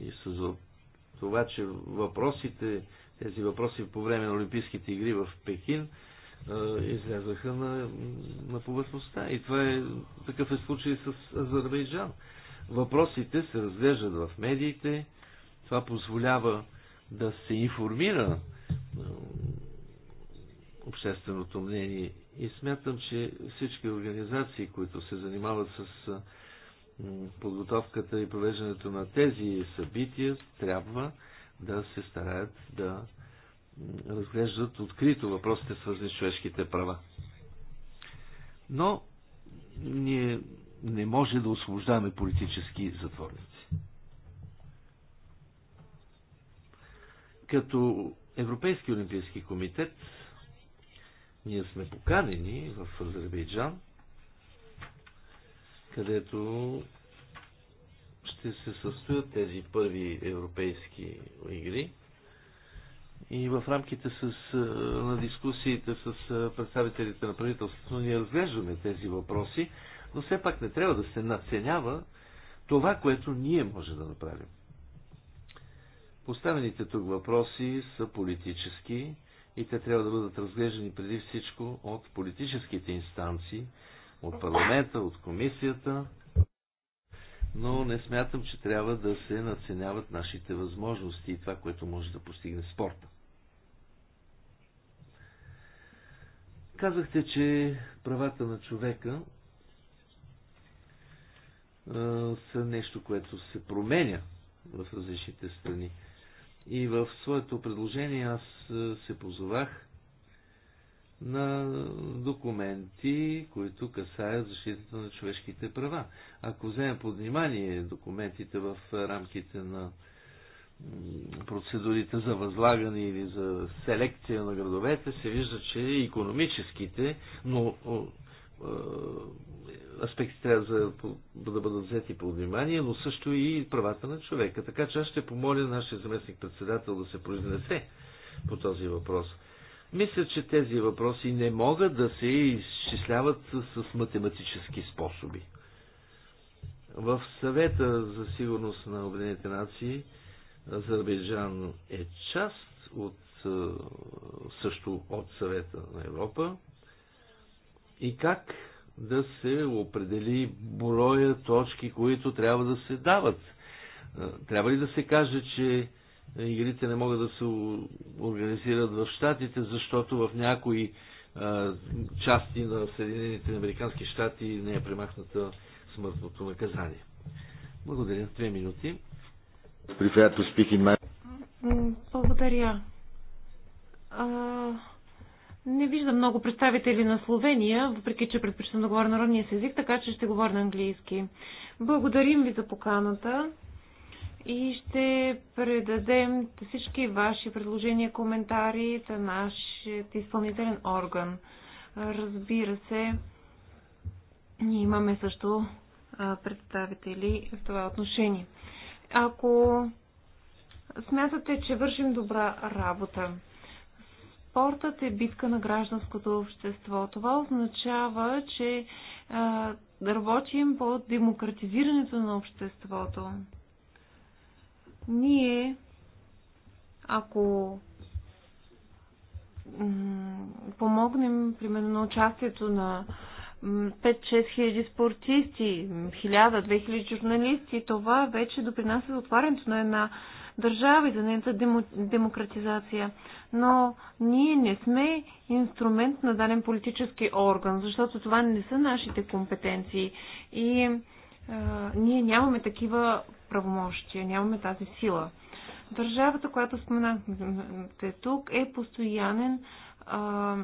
и с това, че въпросите, тези въпроси по време на Олимпийските игри в Пекин излязаха на, на повърхността. И това е, такъв е случай с Азербайджан. Въпросите се разглеждат в медиите, това позволява да се информира общественото мнение и смятам, че всички организации, които се занимават с подготовката и провеждането на тези събития трябва да се стараят да разглеждат открито въпросите свързани с човешките права. Но ние не може да освобождаваме политически затворници. Като Европейски олимпийски комитет ние сме поканени в Азербайджан – където ще се състоят тези първи европейски игри. И в рамките с, на дискусиите с представителите на правителството ние разглеждаме тези въпроси, но все пак не трябва да се наценява това, което ние може да направим. Поставените тук въпроси са политически и те трябва да бъдат разглеждани преди всичко от политическите инстанции, от парламента, от комисията, но не смятам, че трябва да се наценяват нашите възможности и това, което може да постигне спорта. Казахте, че правата на човека са нещо, което се променя в различните страни. И в своето предложение аз се позовах на документи, които касаят защитата на човешките права. Ако вземем под внимание документите в рамките на процедурите за възлагане или за селекция на градовете, се вижда, че економическите, но аспекти трябва за, да бъдат взети под внимание, но също и правата на човека. Така че аз ще помоля нашия заместник председател да се произнесе по този въпрос. Мисля, че тези въпроси не могат да се изчисляват с математически способи. В съвета за сигурност на Обединените нации Азербайджан е част от, е, също от съвета на Европа и как да се определи броя точки, които трябва да се дават. Е, трябва ли да се каже, че игрите не могат да се организират в щатите, защото в някои а, части на Съединените Американски щати не е премахната смъртното наказание. Благодаря. Две минути. Благодаря. А, не виждам много представители на Словения, въпреки че предпочитам да говоря на родния си език, така че ще говоря на английски. Благодарим ви за поканата и ще предадем всички ваши предложения, коментари за нашия изпълнителен орган. Разбира се, ние имаме също представители в това отношение. Ако смятате, че вършим добра работа, спортът е битка на гражданското общество. Това означава, че а, работим по демократизирането на обществото. Ние, ако помогнем, примерно, на участието на 5-6 хиляди спортисти, 1000-2000 журналисти, това вече допринася за отварянето на една държава и за нейната дем... демократизация. Но ние не сме инструмент на даден политически орган, защото това не са нашите компетенции. И а, ние нямаме такива правомощия, нямаме тази сила. Държавата, която споменахте тук, е постоянен а,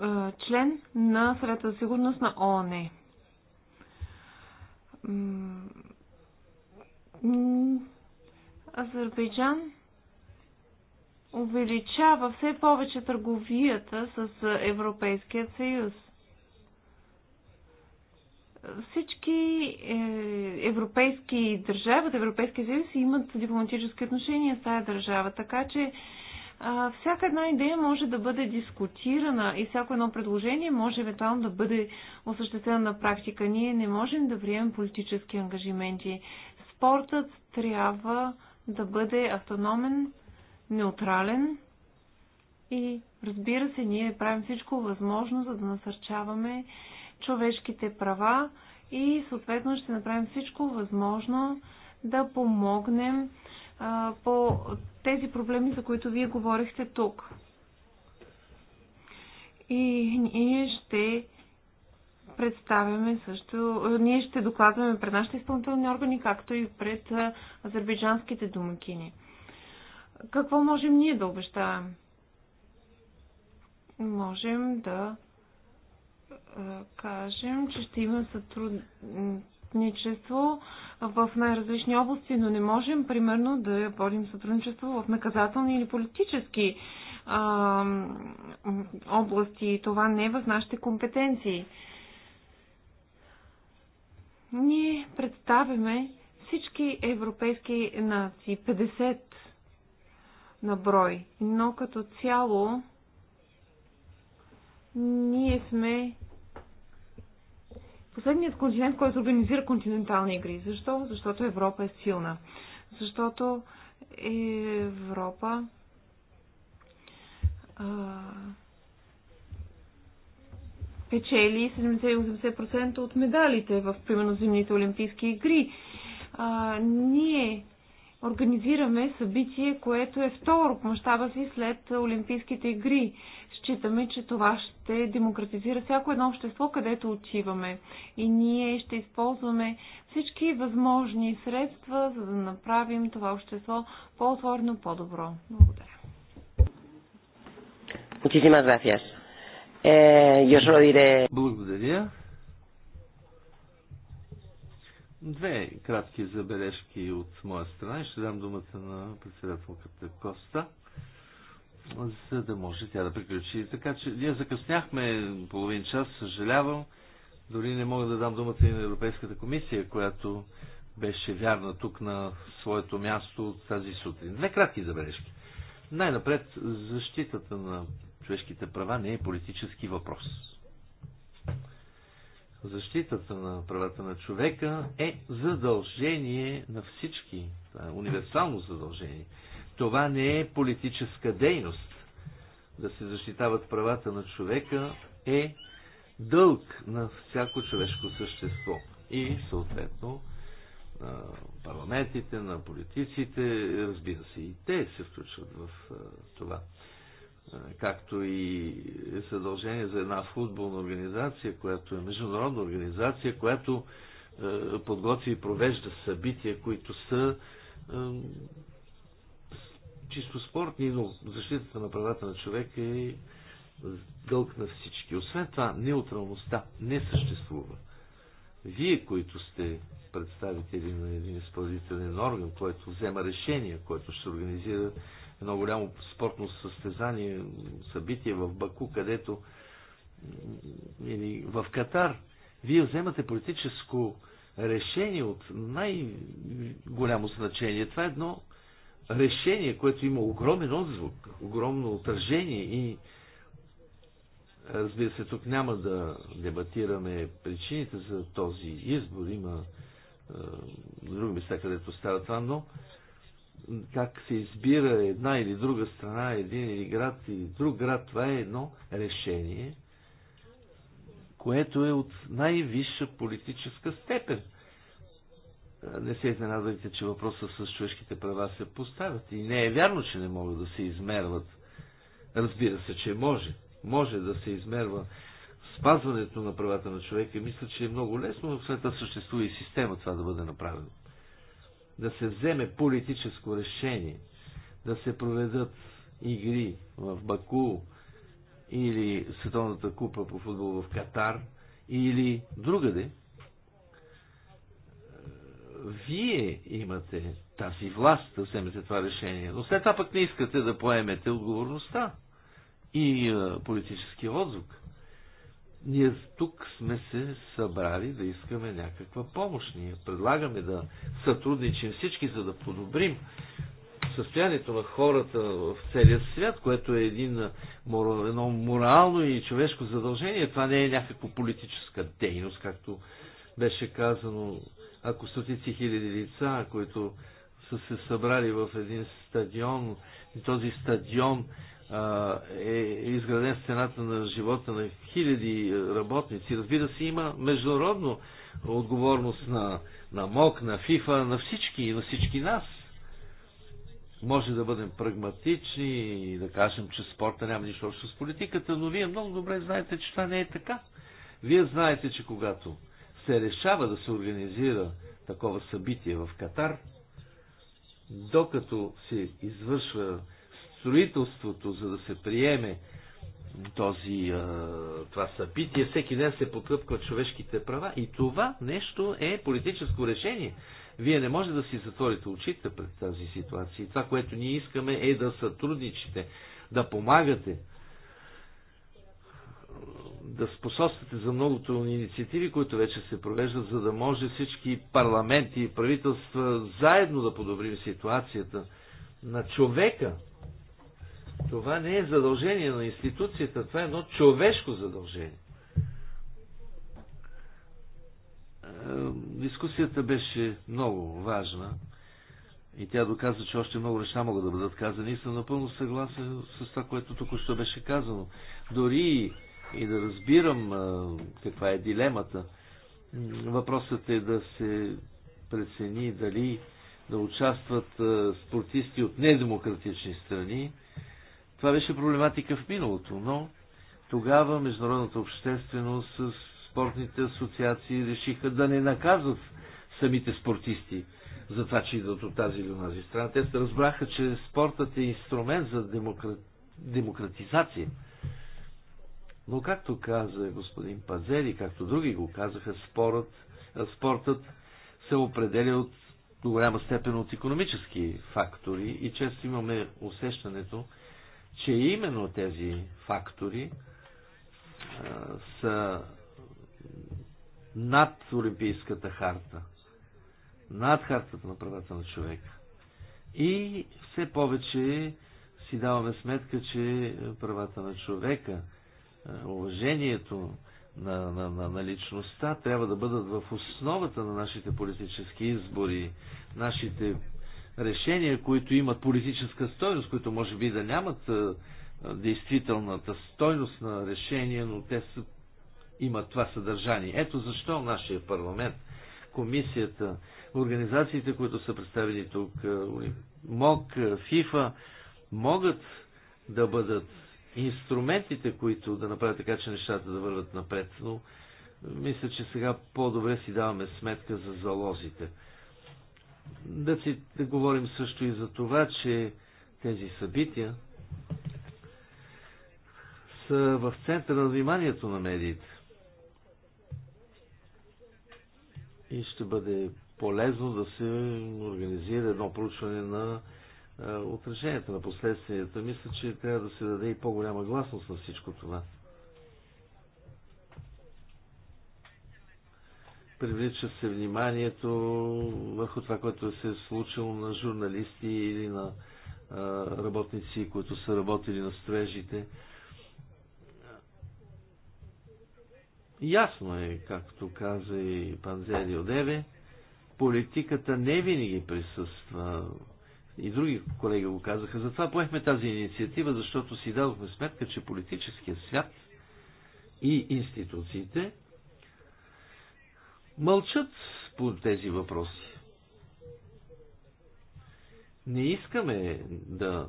а, член на Съвета за сигурност на ООН. Азербайджан увеличава все повече търговията с Европейския съюз всички е, европейски държави от Европейския съюз имат дипломатически отношения с тази държава, така че всяка една идея може да бъде дискутирана и всяко едно предложение може евентуално да бъде осъществено на практика. Ние не можем да приемем политически ангажименти. Спортът трябва да бъде автономен, неутрален и разбира се, ние правим всичко възможно, за да насърчаваме човешките права и съответно ще направим всичко възможно да помогнем а, по тези проблеми, за които вие говорихте тук. И ние ще представяме също, ние ще докладваме пред нашите изпълнителни органи, както и пред азербайджанските домакини. Какво можем ние да обещаем? Можем да кажем, че ще има сътрудничество в най-различни области, но не можем, примерно, да водим сътрудничество в наказателни или политически а, области. Това не е в нашите компетенции. Ние представяме всички европейски нации, 50 на брой, но като цяло ние сме последният континент, който организира континентални игри. Защо? Защото Европа е силна. Защото Европа а, печели 70-80% от медалите в, примерно, зимните олимпийски игри. А, ние организираме събитие, което е второ по мащаба си след Олимпийските игри. Считаме, че това ще демократизира всяко едно общество, където отиваме. И ние ще използваме всички възможни средства, за да направим това общество по-отворено, по-добро. Благодаря. Muchísimas gracias. Eh, yo solo diré... Благодаря. Две кратки забележки от моя страна и ще дам думата на председателката Коста за да може тя да приключи. Така че ние закъсняхме половин час, съжалявам. Дори не мога да дам думата и на Европейската комисия, която беше вярна тук на своето място от тази сутрин. Две кратки забележки. Най-напред, защитата на човешките права не е политически въпрос. Защитата на правата на човека е задължение на всички. Това е универсално задължение. Това не е политическа дейност. Да се защитават правата на човека е дълг на всяко човешко същество. И съответно на парламентите, на политиците, разбира се, и те се включват в това. Както и е съдължение за една футболна организация, която е международна организация, която подготви и провежда събития, които са чисто спортни, но защитата на правата на човека е дълг на всички. Освен това, неутралността не съществува. Вие, които сте представители на един изпълнителен орган, който взема решение, който ще организира едно голямо спортно състезание, събитие в Баку, където или в Катар, вие вземате политическо решение от най-голямо значение. Това е едно решение, което има огромен отзвук, огромно отражение и разбира се, тук няма да дебатираме причините за този избор. Има е, други места, където става това, но как се избира една или друга страна, един или град или друг град, това е едно решение, което е от най-висша политическа степен – не се изненадвайте, че въпроса с човешките права се поставят. И не е вярно, че не могат да се измерват. Разбира се, че може. Може да се измерва спазването на правата на човека. Мисля, че е много лесно, но след това съществува и система това да бъде направено. Да се вземе политическо решение, да се проведат игри в Баку или Световната купа по футбол в Катар или другаде, вие имате тази власт да вземете това решение, но след това пък не искате да поемете отговорността и политическия отзвук. Ние тук сме се събрали да искаме някаква помощ. Ние предлагаме да сътрудничим всички, за да подобрим състоянието на хората в целия свят, което е един, едно морално и човешко задължение. Това не е някаква политическа дейност, както беше казано ако стотици хиляди лица, които са се събрали в един стадион и този стадион а, е изграден в цената на живота на хиляди е, работници. Разбира се, има международно отговорност на, на МОК, на ФИФА, на всички, и на всички нас. Може да бъдем прагматични и да кажем, че спорта няма нищо общо с политиката, но вие много добре знаете, че това не е така. Вие знаете, че когато се решава да се организира такова събитие в Катар, докато се извършва строителството, за да се приеме този, това събитие, всеки ден се потъпкват човешките права и това нещо е политическо решение. Вие не може да си затворите очите пред тази ситуация. това, което ние искаме е да сътрудничите, да помагате, да способствате за многото инициативи, които вече се провеждат, за да може всички парламенти и правителства заедно да подобрим ситуацията на човека. Това не е задължение на институцията, това е едно човешко задължение. Е, дискусията беше много важна и тя доказа, че още много неща могат да бъдат казани и съм напълно съгласен с това, което току-що беше казано. Дори и да разбирам каква е дилемата. Въпросът е да се прецени дали да участват спортисти от недемократични страни. Това беше проблематика в миналото, но тогава международната общественост с спортните асоциации решиха да не наказват самите спортисти за това, че идват от тази или онази страна. Те разбраха, че спортът е инструмент за демократ... демократизация. Но както каза господин Пазери, както други го казаха, спорът, спортът се определя от, до голяма степен от економически фактори и често имаме усещането, че именно тези фактори а, са над Олимпийската харта, над хартата на правата на човека. И все повече си даваме сметка, че правата на човека – е, уважението на, на, на, на личността трябва да бъдат в основата на нашите политически избори, нашите решения, които имат политическа стойност, които може би да нямат а, е, действителната стойност на решение, но те са, имат това съдържание. Ето защо нашия парламент, комисията, организациите, които са представени тук, е, МОК, ФИФА, могат да бъдат инструментите, които да направят така, че нещата да върват напред. Но мисля, че сега по-добре си даваме сметка за залозите. Да, си, да говорим също и за това, че тези събития са в центъра на вниманието на медиите. И ще бъде полезно да се организира едно проучване на е, отражението на последствията. Мисля, че трябва да се даде и по-голяма гласност на всичко това. Привлича се вниманието върху това, което е се е случило на журналисти или на е, работници, които са работили на строежите. Ясно е, както каза и Панзери Одеве, политиката не винаги присъства и други колеги го казаха. Затова поехме тази инициатива, защото си дадохме сметка, че политическия свят и институциите мълчат по тези въпроси. Не искаме да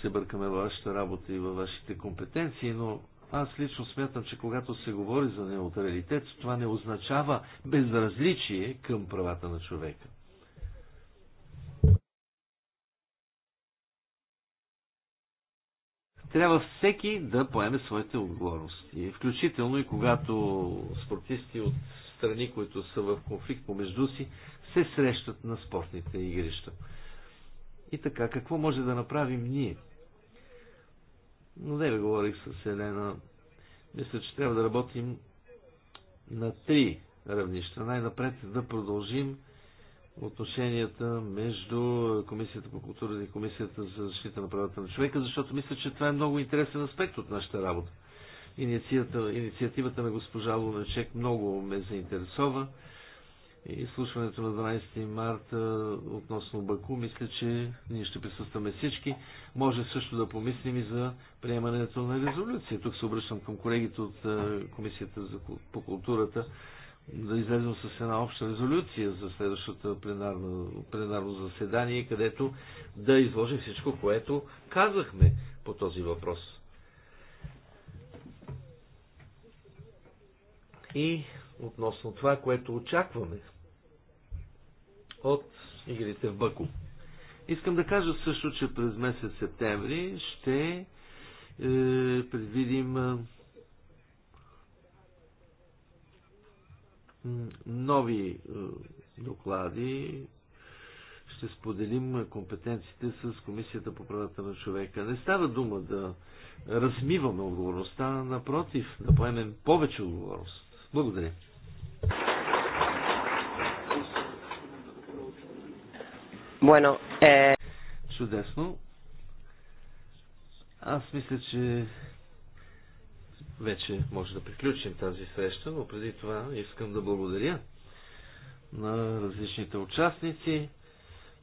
се бъркаме във вашата работа и във вашите компетенции, но аз лично смятам, че когато се говори за неутралитет, това не означава безразличие към правата на човека. трябва всеки да поеме своите отговорности. Включително и когато спортисти от страни, които са в конфликт помежду си, се срещат на спортните игрища. И така, какво може да направим ние? Но не ви говорих с Елена. Мисля, че трябва да работим на три равнища. Най-напред да продължим отношенията между Комисията по култура и Комисията за защита на правата на човека, защото мисля, че това е много интересен аспект от нашата работа. Инициативата, инициативата на госпожа Луначек много ме заинтересова. И слушването на 12 марта относно Баку, мисля, че ние ще присъстваме всички. Може също да помислим и за приемането на резолюция. Тук се обръщам към колегите от Комисията по културата, да излезем с една обща резолюция за следващото пленарно, пленарно заседание, където да изложим всичко, което казахме по този въпрос. И относно това, което очакваме от игрите в Баку. Искам да кажа също, че през месец септември ще е, предвидим е, нови е, доклади. Ще споделим компетенциите с Комисията по правата на човека. Не става дума да размиваме отговорността, напротив, да поемем повече отговорност. Благодаря. Bueno, eh... Чудесно. Аз мисля, че вече може да приключим тази среща, но преди това искам да благодаря на различните участници.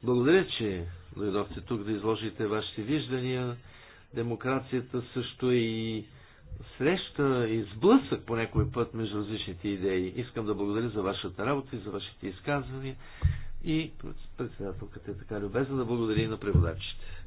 Благодаря, че дойдохте тук да изложите вашите виждания. Демокрацията също е и среща и сблъсък по някой път между различните идеи. Искам да благодаря за вашата работа и за вашите изказвания. И председателката е така любезна да благодаря и на преводачите.